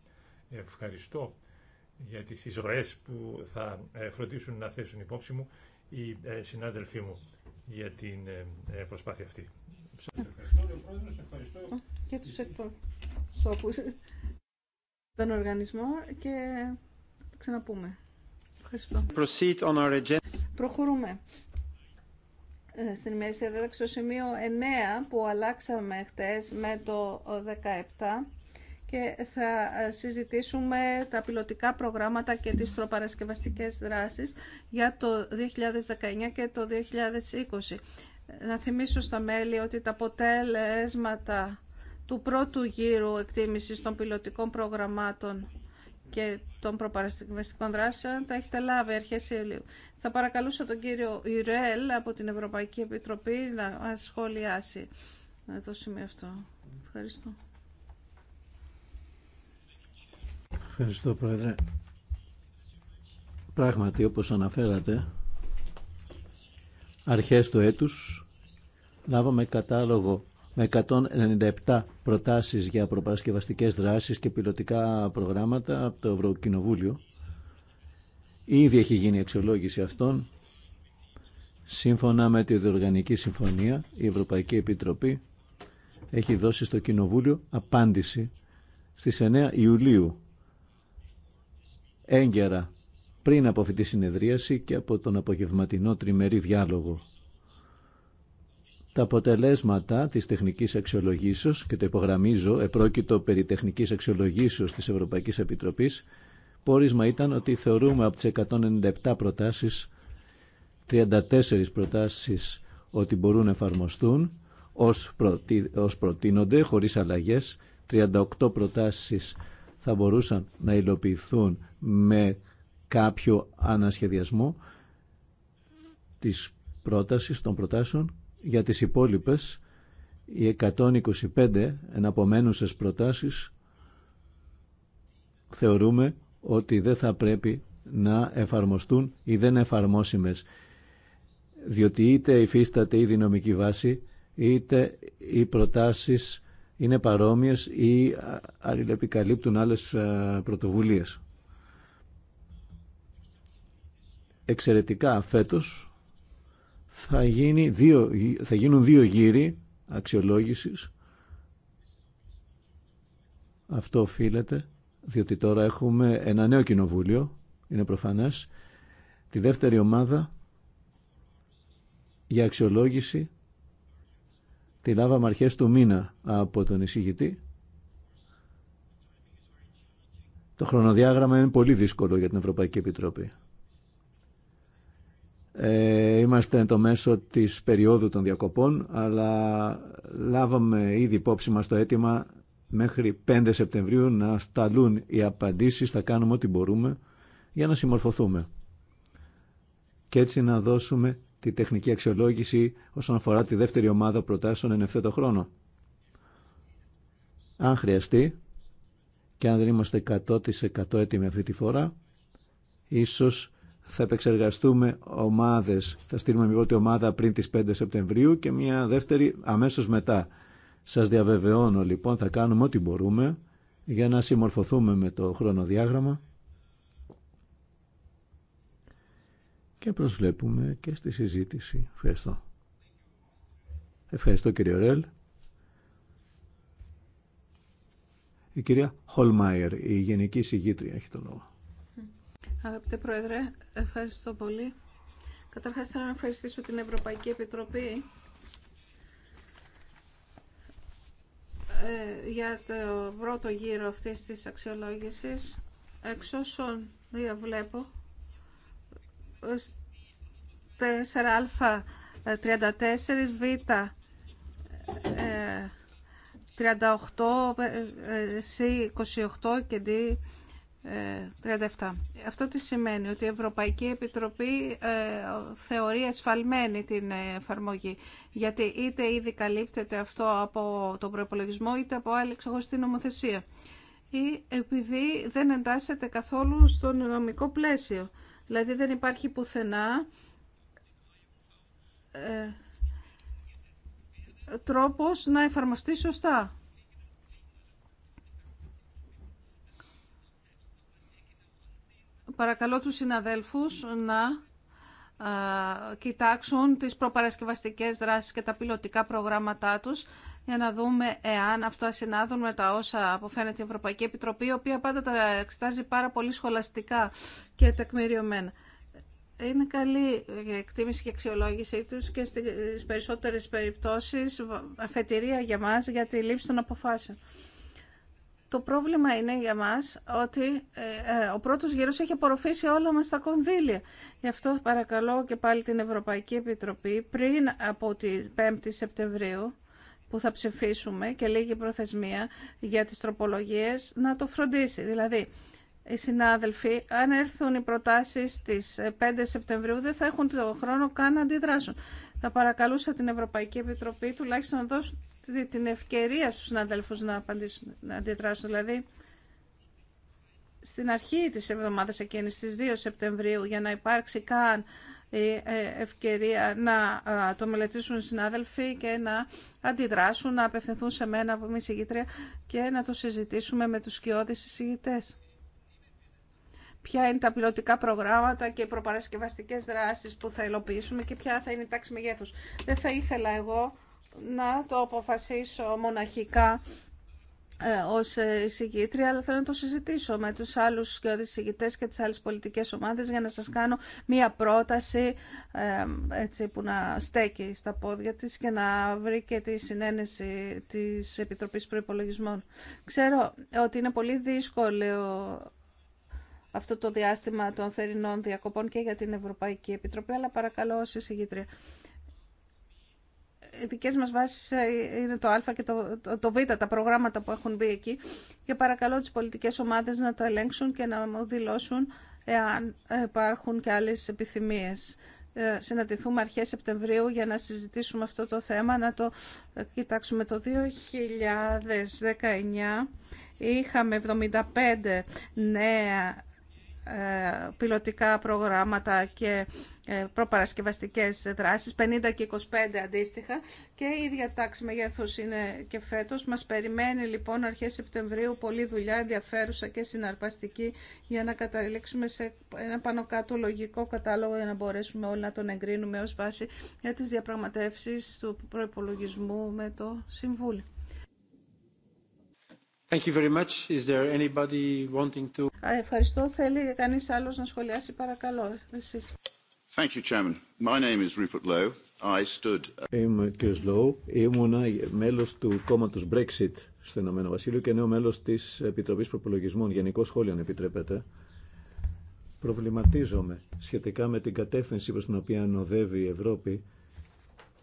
Ευχαριστώ για τις εισρωές που θα ε, φροντίσουν να θέσουν υπόψη μου οι ε, συνάδελφοί μου για την ε, ε, προσπάθεια αυτή. Σας ευχαριστώ, πρόεδρος, ευχαριστώ. Και τους εκπροσώπους, τον οργανισμό και θα ξαναπούμε. Ευχαριστώ. Proceed on our agenda. Προχωρούμε. Στην ημερήση σε στο σημείο 9 που αλλάξαμε χτες με το 17 και θα συζητήσουμε τα πιλωτικά προγράμματα και τις προπαρασκευαστικές δράσεις για το 2019 και το 2020. Να θυμίσω στα μέλη ότι τα αποτέλεσματα του πρώτου γύρου εκτίμησης των πιλωτικών προγραμμάτων και των προπαρασκευαστικών δράσεων τα έχετε λάβει αρχές Ιουλίου. Θα παρακαλούσα τον κύριο Ιρέλ από την Ευρωπαϊκή Επιτροπή να σχολιάσει το σημείο αυτό. Ευχαριστώ. Ευχαριστώ, Πρόεδρε. Πράγματι, όπως αναφέρατε, αρχές του έτους λάβαμε κατάλογο με 197 προτάσεις για προπαρασκευαστικές δράσεις και πιλωτικά προγράμματα από το Ευρωκοινοβούλιο. Ήδη έχει γίνει αξιολόγηση αυτών. Σύμφωνα με τη Διοργανική Συμφωνία, η Ευρωπαϊκή Επιτροπή έχει δώσει στο Κοινοβούλιο απάντηση στις 9 Ιουλίου έγκαιρα πριν από αυτή τη συνεδρίαση και από τον απογευματινό τριμερή διάλογο. Τα αποτελέσματα της τεχνικής αξιολογήσεως, και το υπογραμμίζω, επρόκειτο περί τεχνικής αξιολογήσεως της Ευρωπαϊκής Επιτροπής, πόρισμα ήταν ότι θεωρούμε από τις 197 προτάσεις, 34 προτάσεις ότι μπορούν να εφαρμοστούν ως, προτι... προτείνονται χωρίς αλλαγές, 38 προτάσεις θα μπορούσαν να υλοποιηθούν με κάποιο ανασχεδιασμό της πρότασης των προτάσεων για τις υπόλοιπες οι 125 εναπομένουσες προτάσεις θεωρούμε ότι δεν θα πρέπει να εφαρμοστούν ή δεν εφαρμόσιμες διότι είτε υφίσταται η δυναμική βάση είτε οι προτάσεις είναι παρόμοιες ή αλληλεπικαλύπτουν άλλες ε, πρωτοβουλίες. εξαιρετικά φέτος θα, γίνει δύο, θα γίνουν δύο γύροι αξιολόγησης. Αυτό οφείλεται, διότι τώρα έχουμε ένα νέο κοινοβούλιο, είναι προφανές, τη δεύτερη ομάδα για αξιολόγηση τη λάβαμε αρχές του μήνα από τον εισηγητή. Το χρονοδιάγραμμα είναι πολύ δύσκολο για την Ευρωπαϊκή Επιτροπή. Ε, είμαστε το μέσο της περίοδου των διακοπών, αλλά λάβαμε ήδη υπόψη μας το αίτημα μέχρι 5 Σεπτεμβρίου να σταλούν οι απαντήσεις, θα κάνουμε ό,τι μπορούμε για να συμμορφωθούμε. Και έτσι να δώσουμε τη τεχνική αξιολόγηση όσον αφορά τη δεύτερη ομάδα προτάσεων εν ευθέτω χρόνο. Αν χρειαστεί, και αν δεν είμαστε 100% έτοιμοι αυτή τη φορά, ίσως θα επεξεργαστούμε ομάδες, θα στείλουμε μια πρώτη ομάδα πριν τι 5 Σεπτεμβρίου και μια δεύτερη αμέσως μετά. Σας διαβεβαιώνω λοιπόν θα κάνουμε ό,τι μπορούμε για να συμμορφωθούμε με το χρονοδιάγραμμα και προσβλέπουμε και στη συζήτηση. Ευχαριστώ. Ευχαριστώ κύριε Ρέλ. Η κυρία Χολμάιερ, η Γενική Συγγήτρια, έχει το λόγο. Αγαπητέ Πρόεδρε, ευχαριστώ πολύ. Καταρχάς θέλω να ευχαριστήσω την Ευρωπαϊκή Επιτροπή ε, για το πρώτο γύρο αυτής της αξιολόγησης. Εξ όσων διαβλέπω, 4α34β 38, C28 και δ, 37. Ε, αυτό τι σημαίνει, ότι η Ευρωπαϊκή Επιτροπή ε, θεωρεί ασφαλμένη την εφαρμογή, γιατί είτε ήδη καλύπτεται αυτό από τον προπολογισμό, είτε από άλλη στην νομοθεσία ή επειδή δεν εντάσσεται καθόλου στο νομικό πλαίσιο. Δηλαδή δεν υπάρχει πουθενά ε, τρόπος να εφαρμοστεί σωστά Παρακαλώ τους συναδέλφους να κοιτάξουν τις προπαρασκευαστικές δράσεις και τα πιλωτικά προγράμματά τους για να δούμε εάν αυτά συνάδουν με τα όσα αποφαίνεται η Ευρωπαϊκή Επιτροπή, η οποία πάντα τα εξετάζει πάρα πολύ σχολαστικά και τεκμηριωμένα. Είναι καλή η εκτίμηση και αξιολόγησή τους και στις περισσότερες περιπτώσεις αφετηρία για μας για τη λήψη των αποφάσεων. Το πρόβλημα είναι για μας ότι ε, ε, ο πρώτος γύρος έχει απορροφήσει όλα μας τα κονδύλια. Γι' αυτό παρακαλώ και πάλι την Ευρωπαϊκή Επιτροπή πριν από την 5η Σεπτεμβρίου που θα ψηφίσουμε και λίγη προθεσμία για τις τροπολογίες να το φροντίσει. Δηλαδή, οι συνάδελφοι, αν έρθουν οι προτάσεις στις 5 Σεπτεμβρίου, δεν θα έχουν τον χρόνο καν να αντιδράσουν. Θα παρακαλούσα την Ευρωπαϊκή Επιτροπή τουλάχιστον να δώσουν την ευκαιρία στους συναδέλφους να, απαντήσουν, να αντιδράσουν. Δηλαδή, στην αρχή της εβδομάδας εκείνης, στις 2 Σεπτεμβρίου, για να υπάρξει καν η ε, ευκαιρία να το μελετήσουν οι συνάδελφοι και να αντιδράσουν, να απευθυνθούν σε μένα από μη συγγήτρια και να το συζητήσουμε με τους σκιώδεις συζητητές. Ποια είναι τα πιλωτικά προγράμματα και οι προπαρασκευαστικές δράσεις που θα υλοποιήσουμε και ποια θα είναι η τάξη μεγέθους. Δεν θα ήθελα εγώ να το αποφασίσω μοναχικά ε, ως ε, εισηγήτρια, αλλά θέλω να το συζητήσω με τους άλλους εισηγητές και τις άλλες πολιτικές ομάδες για να σας κάνω μία πρόταση ε, έτσι, που να στέκει στα πόδια της και να βρει και τη συνένεση της Επιτροπής Προϋπολογισμών. Ξέρω ότι είναι πολύ δύσκολο αυτό το διάστημα των θερινών διακοπών και για την Ευρωπαϊκή Επιτροπή, αλλά παρακαλώ ως εισηγήτρια οι δικέ μας βάσεις ε, είναι το Α και το, το, Β, τα προγράμματα που έχουν μπει εκεί. Και παρακαλώ τις πολιτικές ομάδες να το ελέγξουν και να μου δηλώσουν εάν υπάρχουν και άλλες επιθυμίες. Ε, συναντηθούμε αρχές Σεπτεμβρίου για να συζητήσουμε αυτό το θέμα, να το ε, κοιτάξουμε. Το 2019 είχαμε 75 νέα ε, πιλωτικά προγράμματα και ε, προπαρασκευαστικές δράσεις, 50 και 25 αντίστοιχα και η ίδια τάξη μεγέθους είναι και φέτος. Μας περιμένει λοιπόν αρχές Σεπτεμβρίου πολλή δουλειά ενδιαφέρουσα και συναρπαστική για να καταλήξουμε σε ένα πάνω κάτω λογικό κατάλογο για να μπορέσουμε όλοι να τον εγκρίνουμε ως βάση για τις διαπραγματεύσεις του προϋπολογισμού με το Συμβούλιο. Ευχαριστώ. Θέλει κανείς άλλος να σχολιάσει παρακαλώ. Εσείς. Uh, Είμαι ο κ. Λόου. Ήμουνα μέλος του κόμματος Brexit στο Ηνωμένο Βασίλειο και νέο μέλος της Επιτροπής Προπολογισμών. Γενικό σχόλιο, αν επιτρέπετε. Προβληματίζομαι σχετικά με την κατεύθυνση προς την οποία οδεύει η Ευρώπη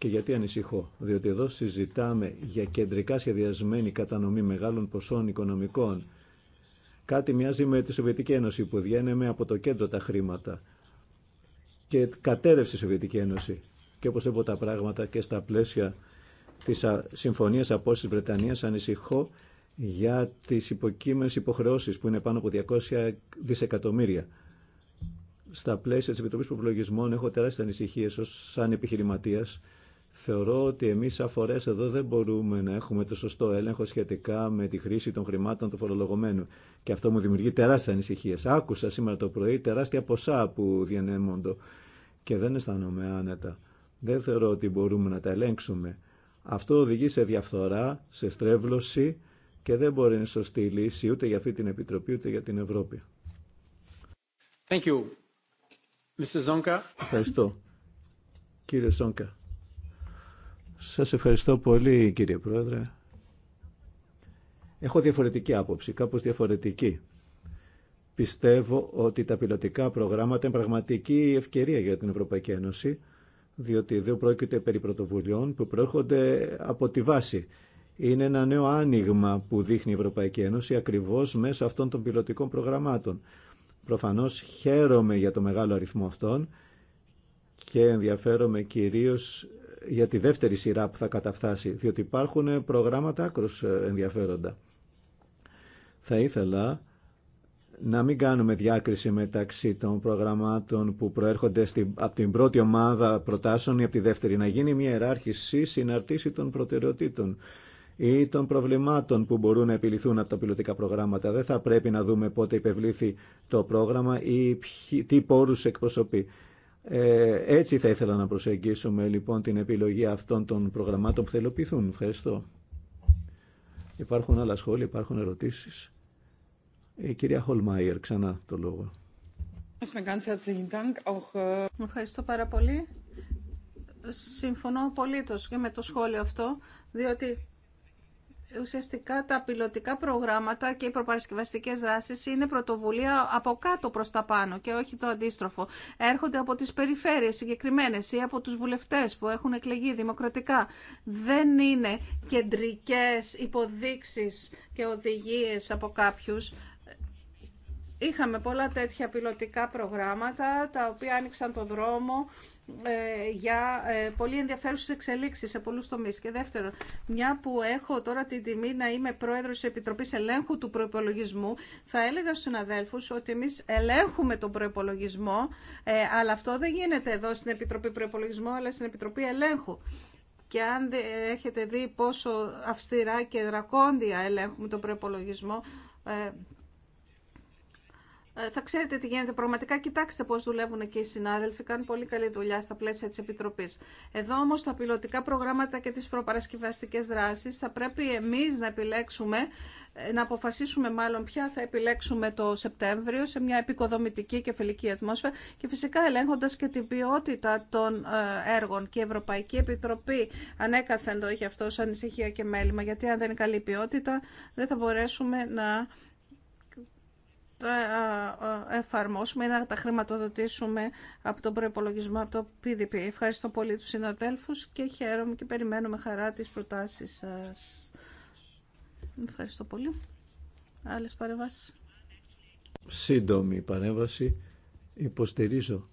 και γιατί ανησυχώ, διότι εδώ συζητάμε για κεντρικά σχεδιασμένη κατανομή μεγάλων ποσών οικονομικών. Κάτι μοιάζει με τη Σοβιετική Ένωση που διένεμε από το κέντρο τα χρήματα και κατέρευσε η Σοβιετική Ένωση. Και όπως είπα τα πράγματα και στα πλαίσια της Συμφωνίας Απόσης Βρετανίας ανησυχώ για τις υποκείμενες υποχρεώσεις που είναι πάνω από 200 δισεκατομμύρια. Στα πλαίσια της Επιτροπής Προπολογισμών έχω τεράστιες ανησυχίες ως σαν επιχειρηματίας Θεωρώ ότι εμείς σαν εδώ δεν μπορούμε να έχουμε το σωστό έλεγχο σχετικά με τη χρήση των χρημάτων του φορολογωμένου. Και αυτό μου δημιουργεί τεράστια ανησυχίε. Άκουσα σήμερα το πρωί τεράστια ποσά που διανέμονται και δεν αισθάνομαι άνετα. Δεν θεωρώ ότι μπορούμε να τα ελέγξουμε. Αυτό οδηγεί σε διαφθορά, σε στρέβλωση και δεν μπορεί να είναι σωστή λύση ούτε για αυτή την Επιτροπή ούτε για την Ευρώπη. Thank you. Mr. Ευχαριστώ. Κύριε Σόνκα. Σας ευχαριστώ πολύ κύριε Πρόεδρε. Έχω διαφορετική άποψη, κάπως διαφορετική. Πιστεύω ότι τα πιλωτικά προγράμματα είναι πραγματική ευκαιρία για την Ευρωπαϊκή Ένωση, διότι δεν πρόκειται περί πρωτοβουλειών που προέρχονται από τη βάση. Είναι ένα νέο άνοιγμα που δείχνει η Ευρωπαϊκή Ένωση ακριβώς μέσω αυτών των πιλωτικών προγραμμάτων. Προφανώς χαίρομαι για το μεγάλο αριθμό αυτών και ενδιαφέρομαι κυρίως για τη δεύτερη σειρά που θα καταφτάσει, διότι υπάρχουν προγράμματα άκρως ενδιαφέροντα. Θα ήθελα να μην κάνουμε διάκριση μεταξύ των προγραμμάτων που προέρχονται από την πρώτη ομάδα προτάσεων ή από τη δεύτερη. Να γίνει μια ιεράρχηση συναρτήση των προτεραιοτήτων ή των προβλημάτων που μπορούν να επιληθούν από τα πιλωτικά προγράμματα. Δεν θα πρέπει να δούμε πότε υπευλήθη το πρόγραμμα ή τι πόρους εκπροσωπεί. Ε, έτσι θα ήθελα να προσεγγίσουμε λοιπόν την επιλογή αυτών των προγραμμάτων που θελοποιηθούν. Ευχαριστώ. Υπάρχουν άλλα σχόλια, υπάρχουν ερωτήσεις. Η κυρία Χολμάιερ, ξανά το λόγο. Ευχαριστώ πάρα πολύ. Συμφωνώ απολύτως και με το σχόλιο αυτό, διότι ουσιαστικά τα πιλωτικά προγράμματα και οι προπαρασκευαστικές δράσεις είναι πρωτοβουλία από κάτω προς τα πάνω και όχι το αντίστροφο. Έρχονται από τις περιφέρειες συγκεκριμένες ή από τους βουλευτές που έχουν εκλεγεί δημοκρατικά. Δεν είναι κεντρικές υποδείξεις και οδηγίες από κάποιους. Είχαμε πολλά τέτοια πιλωτικά προγράμματα τα οποία άνοιξαν το δρόμο ε, για ε, πολύ ενδιαφέρουσες εξελίξεις σε πολλούς τομείς. Και δεύτερον, μια που έχω τώρα την τιμή να είμαι πρόεδρος της Επιτροπής Ελέγχου του Προϋπολογισμού, θα έλεγα στους συναδέλφους ότι εμείς ελέγχουμε τον προϋπολογισμό, ε, αλλά αυτό δεν γίνεται εδώ στην Επιτροπή Προϋπολογισμού, αλλά στην Επιτροπή Ελέγχου. Και αν έχετε δει πόσο αυστηρά και δρακόντια ελέγχουμε τον προϋπολογισμό, ε, θα ξέρετε τι γίνεται πραγματικά. Κοιτάξτε πώ δουλεύουν εκεί οι συνάδελφοι. Κάνουν πολύ καλή δουλειά στα πλαίσια τη επιτροπή. Εδώ όμω τα πιλωτικά προγράμματα και τι προπαρασκευαστικές δράσει. θα πρέπει εμεί να επιλέξουμε, ε, να αποφασίσουμε μάλλον ποια θα επιλέξουμε το Σεπτέμβριο σε μια επικοδομητική και φιλική ατμόσφαιρα και φυσικά ελέγχοντα και την ποιότητα των ε, έργων. Και η Ευρωπαϊκή Επιτροπή ανέκαθεν το έχει αυτό σαν ησυχία και μέλημα γιατί αν δεν είναι καλή ποιότητα δεν θα μπορέσουμε να εφαρμόσουμε ή να τα χρηματοδοτήσουμε από τον προπολογισμό, από το PDP. Ευχαριστώ πολύ τους συναδέλφους και χαίρομαι και περιμένω με χαρά τις προτάσεις σας. Ευχαριστώ πολύ. Άλλες παρεμβάσεις. Σύντομη παρέμβαση. Υποστηρίζω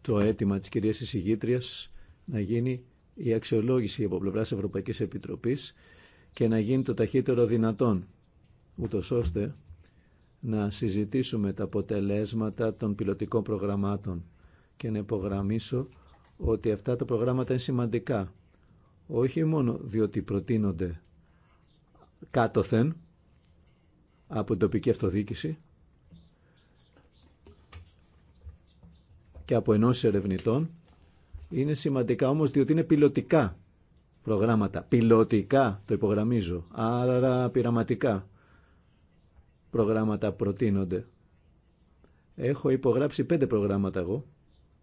το αίτημα της κυρίας εισηγήτριας να γίνει η αξιολόγηση από πλευράς Ευρωπαϊκής Επιτροπής και να γίνει το ταχύτερο δυνατόν, ούτως ώστε να συζητήσουμε τα αποτελέσματα των πιλωτικών προγραμμάτων και να υπογραμμίσω ότι αυτά τα προγράμματα είναι σημαντικά. Όχι μόνο διότι προτείνονται κάτωθεν από την τοπική αυτοδίκηση και από ενώσεις ερευνητών, είναι σημαντικά όμως διότι είναι πιλωτικά προγράμματα. Πιλωτικά, το υπογραμμίζω, άρα πειραματικά προγράμματα προτείνονται. Έχω υπογράψει πέντε προγράμματα εγώ.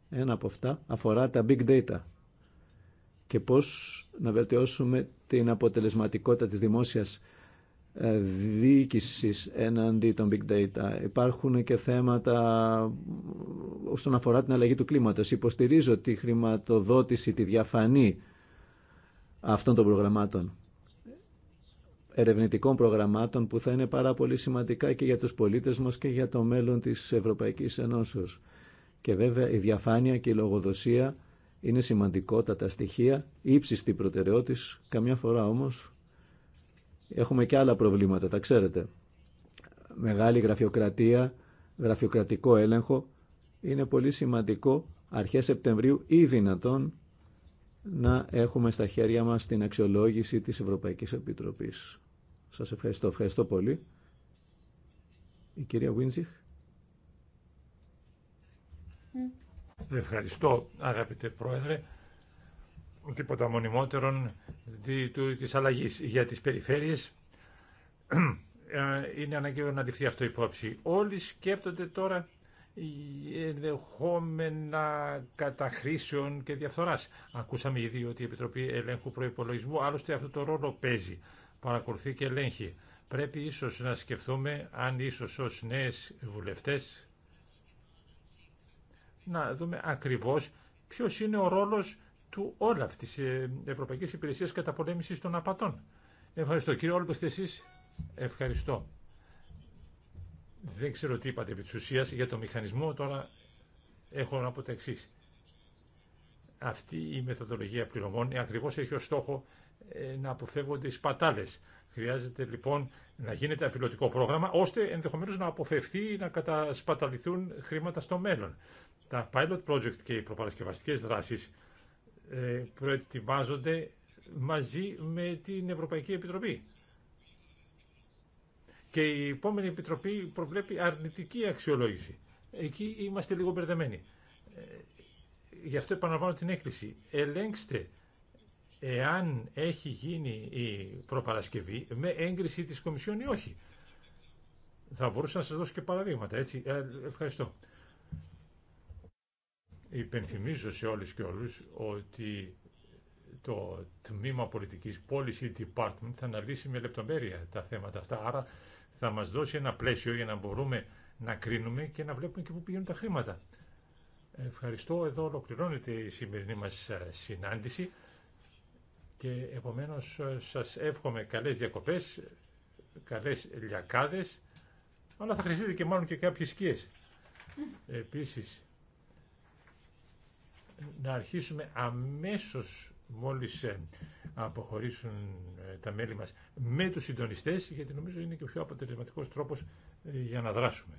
Ένα από αυτά αφορά τα big data και πώς να βελτιώσουμε την αποτελεσματικότητα της δημόσιας ε, διοίκησης εναντί των big data. Υπάρχουν και θέματα όσον αφορά την αλλαγή του κλίματος. Υποστηρίζω τη χρηματοδότηση, τη διαφανή αυτών των προγραμμάτων ερευνητικών προγραμμάτων που θα είναι πάρα πολύ σημαντικά και για τους πολίτες μας και για το μέλλον της Ευρωπαϊκής Ενώσεως. Και βέβαια η διαφάνεια και η λογοδοσία είναι σημαντικότατα στοιχεία, ύψιστη προτεραιότης, καμιά φορά όμως έχουμε και άλλα προβλήματα, τα ξέρετε. Μεγάλη γραφειοκρατία, γραφειοκρατικό έλεγχο, είναι πολύ σημαντικό αρχές Σεπτεμβρίου ή δυνατόν να έχουμε στα χέρια μας την αξιολόγηση της Ευρωπαϊκής Επιτροπής. Σας ευχαριστώ. Ευχαριστώ πολύ. Η κυρία Βίνζιχ. Ευχαριστώ αγαπητέ Πρόεδρε. Τίποτα μονιμότερον της αλλαγής για τις περιφέρειες. Ε, είναι αναγκαίο να ληφθεί αυτό υπόψη. Όλοι σκέπτονται τώρα ενδεχόμενα καταχρήσεων και διαφθοράς. Ακούσαμε ήδη ότι η Επιτροπή Ελέγχου Προϋπολογισμού άλλωστε αυτό το ρόλο παίζει παρακολουθεί και ελέγχει. Πρέπει ίσως να σκεφτούμε αν ίσως ως νέες βουλευτές να δούμε ακριβώς ποιος είναι ο ρόλος του Όλαφ, της ε, Ευρωπαϊκής Υπηρεσίας Καταπολέμησης των Απατών. Ευχαριστώ. Κύριε τις εσείς ευχαριστώ. Δεν ξέρω τι είπατε επί της ουσίας για το μηχανισμό, τώρα έχω να πω τα εξής. Αυτή η μεθοδολογία πληρωμών ακριβώς έχει ως στόχο ε, να αποφεύγονται οι σπατάλες. Χρειάζεται λοιπόν να γίνεται ένα πρόγραμμα, ώστε ενδεχομένως να αποφευθεί να κατασπαταληθούν χρήματα στο μέλλον. Τα pilot project και οι προπαρασκευαστικές δράσεις ε, προετοιμάζονται μαζί με την Ευρωπαϊκή Επιτροπή. Και η επόμενη Επιτροπή προβλέπει αρνητική αξιολόγηση. Εκεί είμαστε λίγο μπερδεμένοι. Ε, γι' αυτό επαναλαμβάνω την έκκληση. Ελέγξτε εάν έχει γίνει η προπαρασκευή με έγκριση της Κομισιόν ή όχι. Θα μπορούσα να σας δώσω και παραδείγματα, έτσι. Ε, ευχαριστώ. Υπενθυμίζω σε όλους και όλους ότι το τμήμα πολιτικής Policy Department θα αναλύσει με λεπτομέρεια τα θέματα αυτά. Άρα θα μας δώσει ένα πλαίσιο για να μπορούμε να κρίνουμε και να βλέπουμε και πού πηγαίνουν τα χρήματα. Ευχαριστώ. Εδώ ολοκληρώνεται η σημερινή μας ε, συνάντηση και επομένως ε, σας εύχομαι καλές διακοπές, καλές λιακάδες, αλλά θα χρειαστείτε και μάλλον και κάποιες σκίες. Επίσης, να αρχίσουμε αμέσως μόλις ε, αποχωρήσουν ε, τα μέλη μας με τους συντονιστές, γιατί νομίζω είναι και ο πιο αποτελεσματικός τρόπος για να δράσουμε.